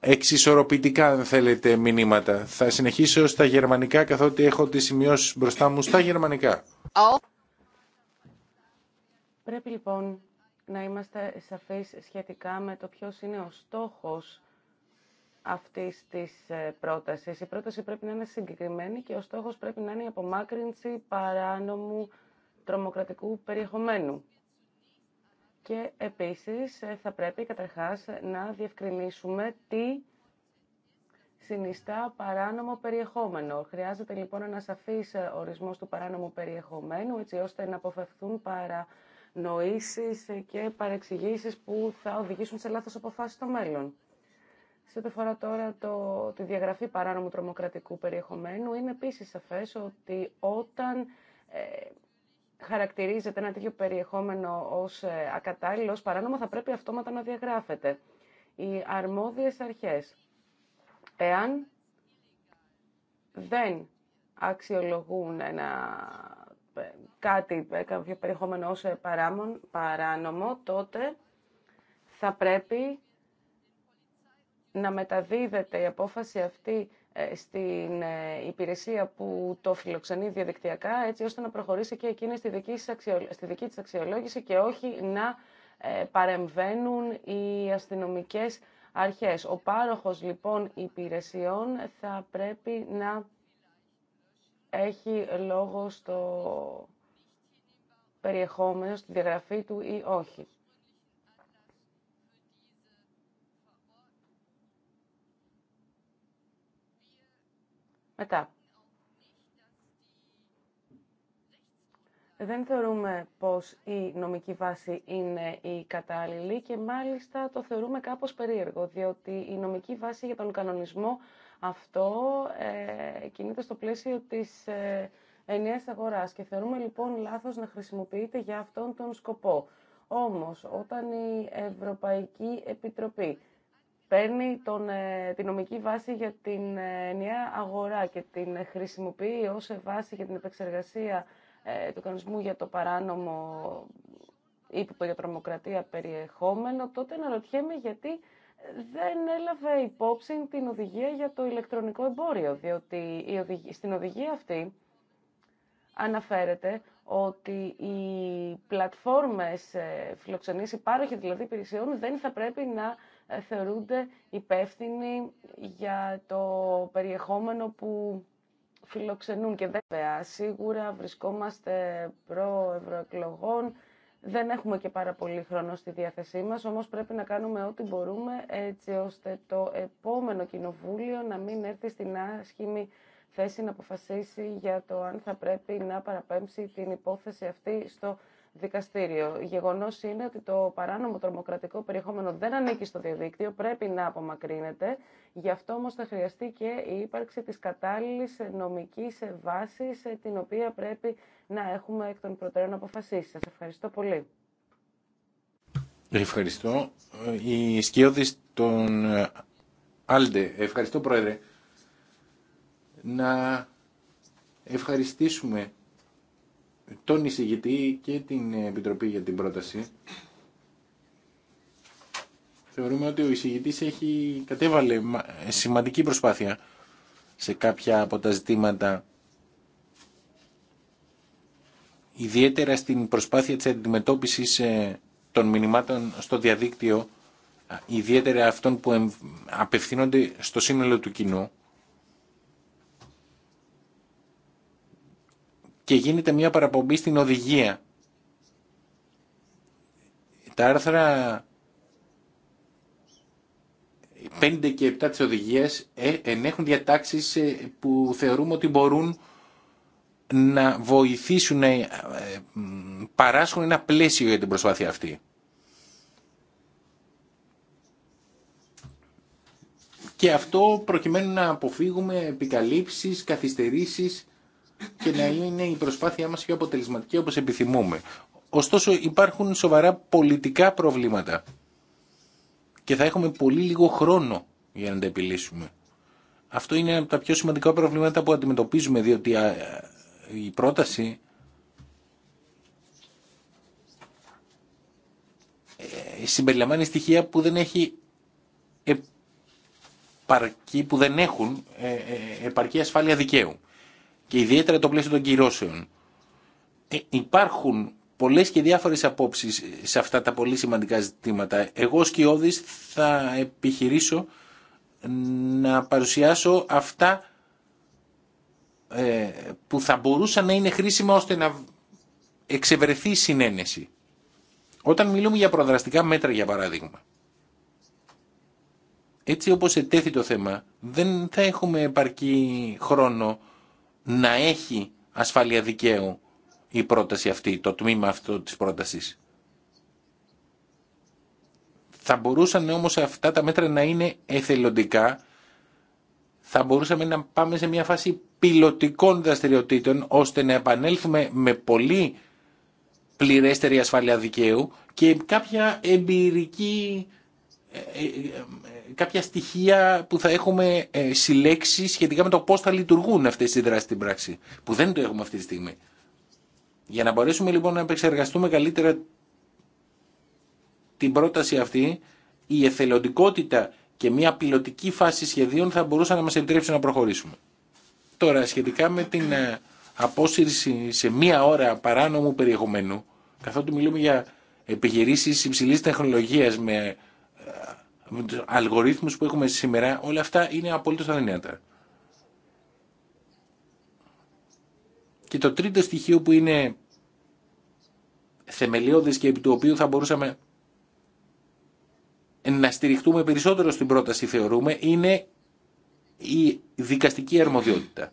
εξισορροπητικά αν θέλετε μηνύματα. Θα συνεχίσω στα γερμανικά καθότι έχω τις σημειώσεις μπροστά μου στα γερμανικά. Πρέπει λοιπόν να είμαστε σαφείς σχετικά με το ποιος είναι ο στόχος αυτής της ε, πρότασης. Η πρόταση πρέπει να είναι συγκεκριμένη και ο στόχος πρέπει να είναι η απομάκρυνση παράνομου τρομοκρατικού περιεχομένου. Και επίσης ε, θα πρέπει καταρχάς να διευκρινίσουμε τι συνιστά παράνομο περιεχόμενο. Χρειάζεται λοιπόν ένα σαφής ε, ορισμός του παράνομου περιεχομένου έτσι ώστε να αποφευθούν παρανοήσεις ε, και παρεξηγήσεις που θα οδηγήσουν σε λάθος αποφάσεις στο μέλλον. Σε ό,τι αφορά τώρα το, τη διαγραφή παράνομου τρομοκρατικού περιεχομένου, είναι επίσης σαφές ότι όταν χαρακτηρίζεται ένα τέτοιο περιεχόμενο ως ε, ακατάλληλο, ως παράνομο, θα πρέπει αυτόματα να διαγράφεται. Οι αρμόδιες αρχές, εάν δεν αξιολογούν ένα, ε, κάτι, ε, κάποιο περιεχόμενο ως παράνομο, τότε θα πρέπει να μεταδίδεται η απόφαση αυτή ε, στην ε, υπηρεσία που το φιλοξενεί διαδικτυακά, έτσι ώστε να προχωρήσει και εκείνη στη δική, στη της αξιολόγηση και όχι να ε, παρεμβαίνουν οι αστυνομικές αρχές. Ο πάροχος λοιπόν υπηρεσιών θα πρέπει να έχει λόγο στο περιεχόμενο, στη διαγραφή του ή όχι. Μετά. Δεν θεωρούμε πως η νομική βάση είναι η κατάλληλη και μάλιστα το θεωρούμε κάπως περίεργο, διότι η νομική βάση για τον κανονισμό αυτό ε, κινείται στο πλαίσιο της ε, ενιαίας αγοράς και θεωρούμε λοιπόν λάθος να χρησιμοποιείται για αυτόν τον σκοπό. Όμως, όταν η Ευρωπαϊκή Επιτροπή παίρνει τον, ε, την νομική βάση για την ε, νέα αγορά και την χρησιμοποιεί ως βάση για την επεξεργασία ε, του κανονισμού για το παράνομο ή το για τρομοκρατία περιεχόμενο, τότε αναρωτιέμαι γιατί δεν έλαβε υπόψη την οδηγία για το ηλεκτρονικό εμπόριο, διότι η στην οδηγία αυτή αναφέρεται ότι οι πλατφόρμες φιλοξενής, οι δηλαδή υπηρεσιών, δεν θα πρέπει να ε, θεωρούνται υπεύθυνοι για το περιεχόμενο που φιλοξενούν και βέβαια ε, σίγουρα βρισκόμαστε προ ευρωεκλογών δεν έχουμε και πάρα πολύ χρόνο στη διάθεσή μας, όμως πρέπει να κάνουμε ό,τι μπορούμε έτσι ώστε το επόμενο κοινοβούλιο να μην έρθει στην άσχημη θέση να αποφασίσει για το αν θα πρέπει να παραπέμψει την υπόθεση αυτή στο δικαστήριο. Γεγονό είναι ότι το παράνομο τρομοκρατικό περιεχόμενο δεν ανήκει στο διαδίκτυο, πρέπει να απομακρύνεται. Γι' αυτό όμω θα χρειαστεί και η ύπαρξη τη κατάλληλη νομική βάση, την οποία πρέπει να έχουμε εκ των προτέρων αποφασίσει. Σα ευχαριστώ πολύ. Ευχαριστώ. Η σκιώδη των ε, Άλντε. Ευχαριστώ, Πρόεδρε. Να ευχαριστήσουμε τον εισηγητή και την Επιτροπή για την πρόταση. Θεωρούμε ότι ο εισηγητής έχει κατέβαλε σημαντική προσπάθεια σε κάποια από τα ζητήματα ιδιαίτερα στην προσπάθεια της αντιμετώπισης ε, των μηνυμάτων στο διαδίκτυο ε, ιδιαίτερα αυτών που απευθύνονται στο σύνολο του κοινού και γίνεται μια παραπομπή στην οδηγία. Τα άρθρα 5 και 7 της οδηγίας ε, ενέχουν διατάξεις ε, που θεωρούμε ότι μπορούν να βοηθήσουν να ε, παράσχουν ένα πλαίσιο για την προσπάθεια αυτή. Και αυτό προκειμένου να αποφύγουμε επικαλύψεις, καθυστερήσεις και να είναι η προσπάθειά μας πιο αποτελεσματική όπως επιθυμούμε. Ωστόσο υπάρχουν σοβαρά πολιτικά προβλήματα και θα έχουμε πολύ λίγο χρόνο για να τα επιλύσουμε. Αυτό είναι από τα πιο σημαντικά προβλήματα που αντιμετωπίζουμε διότι η πρόταση ε, συμπεριλαμβάνει στοιχεία που δεν έχει επαρκή, που δεν έχουν ε, ε, επαρκή ασφάλεια δικαίου και ιδιαίτερα το πλαίσιο των κυρώσεων. Ε, υπάρχουν πολλές και διάφορες απόψεις σε αυτά τα πολύ σημαντικά ζητήματα. Εγώ σκιώδης θα επιχειρήσω να παρουσιάσω αυτά ε, που θα μπορούσαν να είναι χρήσιμα ώστε να εξευρεθεί η συνένεση. Όταν μιλούμε για προδραστικά μέτρα για παράδειγμα, έτσι όπως ετέθη το θέμα, δεν θα έχουμε επαρκή χρόνο να έχει ασφάλεια δικαίου η πρόταση αυτή, το τμήμα αυτό της πρότασης. Θα μπορούσαν όμως αυτά τα μέτρα να είναι εθελοντικά, θα μπορούσαμε να πάμε σε μια φάση πιλωτικών δραστηριοτήτων, ώστε να επανέλθουμε με πολύ πληρέστερη ασφάλεια δικαίου και κάποια εμπειρική ε, ε, ε, κάποια στοιχεία που θα έχουμε συλλέξει σχετικά με το πώς θα λειτουργούν αυτές οι δράσεις στην πράξη, που δεν το έχουμε αυτή τη στιγμή. Για να μπορέσουμε λοιπόν να επεξεργαστούμε καλύτερα την πρόταση αυτή, η εθελοντικότητα και μια πιλωτική φάση σχεδίων θα μπορούσαν να μας επιτρέψουν να προχωρήσουμε. Τώρα, σχετικά με την απόσυρση σε μία ώρα παράνομου περιεχομένου, καθότι μιλούμε για επιχειρήσεις υψηλής τεχνολογίας με με τους αλγορίθμους που έχουμε σήμερα, όλα αυτά είναι απολύτως αδυνατά. Και το τρίτο στοιχείο που είναι θεμελιώδες και επί του οποίου θα μπορούσαμε να στηριχτούμε περισσότερο στην πρόταση θεωρούμε είναι η δικαστική αρμοδιότητα.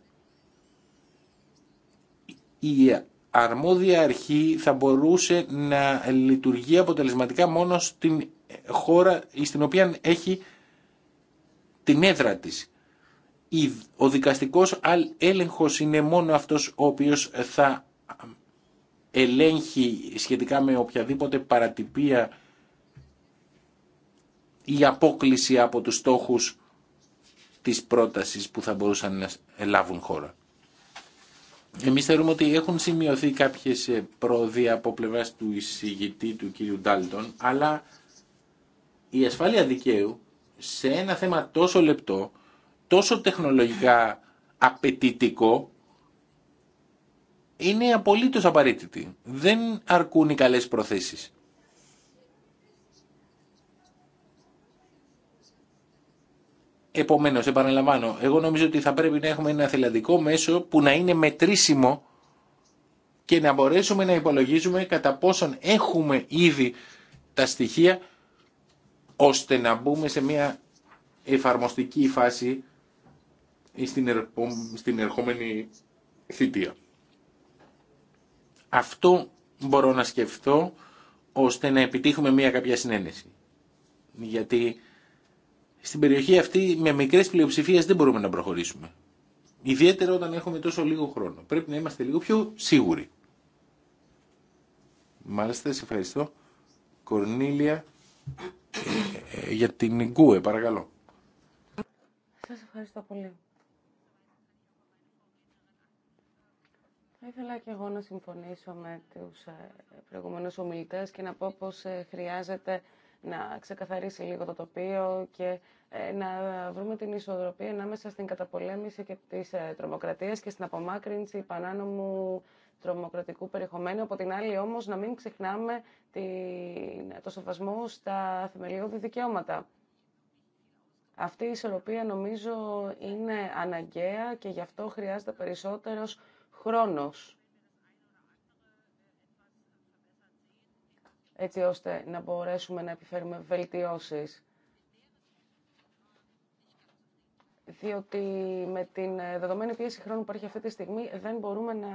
Η αρμόδια αρχή θα μπορούσε να λειτουργεί αποτελεσματικά μόνο στην χώρα στην οποία έχει την έδρα της. Ο δικαστικός έλεγχος είναι μόνο αυτός ο οποίος θα ελέγχει σχετικά με οποιαδήποτε παρατυπία ή απόκληση από τους στόχους της πρότασης που θα μπορούσαν να λάβουν χώρα. Εμείς θεωρούμε ότι έχουν σημειωθεί κάποιες ε, πρόοδοι από πλευράς του εισηγητή του κ. Ντάλτον, αλλά η ασφάλεια δικαίου σε ένα θέμα τόσο λεπτό, τόσο τεχνολογικά απαιτητικό, είναι απολύτως απαραίτητη. Δεν αρκούν οι καλές προθέσεις. Επομένως, επαναλαμβάνω, εγώ νομίζω ότι θα πρέπει να έχουμε ένα θελαντικό μέσο που να είναι μετρήσιμο και να μπορέσουμε να υπολογίζουμε κατά πόσον έχουμε ήδη τα στοιχεία ώστε να μπούμε σε μια εφαρμοστική φάση στην, στην ερχόμενη θητεία. Αυτό μπορώ να σκεφτώ ώστε να επιτύχουμε μια κάποια συνένεση. Γιατί στην περιοχή αυτή με μικρές πλειοψηφίες δεν μπορούμε να προχωρήσουμε. Ιδιαίτερα όταν έχουμε τόσο λίγο χρόνο. Πρέπει να είμαστε λίγο πιο σίγουροι. Μάλιστα, σε ευχαριστώ. Κορνίλια για την Ιγκούε, παρακαλώ. Σας ευχαριστώ πολύ. Θα ήθελα και εγώ να συμφωνήσω με τους ε, προηγούμενους ομιλητές και να πω πως ε, χρειάζεται να ξεκαθαρίσει λίγο το τοπίο και ε, να βρούμε την ισορροπία ανάμεσα στην καταπολέμηση και της τρομοκρατίας και στην απομάκρυνση πανάνομου τρομοκρατικού περιεχομένου. Από την άλλη όμως να μην ξεχνάμε την, το σεβασμό στα θεμελιώδη δικαιώματα. Αυτή η ισορροπία νομίζω είναι αναγκαία και γι' αυτό χρειάζεται περισσότερος χρόνος. Έτσι ώστε να μπορέσουμε να επιφέρουμε βελτιώσεις. διότι με την ε, δεδομένη πίεση χρόνου που υπάρχει αυτή τη στιγμή δεν μπορούμε να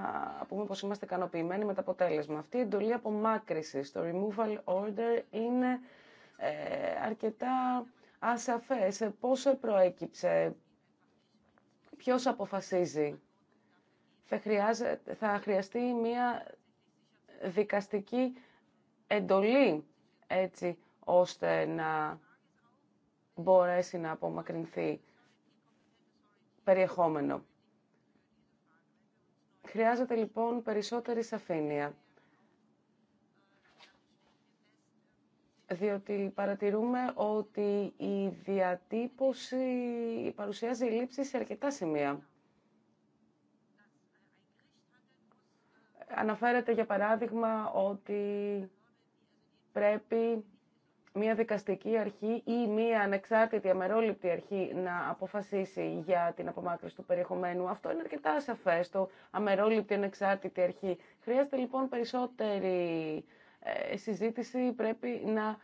πούμε πως είμαστε ικανοποιημένοι με το αποτέλεσμα. Αυτή η εντολή απομάκρυσης, το removal order, είναι ε, αρκετά ασαφές. Πόσο προέκυψε, ποιος αποφασίζει. Θα, χρειάζεται, θα χρειαστεί μια δικαστική εντολή έτσι ώστε να μπορέσει να απομακρυνθεί περιεχόμενο. Χρειάζεται λοιπόν περισσότερη σαφήνεια. διότι παρατηρούμε ότι η διατύπωση παρουσιάζει λήψη σε αρκετά σημεία. Αναφέρεται, για παράδειγμα, ότι πρέπει μια δικαστική αρχή ή μια ανεξάρτητη αμερόληπτη αρχή να αποφασίσει για την απομάκρυση του περιεχομένου. Αυτό είναι αρκετά σαφές, το αμερόληπτη ανεξάρτητη αρχή. Χρειάζεται λοιπόν περισσότερη ε, συζήτηση, πρέπει να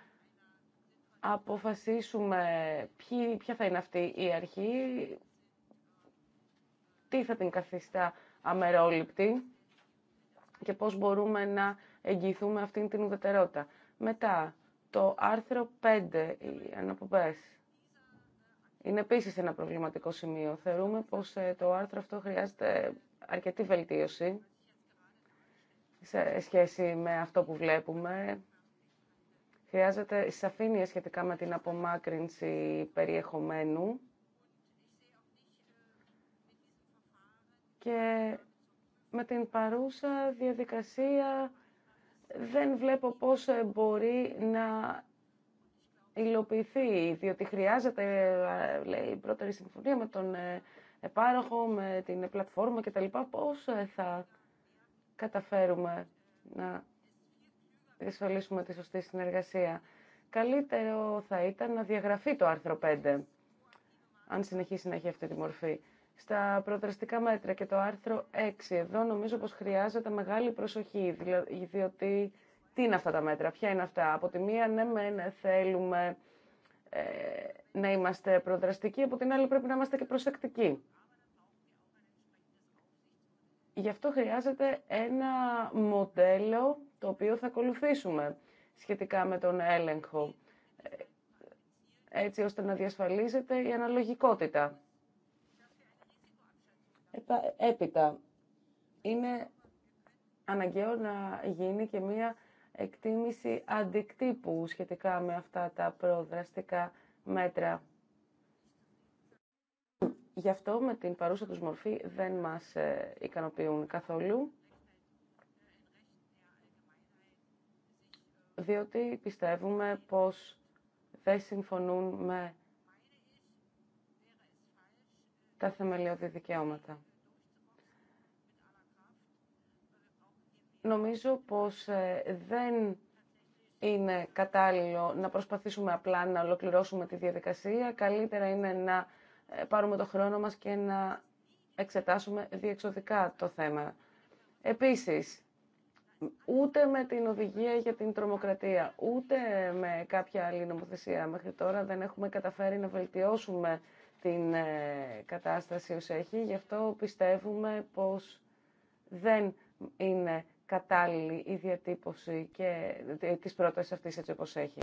αποφασίσουμε ποια θα είναι αυτή η αρχή, τι θα την καθιστά αμερόληπτη και πώς μπορούμε να εγγυηθούμε αυτήν την ουδετερότητα. Μετά, το άρθρο 5, οι αναπομπέ. είναι επίσης ένα προβληματικό σημείο. Θεωρούμε πως ε, το άρθρο αυτό χρειάζεται αρκετή βελτίωση σε ε, σχέση με αυτό που βλέπουμε. Χρειάζεται σαφήνεια σχετικά με την απομάκρυνση περιεχομένου και με την παρούσα διαδικασία δεν βλέπω πώς ε, μπορεί να υλοποιηθεί, διότι χρειάζεται ε, λέει, η πρώτερη συμφωνία με τον ε, επάροχο, με την πλατφόρμα κτλ. Πώς θα καταφέρουμε να διασφαλίσουμε τη σωστή συνεργασία. Καλύτερο θα ήταν να διαγραφεί το άρθρο 5, αν συνεχίσει να έχει αυτή τη μορφή στα προδραστικά μέτρα και το άρθρο 6. Εδώ νομίζω πως χρειάζεται μεγάλη προσοχή, διότι τι είναι αυτά τα μέτρα, ποια είναι αυτά. Από τη μία, ναι, θέλουμε ε, να είμαστε προδραστικοί, από την άλλη πρέπει να είμαστε και προσεκτικοί. Γι' αυτό χρειάζεται ένα μοντέλο το οποίο θα ακολουθήσουμε σχετικά με τον έλεγχο, ε, έτσι ώστε να διασφαλίζεται η αναλογικότητα έπειτα είναι αναγκαίο να γίνει και μία εκτίμηση αντικτύπου σχετικά με αυτά τα προδραστικά μέτρα. Γι' αυτό με την παρούσα τους μορφή δεν μας ε, ικανοποιούν καθόλου, διότι πιστεύουμε πως δεν συμφωνούν με τα θεμελιώδη δικαιώματα. νομίζω πως ε, δεν είναι κατάλληλο να προσπαθήσουμε απλά να ολοκληρώσουμε τη διαδικασία. Καλύτερα είναι να ε, πάρουμε το χρόνο μας και να εξετάσουμε διεξοδικά το θέμα. Επίσης, ούτε με την οδηγία για την τρομοκρατία, ούτε με κάποια άλλη νομοθεσία μέχρι τώρα δεν έχουμε καταφέρει να βελτιώσουμε την ε, κατάσταση ως έχει. Γι' αυτό πιστεύουμε πως δεν είναι κατάλληλη η διατύπωση και ε, της πρότασης αυτής έτσι όπως έχει.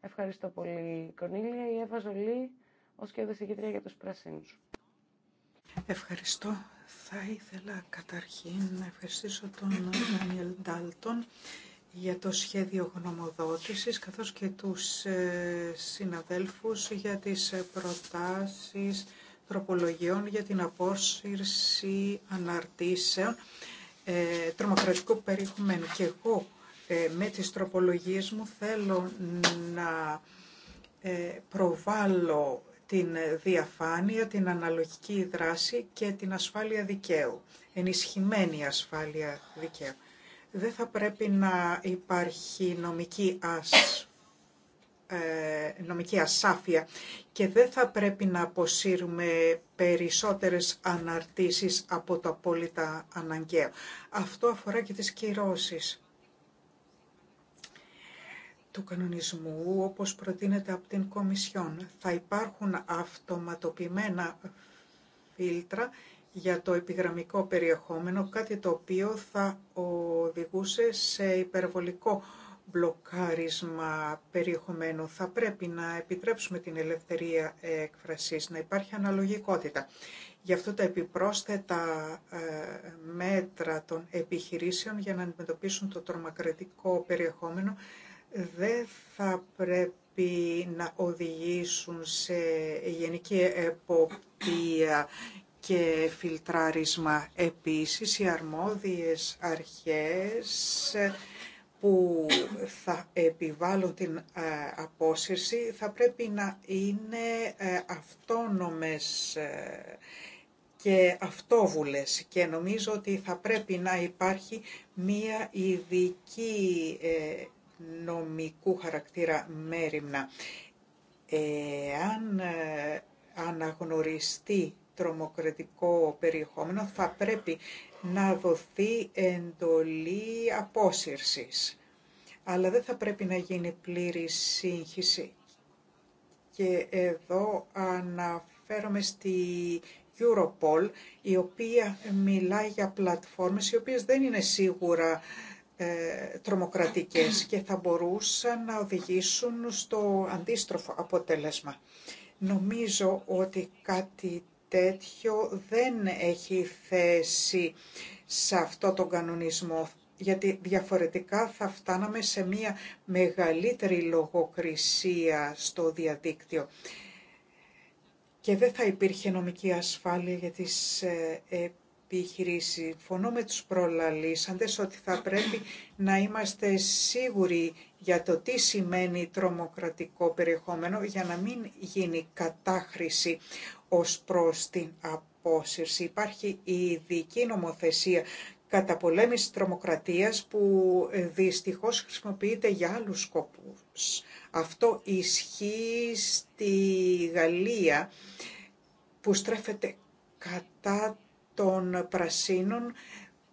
Ευχαριστώ πολύ, Κονίλια. Η Εύα Ζολή, ως και οδεσηγήτρια για τους πρασίνους. Ευχαριστώ. Θα ήθελα καταρχήν να ευχαριστήσω τον Δανιέλ Ντάλτον για το σχέδιο γνωμοδότησης, καθώς και τους ε, συναδέλφους για τις προτάσεις τροπολογιών για την απόσυρση αναρτήσεων ε, τρομοκρατικού περιεχομένου. Και εγώ ε, με τις τροπολογίες μου θέλω να ε, προβάλλω την διαφάνεια, την αναλογική δράση και την ασφάλεια δικαίου, ενισχυμένη ασφάλεια δικαίου. Δεν θα πρέπει να υπάρχει νομική άσκηση. Ε, νομική ασάφεια και δεν θα πρέπει να αποσύρουμε περισσότερες αναρτήσεις από το απόλυτα αναγκαίο. Αυτό αφορά και τις κυρώσεις του κανονισμού, όπως προτείνεται από την Κομισιόν. Θα υπάρχουν αυτοματοποιημένα φίλτρα για το επιγραμμικό περιεχόμενο, κάτι το οποίο θα οδηγούσε σε υπερβολικό μπλοκάρισμα περιεχομένου. Θα πρέπει να επιτρέψουμε την ελευθερία εκφρασής, να υπάρχει αναλογικότητα. Γι' αυτό τα επιπρόσθετα ε, μέτρα των επιχειρήσεων για να αντιμετωπίσουν το τρομακρατικό περιεχόμενο δεν θα πρέπει να οδηγήσουν σε γενική εποπτεία και φιλτράρισμα. Επίσης, οι αρμόδιες αρχές που θα επιβάλλουν την ε, απόσυρση θα πρέπει να είναι ε, αυτόνομες ε, και αυτόβουλες και νομίζω ότι θα πρέπει να υπάρχει μία ειδική νομικού χαρακτήρα μέρημνα. Αν αναγνωριστεί τρομοκρατικό περιεχόμενο θα πρέπει να δοθεί εντολή απόσυρσης. Αλλά δεν θα πρέπει να γίνει πλήρη σύγχυση. Και εδώ αναφέρομαι στη Europol, η οποία μιλάει για πλατφόρμες οι οποίες δεν είναι σίγουρα ε, τρομοκρατικές και θα μπορούσαν να οδηγήσουν στο αντίστροφο αποτέλεσμα. Νομίζω ότι κάτι τέτοιο δεν έχει θέση σε αυτό τον κανονισμό, γιατί διαφορετικά θα φτάναμε σε μια μεγαλύτερη λογοκρισία στο διαδίκτυο και δεν θα υπήρχε νομική ασφάλεια για τις ε, επιχειρήσεις. Φωνώ με τους προλαλήσαντες ότι θα πρέπει να είμαστε σίγουροι για το τι σημαίνει τρομοκρατικό περιεχόμενο για να μην γίνει κατάχρηση ως προς την απόσυρση. Υπάρχει η ειδική νομοθεσία κατά πολέμηση τρομοκρατίας που δυστυχώς χρησιμοποιείται για άλλους σκοπούς. Αυτό ισχύει στη Γαλλία που στρέφεται κατά των πρασίνων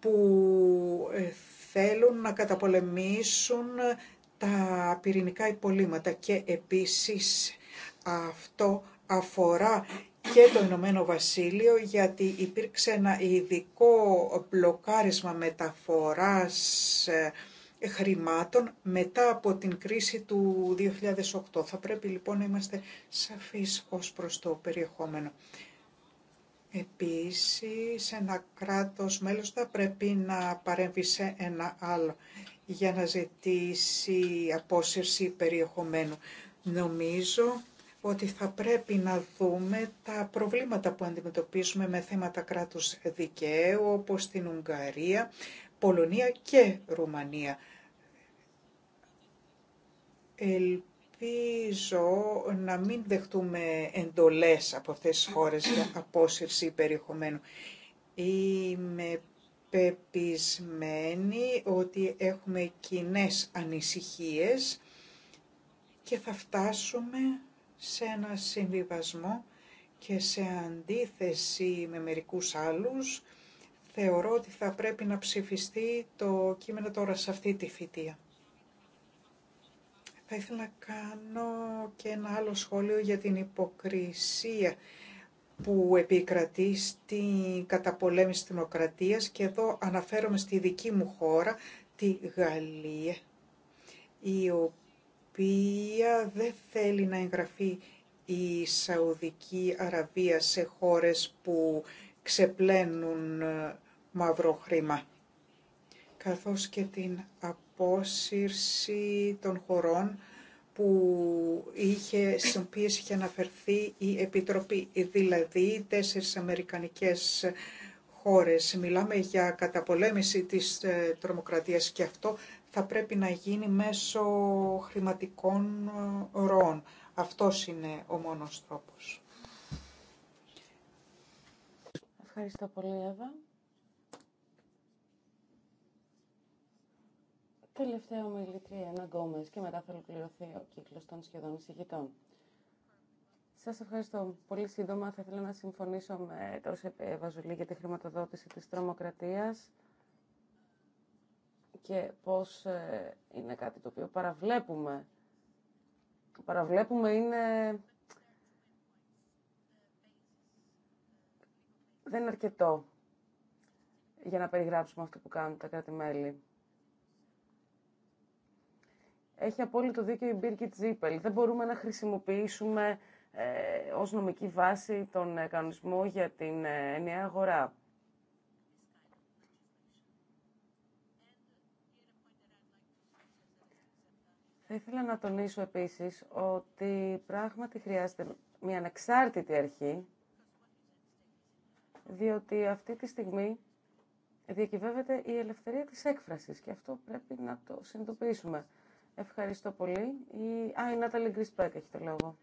που ε, θέλουν να καταπολεμήσουν τα πυρηνικά υπολείμματα και επίσης αυτό αφορά και το Ηνωμένο Βασίλειο γιατί υπήρξε ένα ειδικό μπλοκάρισμα μεταφοράς ε, χρημάτων μετά από την κρίση του 2008. Θα πρέπει λοιπόν να είμαστε σαφείς ως προς το περιεχόμενο. Επίσης, ένα κράτος μέλος θα πρέπει να παρέμβει σε ένα άλλο για να ζητήσει απόσυρση περιεχομένου. Νομίζω ότι θα πρέπει να δούμε τα προβλήματα που αντιμετωπίζουμε με θέματα κράτους δικαίου, όπως στην Ουγγαρία, Πολωνία και Ρουμανία. Ελπίζω να μην δεχτούμε εντολές από αυτές τις χώρες για απόσυρση περιεχομένου. Είμαι πεπισμένη ότι έχουμε κοινές ανησυχίες και θα φτάσουμε σε ένα συμβιβασμό και σε αντίθεση με μερικούς άλλους, θεωρώ ότι θα πρέπει να ψηφιστεί το κείμενο τώρα σε αυτή τη φοιτεία. Θα ήθελα να κάνω και ένα άλλο σχόλιο για την υποκρισία που επικρατεί στην καταπολέμηση της δημοκρατίας και εδώ αναφέρομαι στη δική μου χώρα, τη Γαλλία, η οποία οποία δεν θέλει να εγγραφεί η Σαουδική Αραβία σε χώρες που ξεπλένουν ε, μαύρο χρήμα, καθώς και την απόσυρση των χωρών που είχε, στις οποίες είχε αναφερθεί η Επιτροπή, δηλαδή τέσσερις αμερικανικές χώρες. Μιλάμε για καταπολέμηση της ε, τρομοκρατίας και αυτό θα πρέπει να γίνει μέσω χρηματικών ε, ροών. Αυτός είναι ο μόνος τρόπος. Ευχαριστώ πολύ, Εύα. Τελευταία ομιλητρία, ένα γκόμες και μετά θα ολοκληρωθεί ο κύκλο των σχεδόν εισηγητών. Σας ευχαριστώ. Πολύ σύντομα θα ήθελα να συμφωνήσω με το Σεπ Βαζουλή για τη χρηματοδότηση της τρομοκρατίας και πώς ε, είναι κάτι το οποίο παραβλέπουμε. Παραβλέπουμε είναι... Δεν είναι αρκετό για να περιγράψουμε αυτό που κάνουν τα κράτη-μέλη. Έχει απόλυτο δίκιο η Birgit Τζίπελ. Δεν μπορούμε να χρησιμοποιήσουμε ε, ως νομική βάση τον ε, κανονισμό για την ε, ενιαία αγορά. Θα ήθελα να τονίσω επίσης ότι πράγματι χρειάζεται μια ανεξάρτητη αρχή, διότι αυτή τη στιγμή διακυβεύεται η ελευθερία της έκφρασης και αυτό πρέπει να το συνειδητοποιήσουμε. Ευχαριστώ πολύ. Η... Α, η Νάταλη Γκρισπέκ έχει το λόγο.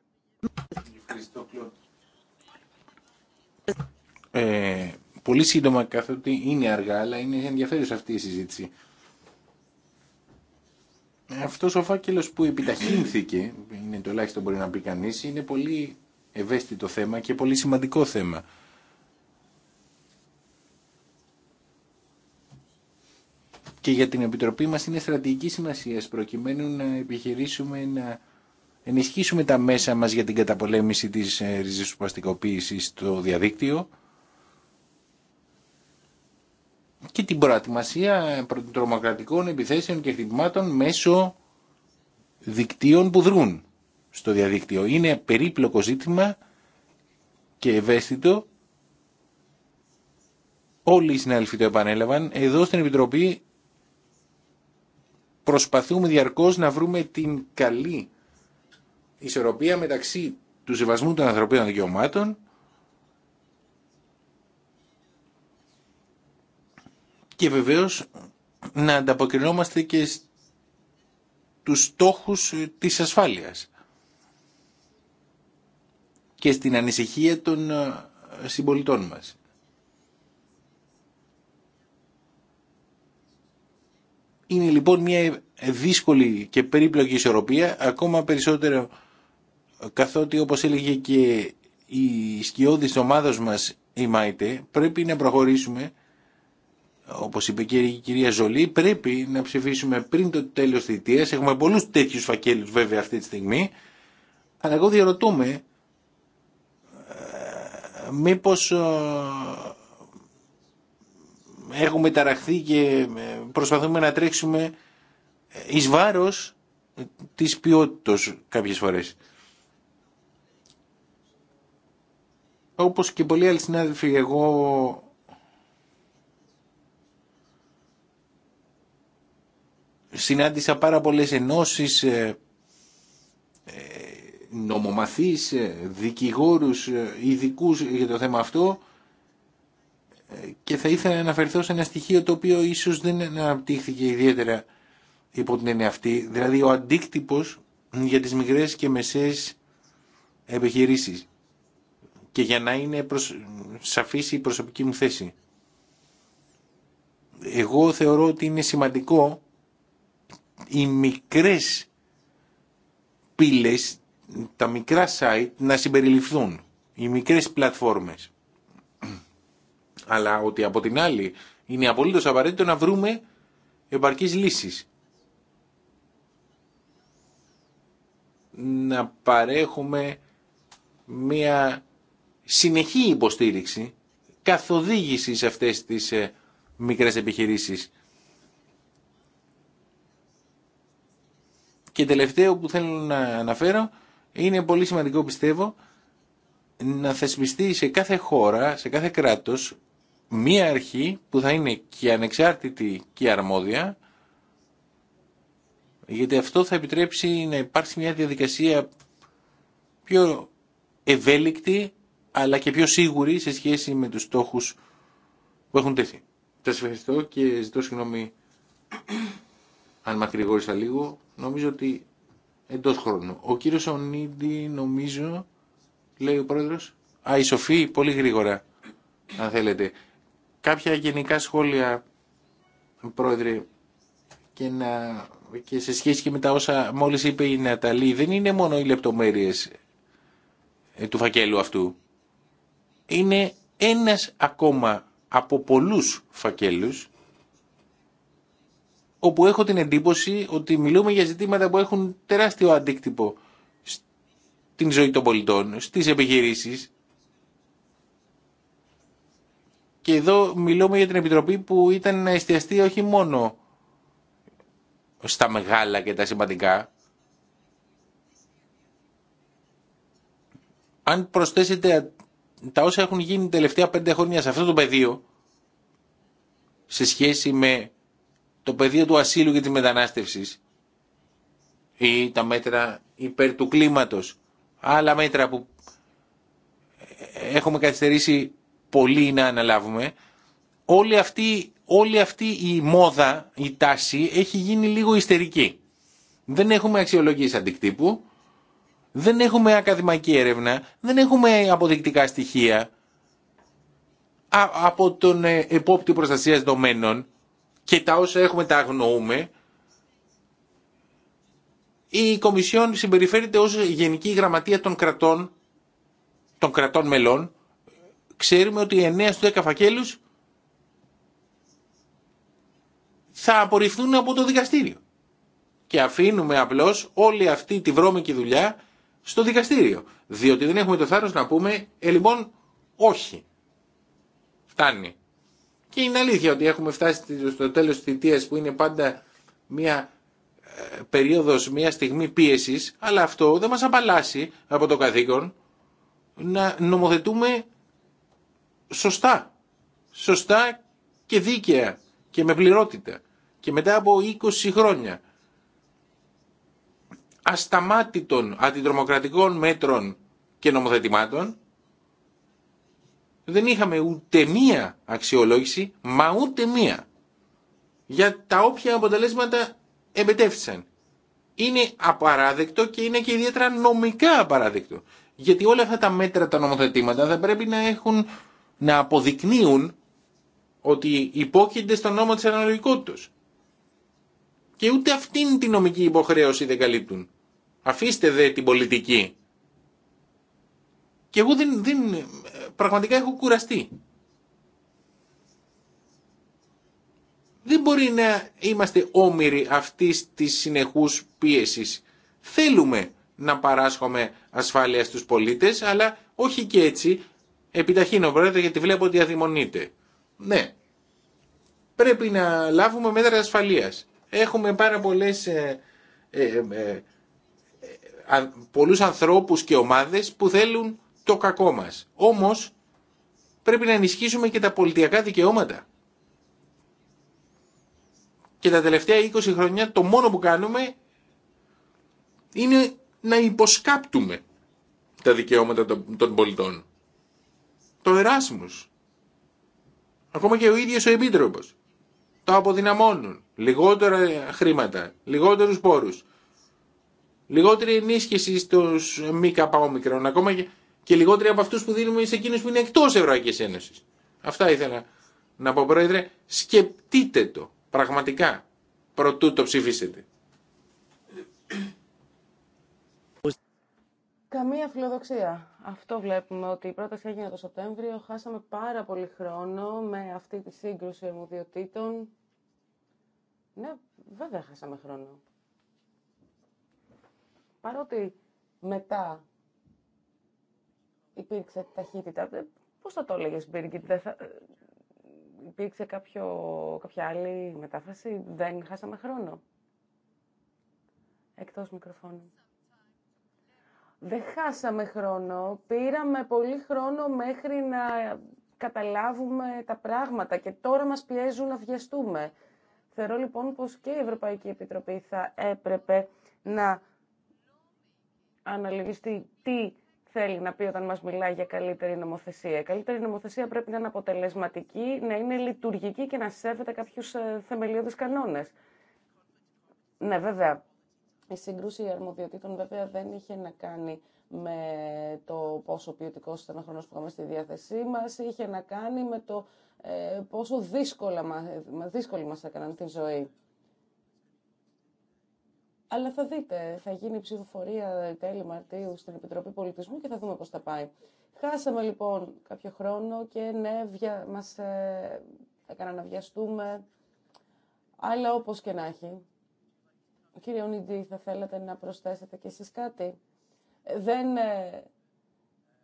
ε, πολύ σύντομα, καθότι είναι αργά, αλλά είναι ενδιαφέρουσα αυτή η συζήτηση. Αυτό ο φάκελο που επιταχύνθηκε, είναι το ελάχιστο μπορεί να πει κανεί, είναι πολύ ευαίσθητο θέμα και πολύ σημαντικό θέμα. Και για την Επιτροπή μας είναι στρατηγική σημασία προκειμένου να επιχειρήσουμε να ενισχύσουμε τα μέσα μας για την καταπολέμηση της ε, ριζοσπαστικοποίησης στο διαδίκτυο και την προετοιμασία τρομοκρατικών επιθέσεων και χτυπημάτων μέσω δικτύων που δρούν στο διαδίκτυο. Είναι περίπλοκο ζήτημα και ευαίσθητο. Όλοι οι συνάδελφοι το επανέλαβαν. Εδώ στην Επιτροπή προσπαθούμε διαρκώς να βρούμε την καλή ισορροπία μεταξύ του σεβασμού των ανθρωπίνων δικαιωμάτων και βεβαίως να ανταποκρινόμαστε και τους στόχους της ασφάλειας και στην ανησυχία των ε, συμπολιτών μας. Είναι λοιπόν μια δύσκολη και περίπλοκη ισορροπία, ακόμα περισσότερο ε, καθότι όπως έλεγε και η σκιώδης ομάδος μας η Μάιτε, πρέπει να προχωρήσουμε όπως είπε και η κυρία Ζολή, πρέπει να ψηφίσουμε πριν το τέλος της θητείας. Έχουμε πολλούς τέτοιους φακέλους βέβαια αυτή τη στιγμή. Αλλά εγώ διαρωτούμε ε, μήπως ε, έχουμε ταραχθεί και ε, προσπαθούμε να τρέξουμε εις βάρος της ποιότητας κάποιες φορές. Όπως και πολλοί άλλοι συνάδελφοι, εγώ συνάντησα πάρα πολλές ενώσεις ε, ε, νομομαθείς, ε, δικηγόρους, ειδικού για το θέμα αυτό και θα ήθελα να αναφερθώ σε ένα στοιχείο το οποίο ίσως δεν αναπτύχθηκε ιδιαίτερα υπό την έννοια αυτή, δηλαδή ο αντίκτυπος για τις μικρές και μεσές επιχειρήσεις και για να είναι σαφής η προσωπική μου θέση. Εγώ θεωρώ ότι είναι σημαντικό οι μικρές πύλες, τα μικρά site να συμπεριληφθούν, οι μικρές πλατφόρμες. Αλλά ότι από την άλλη είναι απολύτως απαραίτητο να βρούμε επαρκείς λύσεις. Να παρέχουμε μια συνεχή υποστήριξη, καθοδήγηση σε αυτές τις ε, μικρές επιχειρήσεις Και τελευταίο που θέλω να αναφέρω είναι πολύ σημαντικό πιστεύω να θεσπιστεί σε κάθε χώρα, σε κάθε κράτος μία αρχή που θα είναι και ανεξάρτητη και αρμόδια γιατί αυτό θα επιτρέψει να υπάρξει μια διαδικασία πιο ευέλικτη αλλά και πιο σίγουρη σε σχέση με τους στόχους που έχουν τέθει. Σας ευχαριστώ και ζητώ συγγνώμη αν μακρηγόρησα λίγο, νομίζω ότι εντός χρόνου. Ο κύριος Ονίδη νομίζω, λέει ο πρόεδρος, α, η Σοφή, πολύ γρήγορα, αν θέλετε. Κάποια γενικά σχόλια, πρόεδρε, και, να, και σε σχέση και με τα όσα μόλις είπε η Ναταλή, δεν είναι μόνο οι λεπτομέρειες ε, του φακέλου αυτού. Είναι ένας ακόμα από πολλούς φακέλους όπου έχω την εντύπωση ότι μιλούμε για ζητήματα που έχουν τεράστιο αντίκτυπο στην ζωή των πολιτών, στις επιχειρήσεις. Και εδώ μιλούμε για την Επιτροπή που ήταν να εστιαστεί όχι μόνο στα μεγάλα και τα σημαντικά. Αν προσθέσετε τα όσα έχουν γίνει τελευταία πέντε χρόνια σε αυτό το πεδίο, σε σχέση με το πεδίο του ασύλου και της μετανάστευσης ή τα μέτρα υπέρ του κλίματος, άλλα μέτρα που έχουμε καθυστερήσει πολύ να αναλάβουμε, όλη αυτή, όλη αυτή η μόδα, η τάση έχει γίνει λίγο ιστερική. Δεν έχουμε αξιολογίες αντικτύπου, δεν έχουμε ακαδημαϊκή έρευνα, δεν έχουμε αποδεικτικά στοιχεία από τον ε, επόπτη προστασίας δομένων και τα όσα έχουμε τα αγνοούμε, η Κομισιόν συμπεριφέρεται ως Γενική Γραμματεία των κρατών, των κρατών μελών. Ξέρουμε ότι 9 στους 10 φακέλους θα απορριφθούν από το δικαστήριο. Και αφήνουμε απλώς όλη αυτή τη βρώμικη δουλειά στο δικαστήριο. Διότι δεν έχουμε το θάρρος να πούμε, ε λοιπόν, όχι. Φτάνει. Και είναι αλήθεια ότι έχουμε φτάσει στο τέλος της θητείας που είναι πάντα μια ε, περίοδος, μια στιγμή πίεσης, αλλά αυτό δεν μας απαλλάσσει από το καθήκον να νομοθετούμε σωστά. Σωστά και δίκαια και με πληρότητα. Και μετά από 20 χρόνια ασταμάτητων αντιτρομοκρατικών μέτρων και νομοθετημάτων δεν είχαμε ούτε μία αξιολόγηση, μα ούτε μία, για τα όποια αποτελέσματα εμπετεύθησαν. Είναι απαράδεκτο και είναι και ιδιαίτερα νομικά απαράδεκτο. Γιατί όλα αυτά τα μέτρα, τα νομοθετήματα θα πρέπει να έχουν, να αποδεικνύουν ότι υπόκεινται στον νόμο της αναλογικότητας. Και ούτε αυτήν την νομική υποχρέωση δεν καλύπτουν. Αφήστε δε την πολιτική. Και εγώ δεν, δεν πραγματικά έχω κουραστεί. Δεν μπορεί να είμαστε όμοιροι αυτής της συνεχούς πίεσης. Θέλουμε να παράσχουμε ασφάλεια στους πολίτες, αλλά όχι και έτσι. Επιταχύνω, Πρόεδρε, γιατί βλέπω ότι αδειμονείται. Ναι, πρέπει να λάβουμε μέτρα ασφαλείας. Έχουμε πάρα πολλές, ε, ε, ε, ε πολλούς ανθρώπους και ομάδες που θέλουν το κακό μας. Όμως πρέπει να ενισχύσουμε και τα πολιτιακά δικαιώματα. Και τα τελευταία 20 χρόνια το μόνο που κάνουμε είναι να υποσκάπτουμε τα δικαιώματα των πολιτών. Το Εράσμους. Ακόμα και ο ίδιος ο Επίτροπος. Το αποδυναμώνουν. Λιγότερα χρήματα, λιγότερους πόρους, λιγότερη ενίσχυση στους μη καπαόμικρων. Ακόμα και λιγότεροι από αυτού που δίνουμε σε εκείνου που είναι εκτό Ευρωπαϊκή Ένωση. Αυτά ήθελα να πω πρόεδρε, σκεπτείτε το πραγματικά προτού το ψηφίσετε. Καμία φιλοδοξία. Αυτό βλέπουμε ότι η πρόταση έγινε το Σεπτέμβριο. Χάσαμε πάρα πολύ χρόνο με αυτή τη σύγκρουση αρμοδιοτήτων. Ναι, βέβαια χάσαμε χρόνο. Παρότι μετά υπήρξε ταχύτητα. Ε, Πώ θα το έλεγε Μπίργκιτ, δεν θα... Ε, υπήρξε κάποιο, κάποια άλλη μετάφραση, δεν χάσαμε χρόνο. Εκτός μικροφώνου. Δεν χάσαμε χρόνο, πήραμε πολύ χρόνο μέχρι να καταλάβουμε τα πράγματα και τώρα μας πιέζουν να βιαστούμε. Θεωρώ λοιπόν πως και η Ευρωπαϊκή Επιτροπή θα έπρεπε να αναλογιστεί τι θέλει να πει όταν μας μιλάει για καλύτερη νομοθεσία. Η καλύτερη νομοθεσία πρέπει να είναι αποτελεσματική, να είναι λειτουργική και να σέβεται κάποιους ε, θεμελιώδεις κανόνες. Ναι, βέβαια, η σύγκρουση αρμοδιοτήτων βέβαια δεν είχε να κάνει με το πόσο ποιοτικό ήταν ο χρόνος που είχαμε στη διάθεσή μας, είχε να κάνει με το ε, πόσο ε, δύσκολη μας έκαναν τη ζωή. Αλλά θα δείτε, θα γίνει η ψηφοφορία τέλη Μαρτίου στην Επιτροπή Πολιτισμού και θα δούμε πώς θα πάει. Χάσαμε λοιπόν κάποιο χρόνο και ναι, βια... μας ε, έκανα να βιαστούμε, αλλά όπως και να έχει. Κύριε Ονιντή, θα θέλατε να προσθέσετε κι εσείς κάτι. Δεν ε,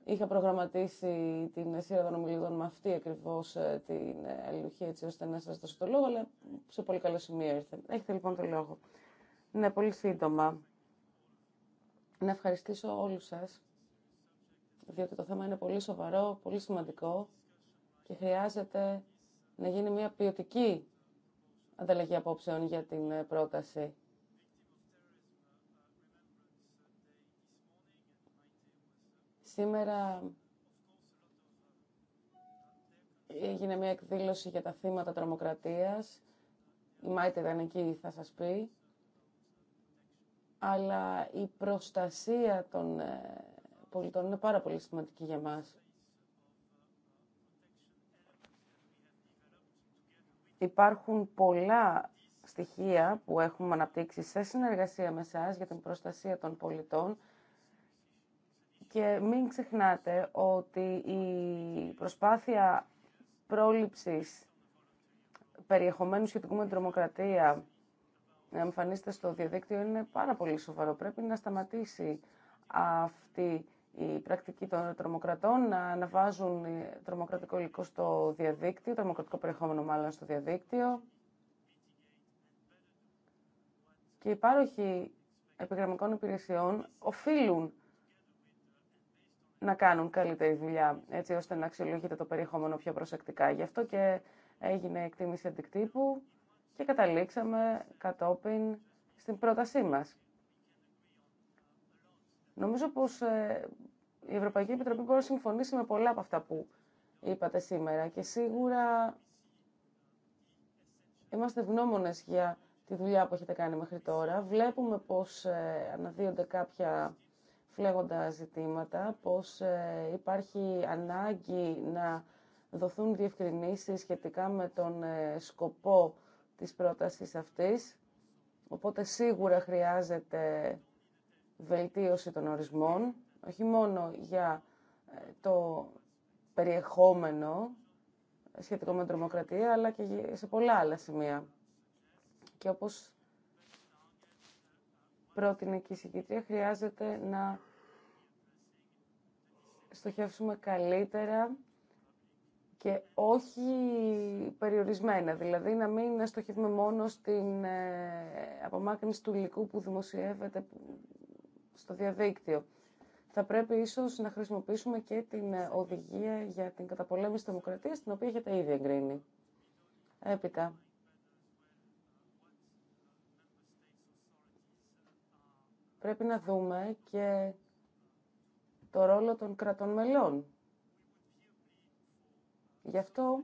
είχα προγραμματίσει την σειρά των ομιλητών με αυτή ακριβώς ε, την αλληλουχία ε, έτσι ώστε να σας δώσω το λόγο, αλλά σε πολύ καλό σημείο ήρθε. Έχετε λοιπόν το λόγο. Ναι, πολύ σύντομα. Να ευχαριστήσω όλους σας, διότι το θέμα είναι πολύ σοβαρό, πολύ σημαντικό και χρειάζεται να γίνει μια ποιοτική ανταλλαγή απόψεων για την ε, πρόταση. Σήμερα έγινε μια εκδήλωση για τα θύματα τρομοκρατίας. Η Μάιτε ήταν εκεί, θα σας πει αλλά η προστασία των ε, πολιτών είναι πάρα πολύ σημαντική για μας. Υπάρχουν πολλά στοιχεία που έχουμε αναπτύξει σε συνεργασία με εσάς για την προστασία των πολιτών και μην ξεχνάτε ότι η προσπάθεια πρόληψης περιεχομένου σχετικού με την τρομοκρατία να εμφανίζεται στο διαδίκτυο είναι πάρα πολύ σοβαρό. Πρέπει να σταματήσει αυτή η πρακτική των τρομοκρατών να αναβάζουν τρομοκρατικό υλικό στο διαδίκτυο, τρομοκρατικό περιεχόμενο μάλλον στο διαδίκτυο. Και οι πάροχοι επιγραμμικών υπηρεσιών οφείλουν να κάνουν καλύτερη δουλειά, έτσι ώστε να αξιολογείται το περιεχόμενο πιο προσεκτικά. Γι' αυτό και έγινε εκτίμηση αντικτύπου και καταλήξαμε κατόπιν στην πρότασή μας. Νομίζω πως ε, η Ευρωπαϊκή Επιτροπή μπορεί να συμφωνήσει με πολλά από αυτά που είπατε σήμερα και σίγουρα είμαστε γνώμονες για τη δουλειά που έχετε κάνει μέχρι τώρα. Βλέπουμε πως ε, αναδύονται κάποια φλέγοντα ζητήματα, πως ε, υπάρχει ανάγκη να δοθούν διευκρινήσεις σχετικά με τον σκοπό της πρότασης αυτής. Οπότε σίγουρα χρειάζεται βελτίωση των ορισμών, όχι μόνο για ε, το περιεχόμενο σχετικό με την τρομοκρατία, αλλά και σε πολλά άλλα σημεία. Και όπως πρότεινε και η συγκήτρια, χρειάζεται να στοχεύσουμε καλύτερα και όχι περιορισμένα, δηλαδή να μην στοχεύουμε μόνο στην ε, απομάκρυνση του υλικού που δημοσιεύεται στο διαδίκτυο. Θα πρέπει ίσως να χρησιμοποιήσουμε και την ε, οδηγία για την καταπολέμηση της δημοκρατίας, την οποία έχετε ήδη εγκρίνει. Έπειτα. Πρέπει να δούμε και το ρόλο των κρατών μελών Γι' αυτό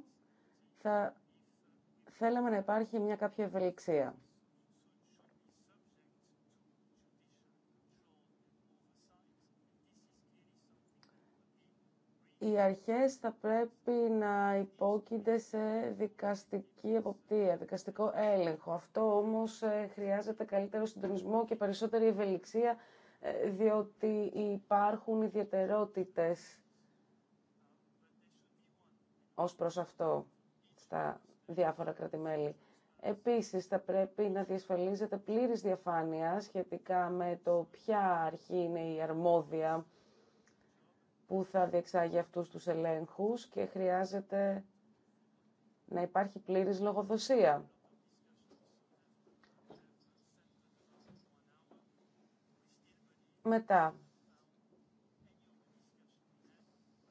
θα θέλαμε να υπάρχει μια κάποια ευελιξία. οι αρχές θα πρέπει να υπόκεινται σε δικαστική εποπτεία, δικαστικό έλεγχο. Αυτό όμως ε, χρειάζεται καλύτερο συντονισμό και περισσότερη ευελιξία, ε, διότι υπάρχουν ιδιαιτερότητες ως προς αυτό στα διάφορα κρατημέλη. Επίσης, θα πρέπει να διασφαλίζεται πλήρης διαφάνεια σχετικά με το ποια αρχή είναι η αρμόδια που θα διεξάγει αυτούς τους ελέγχους και χρειάζεται να υπάρχει πλήρης λογοδοσία. Μετά,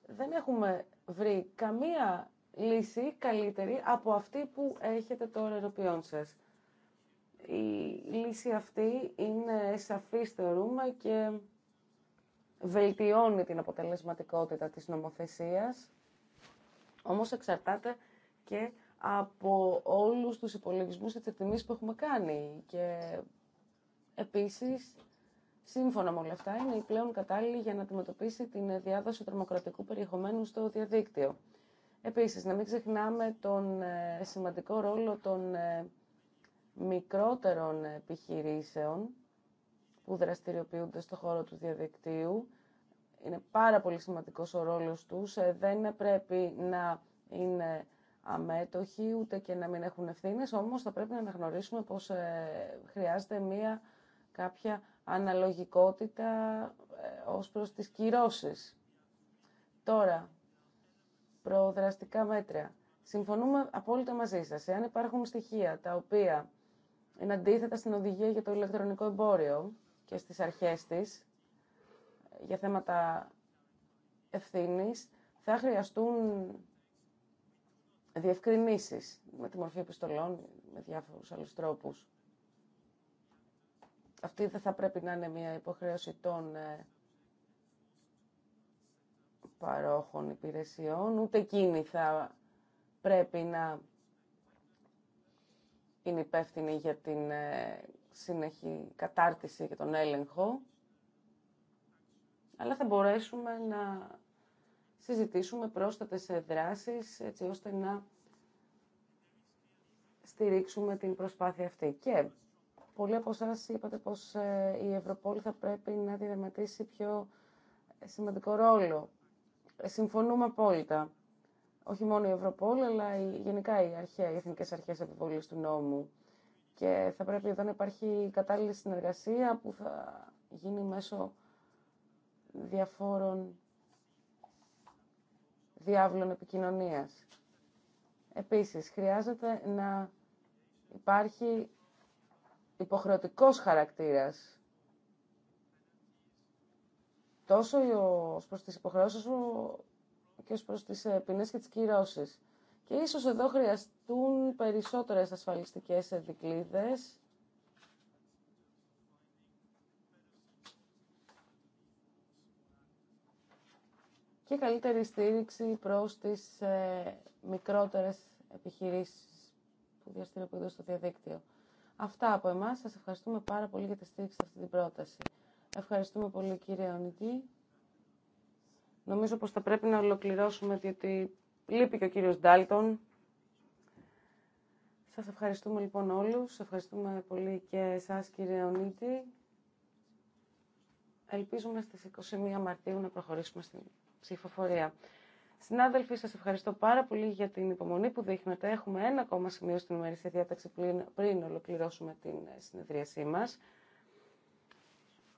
δεν έχουμε βρει καμία λύση καλύτερη από αυτή που έχετε τώρα ερωπιών σας. Η λύση αυτή είναι σαφής θεωρούμε και βελτιώνει την αποτελεσματικότητα της νομοθεσίας, όμως εξαρτάται και από όλους τους υπολογισμούς της εκτιμής που έχουμε κάνει. Και επίσης σύμφωνα με όλα αυτά, είναι η πλέον κατάλληλη για να αντιμετωπίσει την διάδοση τρομοκρατικού περιεχομένου στο διαδίκτυο. Επίσης, να μην ξεχνάμε τον ε, σημαντικό ρόλο των ε, μικρότερων επιχειρήσεων που δραστηριοποιούνται στο χώρο του διαδικτύου. Είναι πάρα πολύ σημαντικός ο ρόλος τους. Ε, δεν πρέπει να είναι αμέτωχοι ούτε και να μην έχουν ευθύνε, όμως θα πρέπει να αναγνωρίσουμε πως χρειάζεται μία κάποια αναλογικότητα ε, ως προς τις κυρώσεις. Τώρα, προδραστικά μέτρα. Συμφωνούμε απόλυτα μαζί σας. Εάν υπάρχουν στοιχεία τα οποία είναι αντίθετα στην οδηγία για το ηλεκτρονικό εμπόριο και στις αρχές της, ε, για θέματα ευθύνης, θα χρειαστούν διευκρινήσεις με τη μορφή επιστολών, με διάφορους άλλους τρόπους αυτή δεν θα πρέπει να είναι μια υποχρέωση των ε, παρόχων υπηρεσιών, ούτε εκείνη θα πρέπει να είναι υπεύθυνη για την ε, συνεχή κατάρτιση και τον έλεγχο, αλλά θα μπορέσουμε να συζητήσουμε πρόσθετες δράσεις έτσι ώστε να στηρίξουμε την προσπάθεια αυτή. Και Πολλοί από εσά είπατε πως ε, η Ευρωπόλη θα πρέπει να διαδραματίσει πιο ε, σημαντικό ρόλο. Ε, συμφωνούμε απόλυτα. Όχι μόνο η Ευρωπόλη, αλλά γενικά οι, αρχαία, οι εθνικές αρχές επιβολής του νόμου. Και θα πρέπει εδώ να υπάρχει κατάλληλη συνεργασία που θα γίνει μέσω διαφόρων διάβλων επικοινωνίας. Επίσης, χρειάζεται να υπάρχει υποχρεωτικός χαρακτήρας. Τόσο ως προς τις υποχρεώσεις και ως προς τις ε, ποινές και τις κυρώσεις. Και ίσως εδώ χρειαστούν περισσότερες ασφαλιστικές δικλείδες και καλύτερη στήριξη προς τις ε, μικρότερες επιχειρήσεις που διαστηριοποιούνται στο διαδίκτυο. Αυτά από εμάς. Σας ευχαριστούμε πάρα πολύ για τη στήριξη αυτή την πρόταση. Ευχαριστούμε πολύ κύριε Ονητή. Νομίζω πως θα πρέπει να ολοκληρώσουμε διότι λείπει και ο κύριος Ντάλτον. Σας ευχαριστούμε λοιπόν όλους. Ευχαριστούμε πολύ και εσά, κύριε Ονίτη. Ελπίζουμε στις 21 Μαρτίου να προχωρήσουμε στην ψηφοφορία. Συνάδελφοι, σας ευχαριστώ πάρα πολύ για την υπομονή που δείχνετε. Έχουμε ένα ακόμα σημείο στην ημερήσια διάταξη πριν ολοκληρώσουμε την ε, συνεδρίασή μας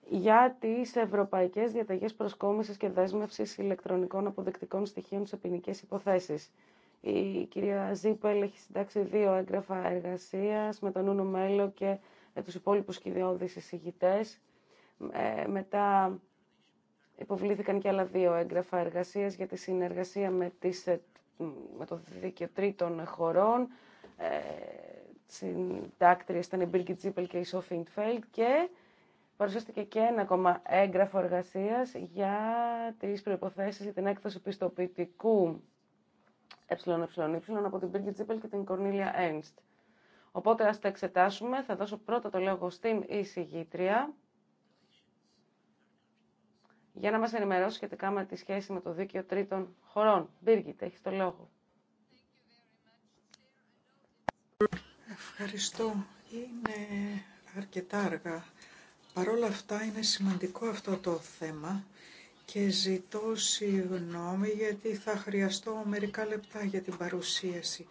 για τις ευρωπαϊκές διαταγές προσκόμισης και δέσμευσης ηλεκτρονικών αποδεκτικών στοιχείων σε ποινικέ υποθέσεις. Η κυρία Ζήπελ έχει συντάξει δύο έγγραφα εργασία με τον Ούνο Μέλο και τους υπόλοιπους κυριώδεις εισηγητές. Ε, μετά Υποβλήθηκαν και άλλα δύο έγγραφα εργασία για τη συνεργασία με, τις, ε, με το δίκαιο τρίτων χωρών. Ε, συντάκτριες ήταν η Birgit Τζίπελ και η Σόφιντ Φέλτ και παρουσιάστηκε και ένα ακόμα έγγραφο εργασία για τι προποθέσει για την έκδοση πιστοποιητικού ΕΕ από την Birgit Τζίπελ και την Κορνίλια Ένστ. Οπότε ας τα εξετάσουμε. Θα δώσω πρώτα το λόγο στην εισηγήτρια για να μας ενημερώσει σχετικά με τη σχέση με το δίκαιο τρίτων χωρών. Μπίργκιτ, έχεις το λόγο. Ευχαριστώ. Είναι αρκετά αργά. Παρ' όλα αυτά είναι σημαντικό αυτό το θέμα και ζητώ συγγνώμη γιατί θα χρειαστώ μερικά λεπτά για την παρουσίαση.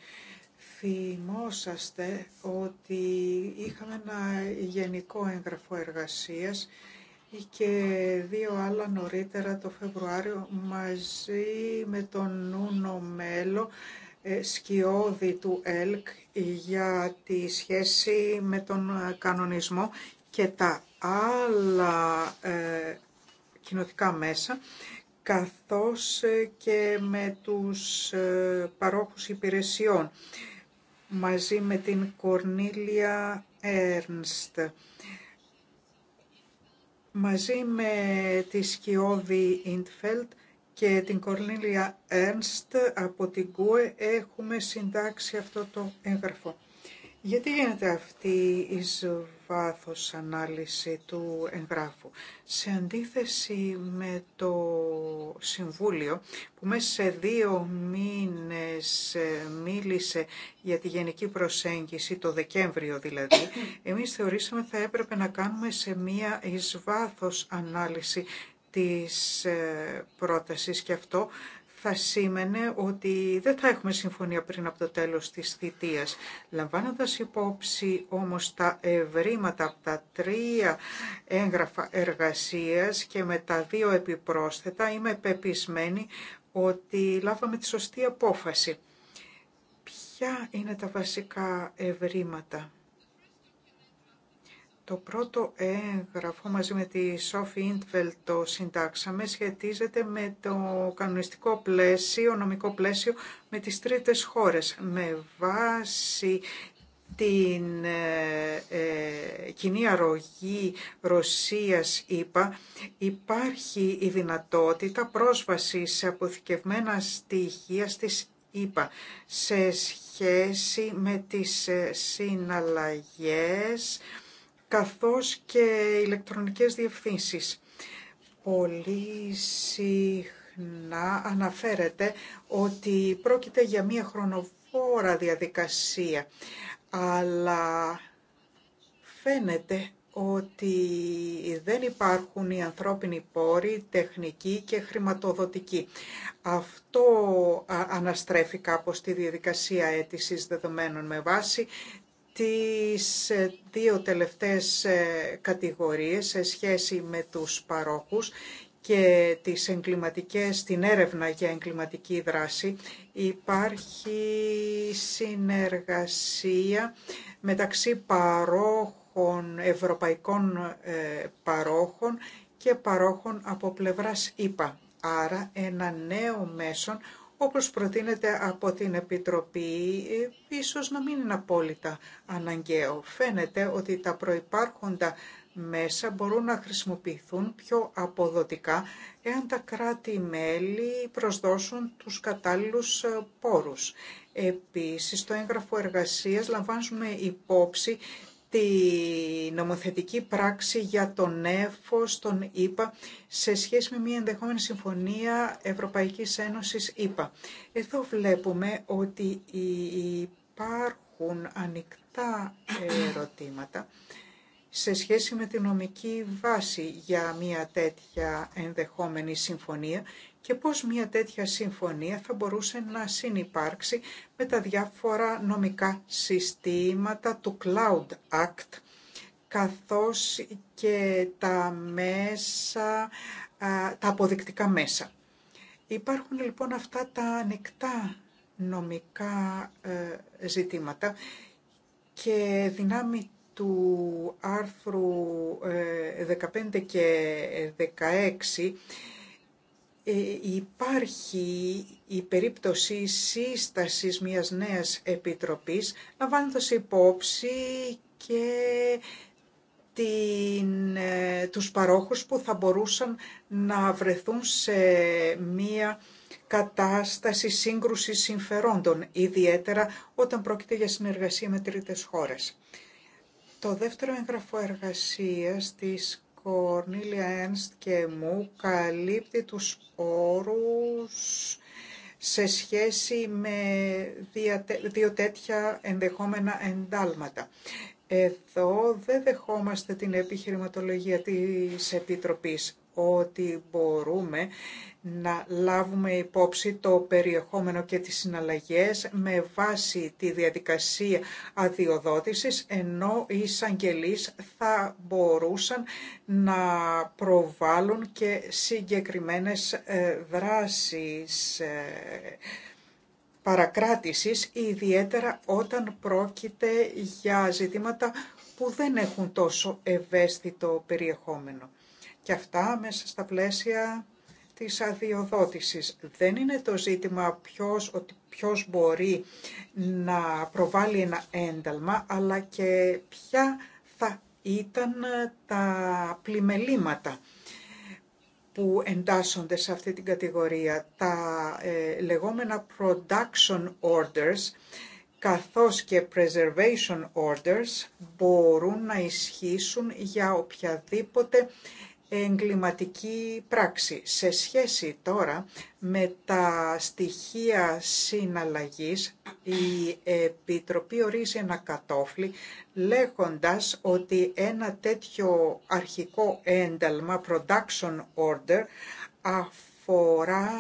Θυμόσαστε ότι είχαμε ένα γενικό έγγραφο εργασίας και δύο άλλα νωρίτερα το Φεβρουάριο μαζί με τον Νούνο Μέλο ε, σκιώδη του ΕΛΚ για τη σχέση με τον ε, κανονισμό και τα άλλα ε, κοινοτικά μέσα καθώς ε, και με τους ε, παρόχους υπηρεσιών μαζί με την Κορνίλια Έρνστ. Μαζί με τη Σκιώδη Ιντφελτ και την Κορνίλια Έρνστ από την ΚΟΕ έχουμε συντάξει αυτό το έγγραφο. Γιατί γίνεται αυτή η βάθος ανάλυση του εγγράφου. Σε αντίθεση με το Συμβούλιο που μέσα σε δύο μήνες ε, μίλησε για τη γενική προσέγγιση, το Δεκέμβριο δηλαδή, εμείς θεωρήσαμε θα έπρεπε να κάνουμε σε μία εις βάθος ανάλυση της ε, πρότασης και αυτό θα σήμαινε ότι δεν θα έχουμε συμφωνία πριν από το τέλος της θητείας. Λαμβάνοντας υπόψη όμως τα ευρήματα από τα τρία έγγραφα εργασίας και με τα δύο επιπρόσθετα είμαι πεπισμένη ότι λάβαμε τη σωστή απόφαση. Ποια είναι τα βασικά ευρήματα το πρώτο έγγραφο μαζί με τη Σόφι Ιντβελ το συντάξαμε σχετίζεται με το κανονιστικό πλαίσιο, νομικό πλαίσιο με τις τρίτες χώρες. Με βάση την ε, ε κοινή αρρωγή Ρωσίας-ΥΠΑ υπάρχει η δυνατότητα πρόσβαση σε αποθηκευμένα στοιχεία στις είπα. σε σχέση με τις ε, συναλλαγές καθώς και ηλεκτρονικές διευθύνσεις. Πολύ συχνά αναφέρεται ότι πρόκειται για μία χρονοβόρα διαδικασία, αλλά φαίνεται ότι δεν υπάρχουν οι ανθρώπινοι πόροι, τεχνικοί και χρηματοδοτικοί. Αυτό αναστρέφει κάπως τη διαδικασία αίτησης δεδομένων με βάση τις ε, δύο τελευταίες ε, κατηγορίες σε σχέση με τους παρόχους και τις εγκληματικές, την έρευνα για εγκληματική δράση υπάρχει συνεργασία μεταξύ παρόχων, ευρωπαϊκών ε, παρόχων και παρόχων από πλευράς ήπα, Άρα ένα νέο μέσον όπως προτείνεται από την Επιτροπή, ίσως να μην είναι απόλυτα αναγκαίο. Φαίνεται ότι τα προϋπάρχοντα μέσα μπορούν να χρησιμοποιηθούν πιο αποδοτικά εάν τα κράτη-μέλη προσδώσουν τους κατάλληλους ε, πόρους. Επίσης, στο έγγραφο εργασίας λαμβάνουμε υπόψη τη νομοθετική πράξη για τον ΕΦΟΣ, τον ΕΙΠΑ, σε σχέση με μια ενδεχόμενη συμφωνία Ευρωπαϊκής Ένωσης Ένωσης-ΕΙΠΑ. Εδώ βλέπουμε ότι υπάρχουν ανοιχτά ερωτήματα σε σχέση με τη νομική βάση για μια τέτοια ενδεχόμενη συμφωνία και πώς μια τέτοια συμφωνία θα μπορούσε να συνυπάρξει με τα διάφορα νομικά συστήματα του Cloud Act καθώς και τα, μέσα, τα αποδεικτικά μέσα. Υπάρχουν λοιπόν αυτά τα ανοιχτά νομικά ε, ζητήματα και δυνάμει του άρθρου 15 ε, και 16 ε, υπάρχει η περίπτωση σύστασης μιας νέας επιτροπής, λαμβάνοντας υπόψη και την, ε, τους παρόχους που θα μπορούσαν να βρεθούν σε μία κατάσταση σύγκρουσης συμφερόντων, ιδιαίτερα όταν πρόκειται για συνεργασία με τρίτες χώρες. Το δεύτερο έγγραφο εργασίας της Κορνίλια Ένστ και μου καλύπτει τους όρους σε σχέση με δύο τέτοια ενδεχόμενα εντάλματα. Εδώ δεν δεχόμαστε την επιχειρηματολογία της Επιτροπής ότι μπορούμε να λάβουμε υπόψη το περιεχόμενο και τις συναλλαγές με βάση τη διαδικασία αδειοδότησης, ενώ οι εισαγγελείς θα μπορούσαν να προβάλλουν και συγκεκριμένες ε, δράσεις ε, παρακράτησης, ιδιαίτερα όταν πρόκειται για ζητήματα που δεν έχουν τόσο ευαίσθητο περιεχόμενο. Και αυτά μέσα στα πλαίσια της αδειοδότησης. Δεν είναι το ζήτημα ποιος, ότι ποιος μπορεί να προβάλλει ένα ένταλμα, αλλά και ποια θα ήταν τα πλημελήματα που εντάσσονται σε αυτή την κατηγορία. Τα ε, λεγόμενα production orders καθώς και preservation orders μπορούν να ισχύσουν για οποιαδήποτε εγκληματική πράξη. Σε σχέση τώρα με τα στοιχεία συναλλαγής, η Επιτροπή ορίζει ένα κατόφλι λέγοντας ότι ένα τέτοιο αρχικό ένταλμα, production order, αφορά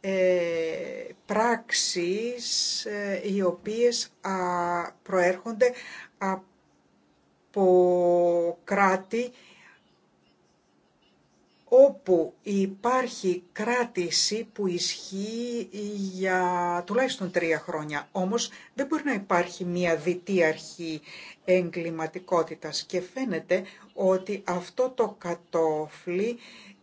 ε, πράξεις ε, οι οποίες α, προέρχονται από κράτη όπου υπάρχει κράτηση που ισχύει για τουλάχιστον τρία χρόνια. Όμως δεν μπορεί να υπάρχει μια δυτή αρχή εγκληματικότητας και φαίνεται ότι αυτό το κατόφλι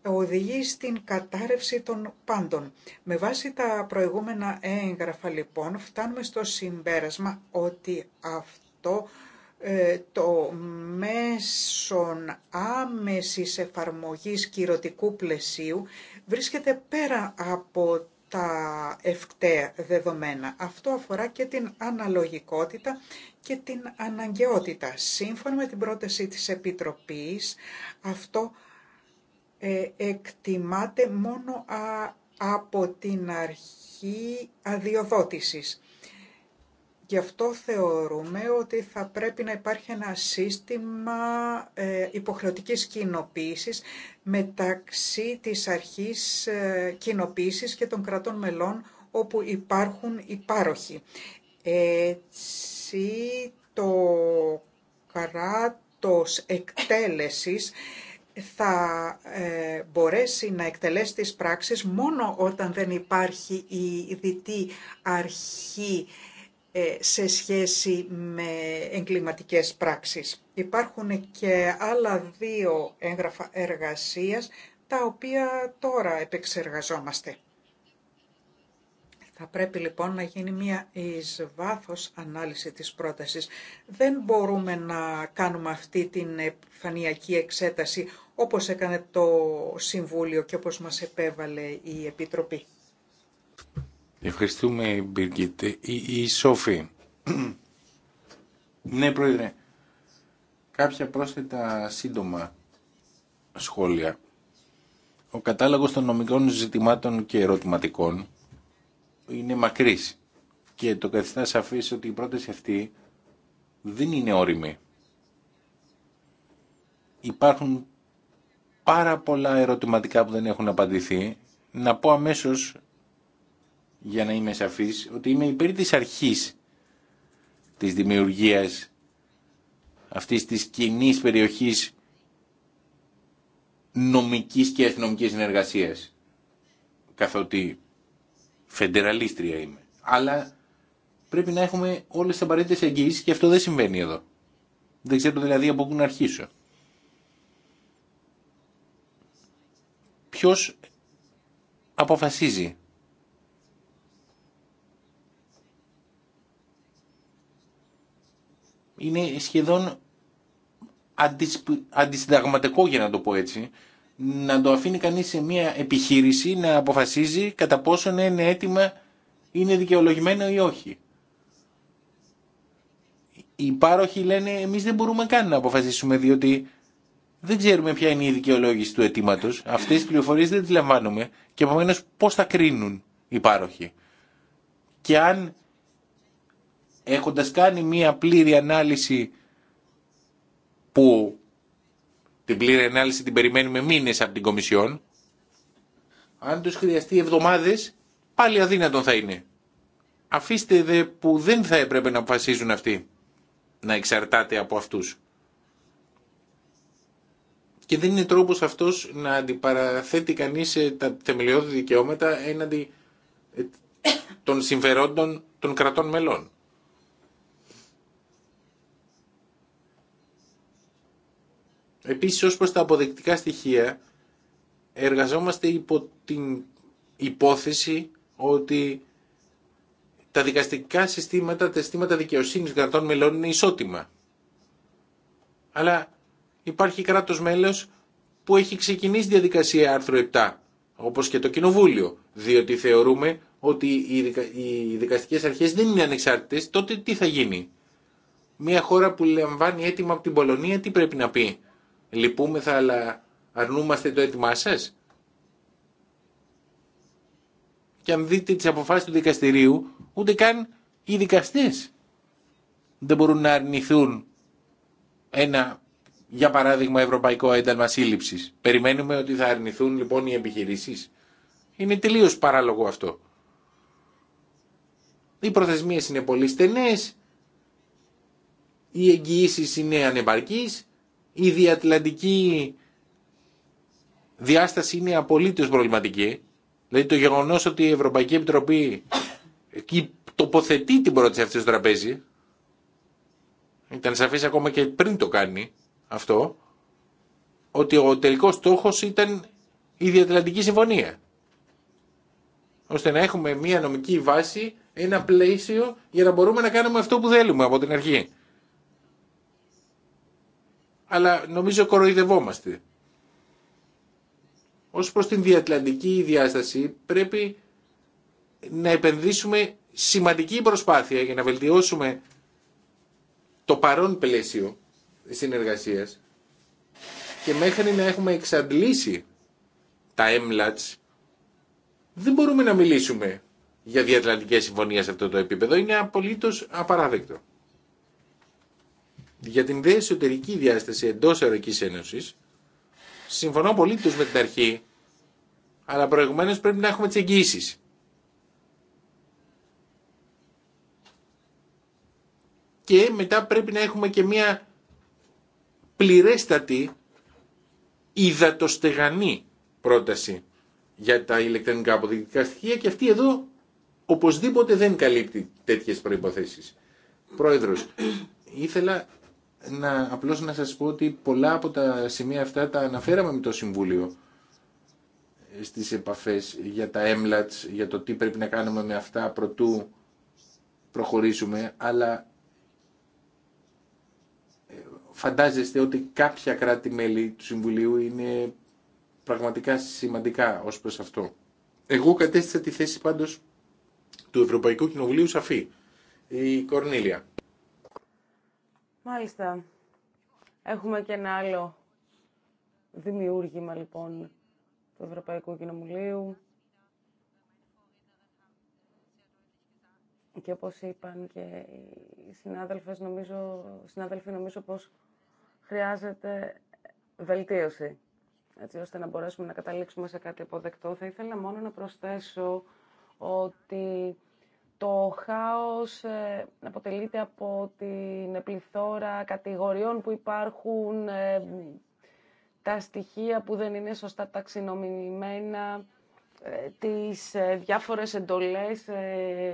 οδηγεί στην κατάρρευση των πάντων. Με βάση τα προηγούμενα έγγραφα λοιπόν φτάνουμε στο συμπέρασμα ότι αυτό ε, το μέσον άμεσης εφαρμογής κυρωτικού πλαισίου βρίσκεται πέρα από τα ευκταία δεδομένα. Αυτό αφορά και την αναλογικότητα και την αναγκαιότητα. Σύμφωνα με την πρόταση της Επιτροπής, αυτό ε, εκτιμάται μόνο από την αρχή αδειοδότησης. Γι' αυτό θεωρούμε ότι θα πρέπει να υπάρχει ένα σύστημα ε, υποχρεωτικής κοινοποίησης μεταξύ της αρχής ε, κοινοποίησης και των κρατών μελών όπου υπάρχουν υπάροχοι. Έτσι το κράτος εκτέλεσης θα ε, μπορέσει να εκτελέσει τις πράξεις μόνο όταν δεν υπάρχει η δυτή αρχή ε, σε σχέση με εγκληματικές πράξεις. Υπάρχουν και άλλα δύο έγγραφα εργασίας, τα οποία τώρα επεξεργαζόμαστε. Θα πρέπει λοιπόν να γίνει μια εις βάθος ανάλυση της πρότασης. Δεν μπορούμε να κάνουμε αυτή την επιφανειακή εξέταση όπως έκανε το Συμβούλιο και όπως μας επέβαλε η Επιτροπή. Ευχαριστούμε, Μπίργκιτ. Η, η Σόφη. ναι, Πρόεδρε. Κάποια πρόσθετα σύντομα σχόλια. Ο κατάλογος των νομικών ζητημάτων και ερωτηματικών είναι μακρύς και το καθιστά σαφής ότι η πρόταση αυτή δεν είναι όριμη. Υπάρχουν πάρα πολλά ερωτηματικά που δεν έχουν απαντηθεί. Να πω αμέσως για να είμαι σαφής, ότι είμαι υπέρ της αρχής της δημιουργίας αυτής της κοινή περιοχής νομικής και αστυνομικής συνεργασίας. Καθότι φεντεραλίστρια είμαι. Αλλά πρέπει να έχουμε όλες τις απαραίτητες εγγυήσεις και αυτό δεν συμβαίνει εδώ. Δεν ξέρω δηλαδή από πού να αρχίσω. Ποιος αποφασίζει είναι σχεδόν αντισυνταγματικό για να το πω έτσι να το αφήνει κανείς σε μια επιχείρηση να αποφασίζει κατά πόσο είναι έτοιμα είναι δικαιολογημένο ή όχι. Οι πάροχοι λένε εμείς δεν μπορούμε καν να αποφασίσουμε διότι δεν ξέρουμε ποια είναι η δικαιολόγηση του αιτήματο. Αυτές τις πληροφορίες δεν τις λαμβάνουμε και επομένω πώς θα κρίνουν οι πάροχοι. Και αν έχοντας κάνει μία πλήρη ανάλυση που την πλήρη ανάλυση την περιμένουμε μήνες από την Κομισιόν, αν τους χρειαστεί εβδομάδες, πάλι αδύνατον θα είναι. Αφήστε δε που δεν θα έπρεπε να αποφασίζουν αυτοί, να εξαρτάται από αυτούς. Και δεν είναι τρόπος αυτός να αντιπαραθέτει κανείς ε, τα θεμελιώδη δικαιώματα έναντι ε, των συμφερόντων των κρατών μελών. Επίσης ως προς τα αποδεκτικά στοιχεία εργαζόμαστε υπό την υπόθεση ότι τα δικαστικά συστήματα, τα συστήματα δικαιοσύνης κρατών μελών είναι ισότιμα. Αλλά υπάρχει κράτος μέλος που έχει ξεκινήσει διαδικασία άρθρο 7, όπως και το Κοινοβούλιο, διότι θεωρούμε ότι οι δικαστικές αρχές δεν είναι ανεξάρτητες, τότε τι θα γίνει. Μια χώρα που λαμβάνει αίτημα από την Πολωνία τι πρέπει να πει λυπούμεθα αλλά αρνούμαστε το έτοιμά σα. Και αν δείτε τις αποφάσεις του δικαστηρίου, ούτε καν οι δικαστές δεν μπορούν να αρνηθούν ένα, για παράδειγμα, ευρωπαϊκό ένταλμα σύλληψη. Περιμένουμε ότι θα αρνηθούν λοιπόν οι επιχειρήσεις. Είναι τελείως παράλογο αυτό. Οι προθεσμίες είναι πολύ στενές, οι εγγυήσει είναι ανεπαρκείς, η διατλαντική διάσταση είναι απολύτως προβληματική. Δηλαδή το γεγονός ότι η Ευρωπαϊκή Επιτροπή τοποθετεί την πρόταση αυτή στο τραπέζι, ήταν σαφής ακόμα και πριν το κάνει αυτό, ότι ο τελικός στόχος ήταν η Διατλαντική Συμφωνία. Ώστε να έχουμε μια νομική βάση, ένα πλαίσιο για να μπορούμε να κάνουμε αυτό που θέλουμε από την αρχή αλλά νομίζω κοροϊδευόμαστε. Ως προς την διατλαντική διάσταση πρέπει να επενδύσουμε σημαντική προσπάθεια για να βελτιώσουμε το παρόν πλαίσιο συνεργασίας και μέχρι να έχουμε εξαντλήσει τα έμλατς δεν μπορούμε να μιλήσουμε για διατλαντικές συμφωνίες σε αυτό το επίπεδο. Είναι απολύτως απαράδεκτο. Για την δε εσωτερική διάσταση εντό Ευρωπαϊκή Ένωση συμφωνώ πολύ με την αρχή, αλλά προηγουμένως πρέπει να έχουμε τι εγγύσει. Και μετά πρέπει να έχουμε και μια πληρέστατη υδατοστεγανή πρόταση για τα ηλεκτρονικά αποδεικτικά στοιχεία και αυτή εδώ οπωσδήποτε δεν καλύπτει τέτοιες προϋποθέσεις. Πρόεδρος, ήθελα να, απλώς να σας πω ότι πολλά από τα σημεία αυτά τα αναφέραμε με το Συμβούλιο ε, στις επαφές για τα έμλατς, για το τι πρέπει να κάνουμε με αυτά προτού προχωρήσουμε, αλλά ε, φαντάζεστε ότι κάποια κράτη-μέλη του Συμβουλίου είναι πραγματικά σημαντικά ως προς αυτό. Εγώ κατέστησα τη θέση πάντως του Ευρωπαϊκού Κοινοβουλίου σαφή, η Κορνίλια. Μάλιστα. Έχουμε και ένα άλλο δημιούργημα, λοιπόν, του Ευρωπαϊκού Κοινοβουλίου. Και όπως είπαν και οι συνάδελφες, νομίζω, συνάδελφοι, νομίζω πως χρειάζεται βελτίωση, έτσι ώστε να μπορέσουμε να καταλήξουμε σε κάτι αποδεκτό. Θα ήθελα μόνο να προσθέσω ότι το χάος ε, αποτελείται από την πληθώρα κατηγοριών που υπάρχουν, ε, τα στοιχεία που δεν είναι σωστά ταξινομημένα, ε, τις διάφορες εντολές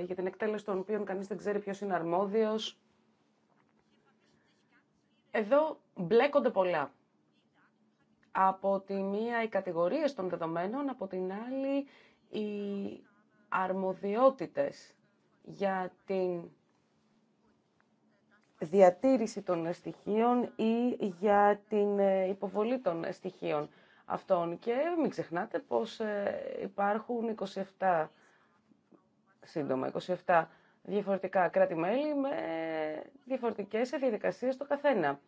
για την εκτέλεση των οποίων κανείς δεν ξέρει ποιος είναι αρμόδιος. Εδώ μπλέκονται πολλά. Από τη μία οι κατηγορίες των δεδομένων, από την άλλη οι αρμοδιότητες για την διατήρηση των στοιχείων ή για την ε, υποβολή των στοιχείων αυτών. Και μην ξεχνάτε πως ε, υπάρχουν 27, σύντομα 27 διαφορετικά κράτη-μέλη με διαφορετικές διαδικασίες το καθένα.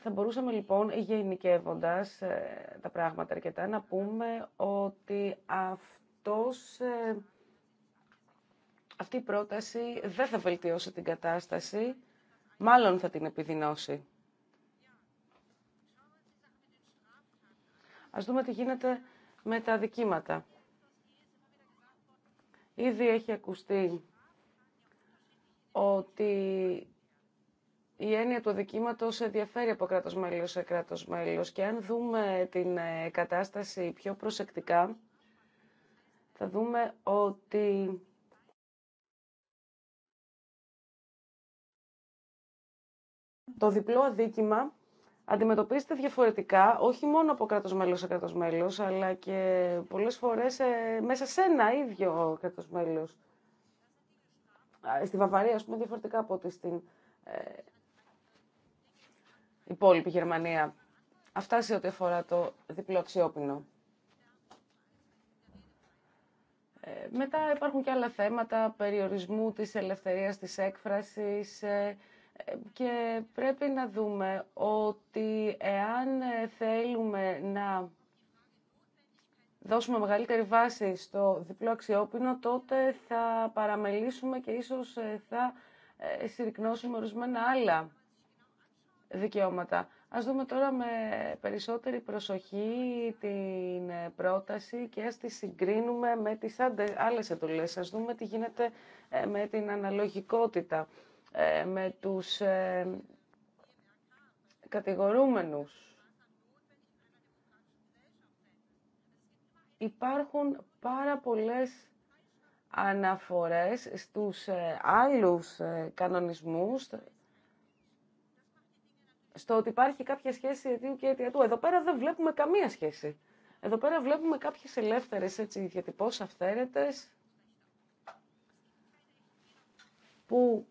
Θα μπορούσαμε λοιπόν, γενικεύοντας ε, τα πράγματα αρκετά, να πούμε ότι αυτός αυτή η πρόταση δεν θα βελτιώσει την κατάσταση, μάλλον θα την επιδεινώσει. Ας δούμε τι γίνεται με τα δικήματα. Ήδη έχει ακουστεί ότι η έννοια του αδικήματος ενδιαφέρει από κράτος μέλος σε κράτος μέλος και αν δούμε την ε, κατάσταση πιο προσεκτικά θα δούμε ότι το διπλό αδίκημα αντιμετωπίζεται διαφορετικά, όχι μόνο από κράτος μέλος σε κράτος μέλος, αλλά και πολλές φορές ε, μέσα σε ένα ίδιο κράτος μέλος. Στη Βαυαρία, ας πούμε, διαφορετικά από ότι στην ε, υπόλοιπη Γερμανία. Αυτά σε ό,τι αφορά το διπλό αξιόπινο. Ε, μετά υπάρχουν και άλλα θέματα περιορισμού της ελευθερίας της έκφρασης, και πρέπει να δούμε ότι εάν θέλουμε να δώσουμε μεγαλύτερη βάση στο διπλό αξιόπινο, τότε θα παραμελήσουμε και ίσως ε, θα ε, συρρυκνώσουμε ορισμένα άλλα δικαιώματα. Ας δούμε τώρα με περισσότερη προσοχή την ε, πρόταση και ας τη συγκρίνουμε με τις άλλες εντολές. Ας δούμε τι γίνεται με την αναλογικότητα. Ε, με τους ε, κατηγορούμενους. Υπάρχουν πάρα πολλές αναφορές στους ε, άλλους κανονισμούς, στο ότι υπάρχει κάποια σχέση αιτίου και αιτιατού. Εδώ πέρα δεν βλέπουμε καμία σχέση. Εδώ πέρα βλέπουμε κάποιες ελεύθερες έτσι, διατυπώσεις αυθαίρετες που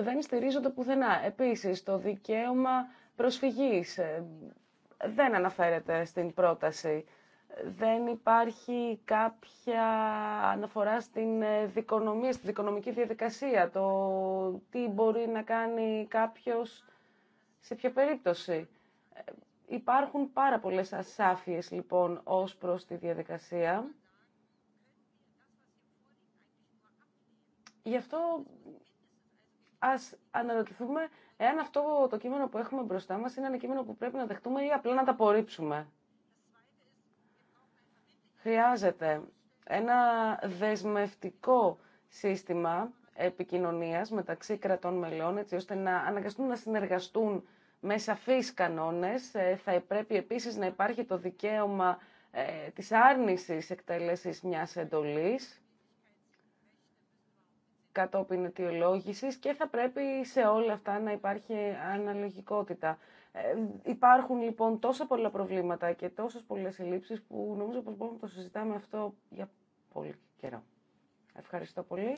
δεν στηρίζονται πουθενά. Επίσης, το δικαίωμα προσφυγής ε, δεν αναφέρεται στην πρόταση. Δεν υπάρχει κάποια αναφορά στην ε, δικονομία, στην δικονομική διαδικασία, το τι μπορεί να κάνει κάποιος σε ποια περίπτωση. Ε, υπάρχουν πάρα πολλές ασάφειες λοιπόν ως προς τη διαδικασία. Γι' αυτό ας αναρωτηθούμε εάν αυτό το κείμενο που έχουμε μπροστά μας είναι ένα κείμενο που πρέπει να δεχτούμε ή απλά να τα απορρίψουμε. Χρειάζεται ένα δεσμευτικό σύστημα επικοινωνίας μεταξύ κρατών μελών, έτσι ώστε να αναγκαστούν να συνεργαστούν με σαφείς κανόνες. Ε, θα πρέπει επίσης να υπάρχει το δικαίωμα ε, της άρνησης εκτέλεσης μιας εντολής κατόπιν αιτιολόγησης και θα πρέπει σε όλα αυτά να υπάρχει αναλογικότητα. Ε, υπάρχουν λοιπόν τόσα πολλά προβλήματα και τόσες πολλές ελλείψεις που νομίζω πως μπορούμε να το συζητάμε αυτό για πολύ καιρό. Ευχαριστώ πολύ.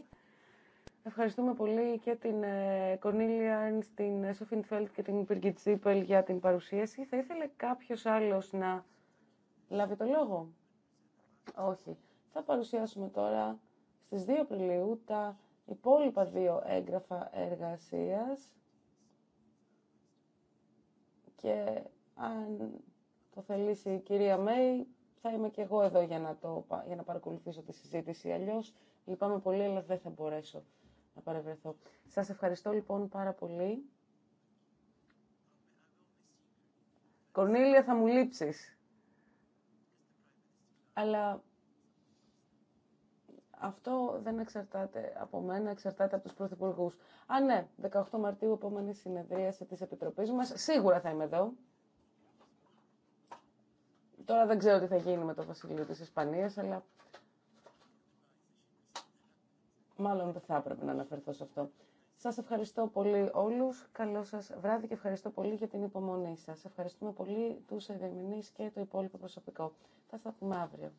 Ευχαριστούμε πολύ και την ε, Κονίλια, την ε, Σοφίν Φέλτ και την Πίργκιτ Τσίπελ για την παρουσίαση. Θα ήθελε κάποιος άλλος να λάβει το λόγο. Όχι. Θα παρουσιάσουμε τώρα στις 2 Απριλίου τα υπόλοιπα δύο έγγραφα εργασίας και αν το θελήσει η κυρία Μέη θα είμαι και εγώ εδώ για να, το, για να παρακολουθήσω τη συζήτηση. Αλλιώς λυπάμαι πολύ αλλά δεν θα μπορέσω να παρευρεθώ. Σας ευχαριστώ λοιπόν πάρα πολύ. Κορνίλια θα μου λείψεις. Αλλά αυτό δεν εξαρτάται από μένα, εξαρτάται από τους πρωθυπουργούς. Α, ναι, 18 Μαρτίου, επόμενη συνεδρίαση της Επιτροπής μας. Σίγουρα θα είμαι εδώ. Τώρα δεν ξέρω τι θα γίνει με το βασιλείο της Ισπανίας, αλλά μάλλον δεν θα έπρεπε να αναφερθώ σε αυτό. Σας ευχαριστώ πολύ όλους. Καλό σας βράδυ και ευχαριστώ πολύ για την υπομονή σας. Ευχαριστούμε πολύ τους εδερμηνείς και το υπόλοιπο προσωπικό. Θα τα πούμε αύριο.